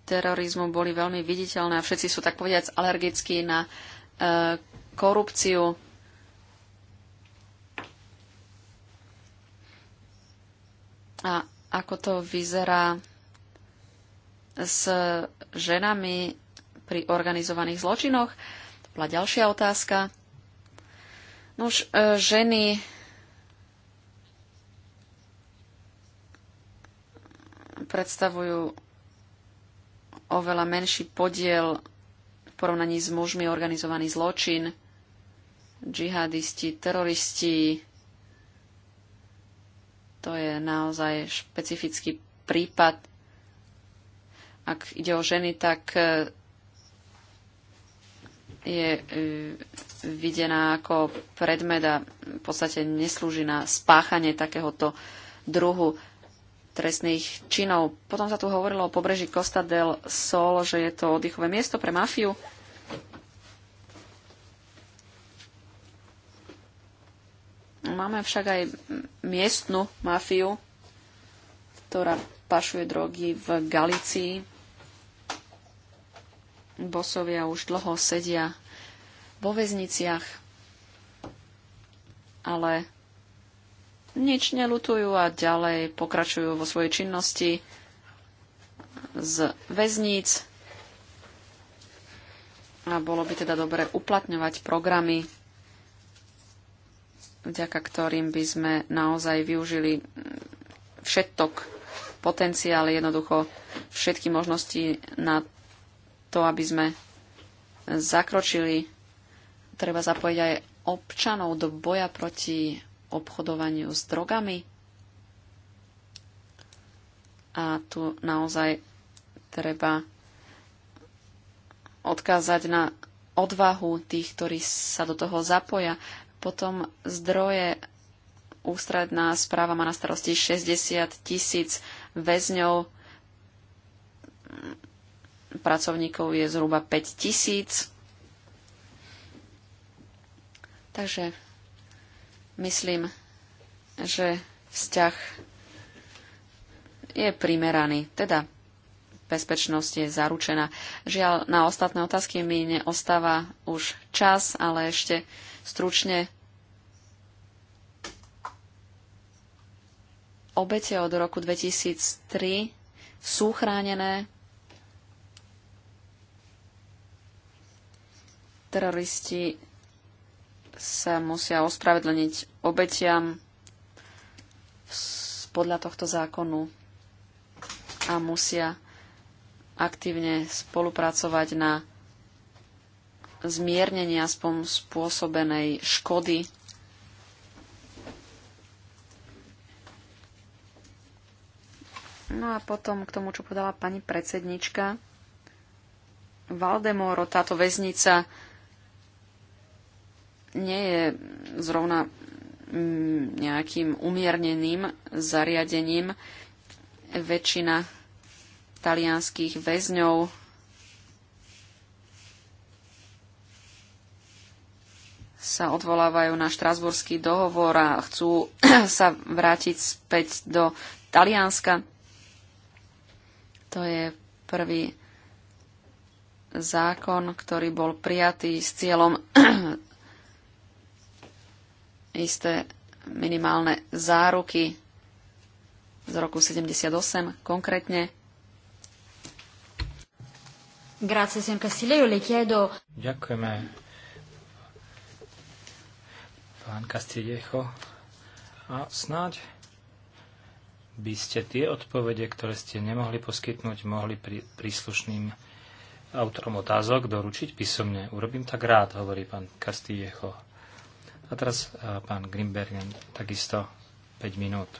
terorizmu boli veľmi viditeľné a všetci sú tak povediac alergickí na e, korupciu. A ako to vyzerá s ženami pri organizovaných zločinoch. To bola ďalšia otázka. Nuž, no e, ženy predstavujú oveľa menší podiel v porovnaní s mužmi organizovaný zločin, džihadisti, teroristi, to je naozaj špecifický prípad. Ak ide o ženy, tak e, je e, videná ako predmet a v podstate neslúži na spáchanie takéhoto druhu trestných činov. Potom sa tu hovorilo o pobreží Costa del Sol, že je to oddychové miesto pre mafiu. Máme však aj miestnu mafiu, ktorá pašuje drogy v Galicii. Bosovia už dlho sedia vo väzniciach, ale nič nelutujú a ďalej pokračujú vo svojej činnosti z väzníc. A bolo by teda dobre uplatňovať programy vďaka ktorým by sme naozaj využili všetok potenciál, jednoducho všetky možnosti na to, aby sme zakročili. Treba zapojiť aj občanov do boja proti obchodovaniu s drogami. A tu naozaj treba odkázať na odvahu tých, ktorí sa do toho zapoja. Potom zdroje ústredná správa má na starosti 60 tisíc väzňov. Pracovníkov je zhruba 5 tisíc. Takže myslím, že vzťah je primeraný. Teda bezpečnosť je zaručená. Žiaľ, na ostatné otázky mi neostáva už čas, ale ešte stručne. Obete od roku 2003 sú chránené. Teroristi sa musia ospravedlniť obetiam podľa tohto zákonu a musia aktívne spolupracovať na zmiernenie aspoň spôsobenej škody. No a potom k tomu, čo podala pani predsednička. Valdemoro, táto väznica nie je zrovna mm, nejakým umierneným zariadením. Väčšina talianských väzňov sa odvolávajú na štrasburský dohovor a chcú sa vrátiť späť do Talianska. To je prvý zákon, ktorý bol prijatý s cieľom isté minimálne záruky z roku 78 konkrétne. Grazie, signor Castillejo, le chiedo... Ďakujeme, pán Castillejo. A snáď by ste tie odpovede, ktoré ste nemohli poskytnúť, mohli pri, príslušným autorom otázok doručiť písomne. Urobím tak rád, hovorí pán Castillejo. A teraz a e, pán Grimbergen, takisto 5 minút.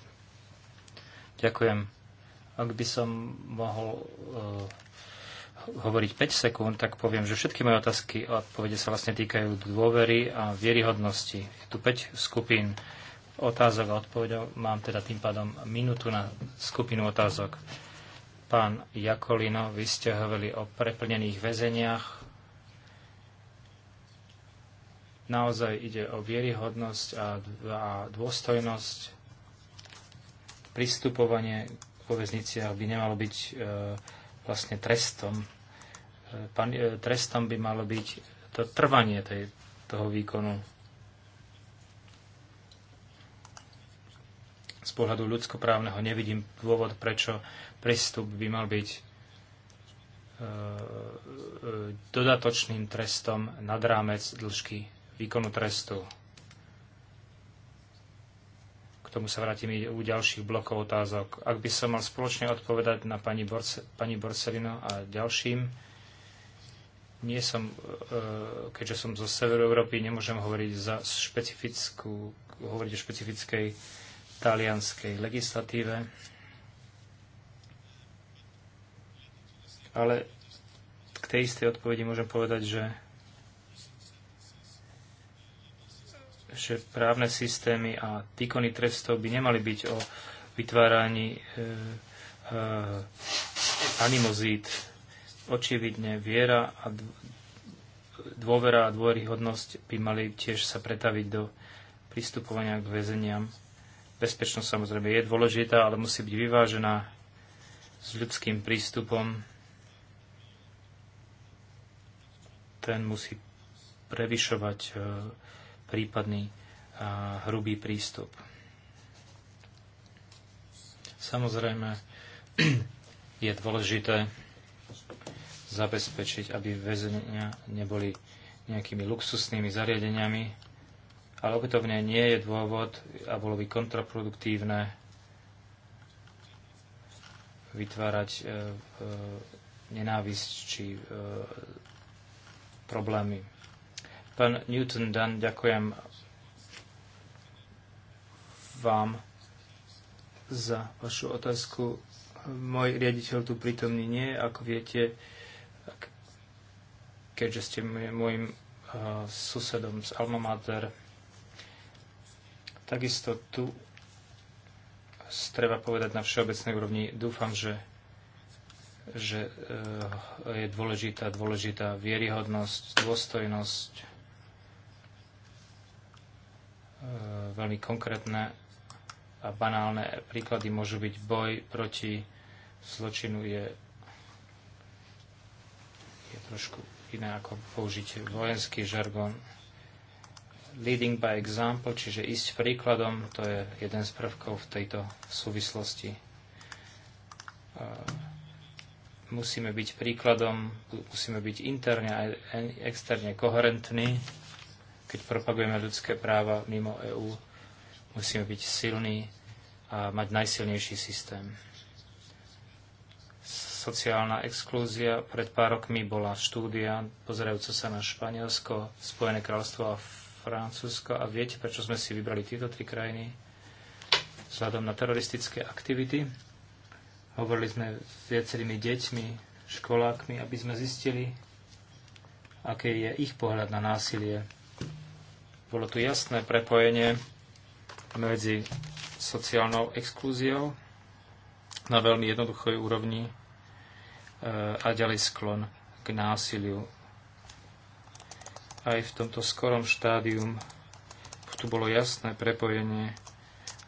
Ďakujem. Ak by som mohol e, hovoriť 5 sekúnd, tak poviem, že všetky moje otázky a odpovede sa vlastne týkajú dôvery a vieryhodnosti. Je tu 5 skupín otázok a odpovedov. Mám teda tým pádom minútu na skupinu otázok. Pán Jakolino, vy ste hovorili o preplnených väzeniach. Naozaj ide o vieryhodnosť a, dôstojnosť. Pristupovanie k väzniciach by nemalo byť e, vlastne trestom. E, trestom by malo byť to trvanie tej, toho výkonu. Z pohľadu ľudskoprávneho nevidím dôvod, prečo prístup by mal byť e, e dodatočným trestom nad rámec dĺžky výkonu trestu. K tomu sa vrátim u ďalších blokov otázok. Ak by som mal spoločne odpovedať na pani, Borce, pani Borcelino a ďalším, nie som, e, keďže som zo severu Európy, nemôžem hovoriť za špecifickú, hovoriť o špecifickej talianskej legislatíve. Ale k tej istej odpovedi môžem povedať, že že právne systémy a výkony trestov by nemali byť o vytváraní e, e, animozít Očividne viera a dôvera a dôveryhodnosť by mali tiež sa pretaviť do pristupovania k väzeniam. Bezpečnosť samozrejme je dôležitá, ale musí byť vyvážená s ľudským prístupom. Ten musí prevyšovať e, prípadný e, hrubý prístup. Samozrejme je dôležité zabezpečiť, aby väzenia neboli nejakými luxusnými zariadeniami, ale opätovne nie je dôvod a bolo by kontraproduktívne vytvárať e, e, nenávisť či e, problémy. Pán Newton Dan, ďakujem vám za vašu otázku. Môj riaditeľ tu prítomný nie, ako viete, keďže ste môjim eh, susedom z Alma Mater. Takisto tu treba povedať na všeobecnej úrovni, dúfam, že, že eh, je dôležitá, dôležitá vieryhodnosť, dôstojnosť, eh, veľmi konkrétne a banálne príklady môžu byť boj proti zločinu je, je trošku iné ako použiť vojenský žargon. Leading by example, čiže ísť príkladom, to je jeden z prvkov v tejto súvislosti. Musíme byť príkladom, musíme byť interne a externe koherentní, keď propagujeme ľudské práva mimo EÚ. Musíme byť silní a mať najsilnejší systém sociálna exklúzia. Pred pár rokmi bola štúdia pozerajúca sa na Španielsko, Spojené kráľstvo a Francúzsko. A viete, prečo sme si vybrali tieto tri krajiny? Vzhľadom na teroristické aktivity. Hovorili sme s viacerými deťmi, školákmi, aby sme zistili, aký je ich pohľad na násilie. Bolo tu jasné prepojenie medzi sociálnou exklúziou na veľmi jednoduchej úrovni Eh, a ďalej sklon k násiliu. Aj v tomto skorom štádium tu bolo jasné prepojenie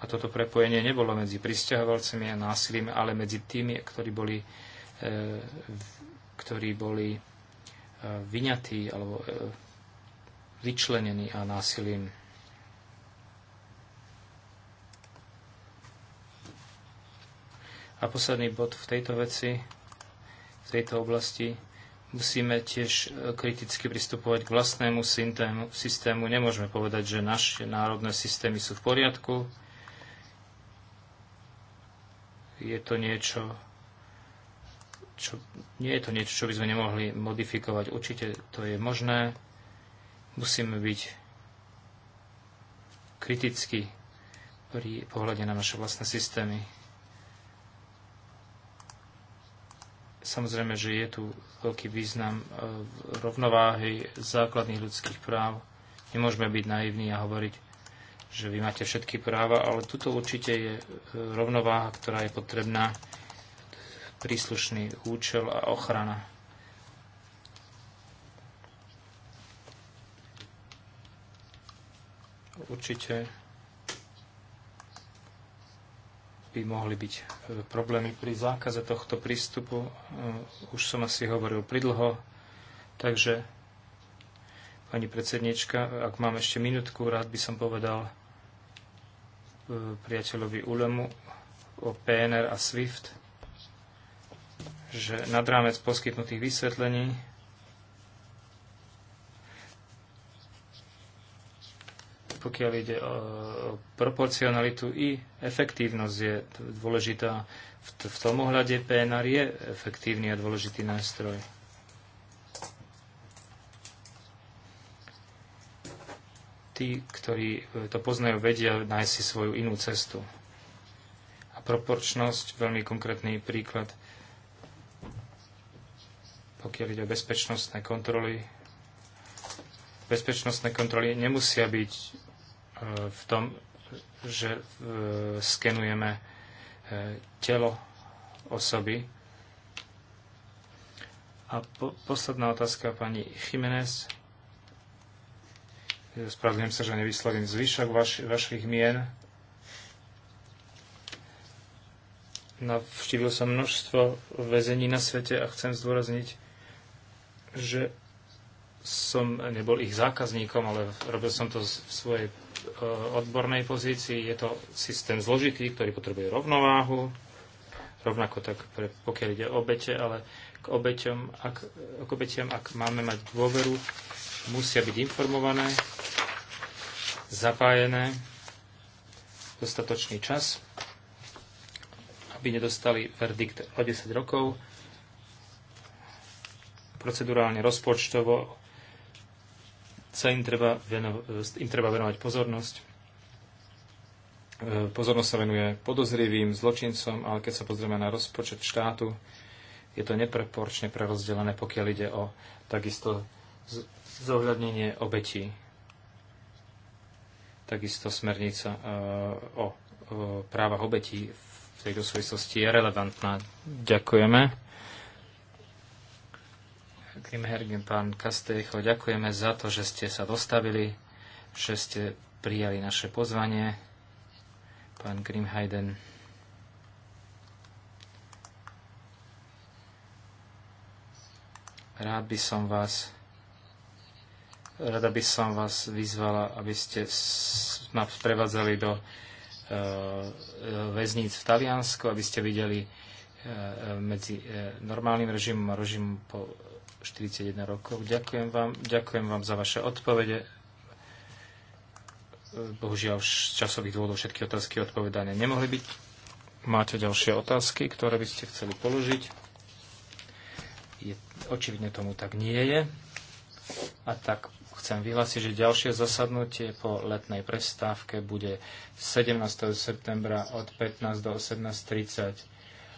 a toto prepojenie nebolo medzi pristahovalcami a násilím, ale medzi tými, ktorí boli, eh, ktorí boli eh, vyňatí alebo vyčlenení a násilím. A posledný bod v tejto veci tejto oblasti. Musíme tiež e, kriticky pristupovať k vlastnému systému. Nemôžeme povedať, že naše národné systémy sú v poriadku. Je to niečo, čo, nie je to niečo, čo by sme nemohli modifikovať. Určite to je možné. Musíme byť kriticky pri pohľade na naše vlastné systémy. Samozrejme, že je tu veľký význam e, rovnováhy základných ľudských práv. Nemôžeme byť naivní a hovoriť, že vy máte všetky práva, ale tuto určite je e, rovnováha, ktorá je potrebná, príslušný účel a ochrana. Určite by mohli byť e, problémy pri zákaze tohto prístupu. E, už som asi hovoril pridlho, takže pani predsednička, ak mám ešte minútku, rád by som povedal e, priateľovi Ulemu o PNR a SWIFT, že nad rámec poskytnutých vysvetlení pokiaľ ide o proporcionalitu i efektívnosť je dôležitá. V, v tom ohľade PNR je efektívny a dôležitý nástroj. Tí, ktorí to poznajú, vedia nájsť si svoju inú cestu. A proporčnosť, veľmi konkrétny príklad, pokiaľ ide o bezpečnostné kontroly, bezpečnostné kontroly nemusia byť v tom, že e, skenujeme e, telo osoby. A po, posledná otázka pani Jiménez. Spravedlňujem sa, že nevyslovím zvyšok vaš, vašich mien. Navštívil som množstvo väzení na svete a chcem zdôrazniť, že som nebol ich zákazníkom, ale robil som to v svojej Eh, odbornej pozícii. Je to systém zložitý, ktorý potrebuje rovnováhu, rovnako tak pre, pokiaľ ide o obete, ale k obeťom, ak, k obetiam, ak máme mať dôveru, musia byť informované, zapájené, dostatočný čas, aby nedostali verdikt o 10 rokov, procedurálne rozpočtovo sa im treba, veno, im treba venovať pozornosť. E, pozornosť sa venuje podozrivým zločincom, ale keď sa pozrieme na rozpočet štátu, je to neproporčne prerozdelené, pokiaľ ide o takisto zohľadnenie obetí. Takisto smernica e, o právach obetí v tejto súvislosti je relevantná. Ďakujeme. Krim Hergen, pán Kastejcho, ďakujeme za to, že ste sa dostavili, že ste prijali naše pozvanie. Pán Grim Hayden. Rád by som vás rada by som vás vyzvala, aby ste ma prevádzali do e, e, väzníc v Taliansku, aby ste videli e, e, medzi normálnym režimom a režimom po 41 rokov. Ďakujem vám, ďakujem vám za vaše odpovede. Bohužiaľ, z časových dôvodov všetky otázky odpovedané nemohli byť. Máte ďalšie otázky, ktoré by ste chceli položiť? Je, očividne tomu tak nie je. A tak chcem vyhlásiť, že ďalšie zasadnutie po letnej prestávke bude 17. septembra od 15 do 18.30.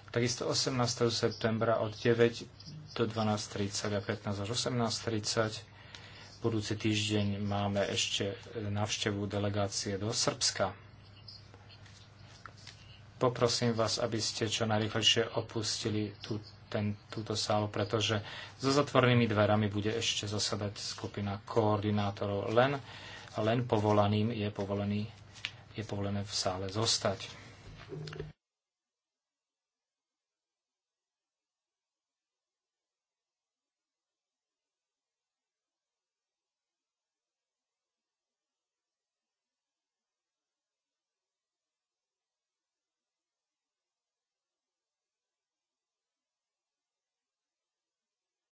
Takisto 18. septembra od 9 do 12.30 a 15 až 18.30. Budúci týždeň máme ešte e, navštevu delegácie do Srbska. Poprosím vás, aby ste čo najrychlejšie opustili tú, ten, túto sálu, pretože so zatvorenými dverami bude ešte zasadať skupina koordinátorov. Len, len povolaným je, povolený, je povolené v sále zostať.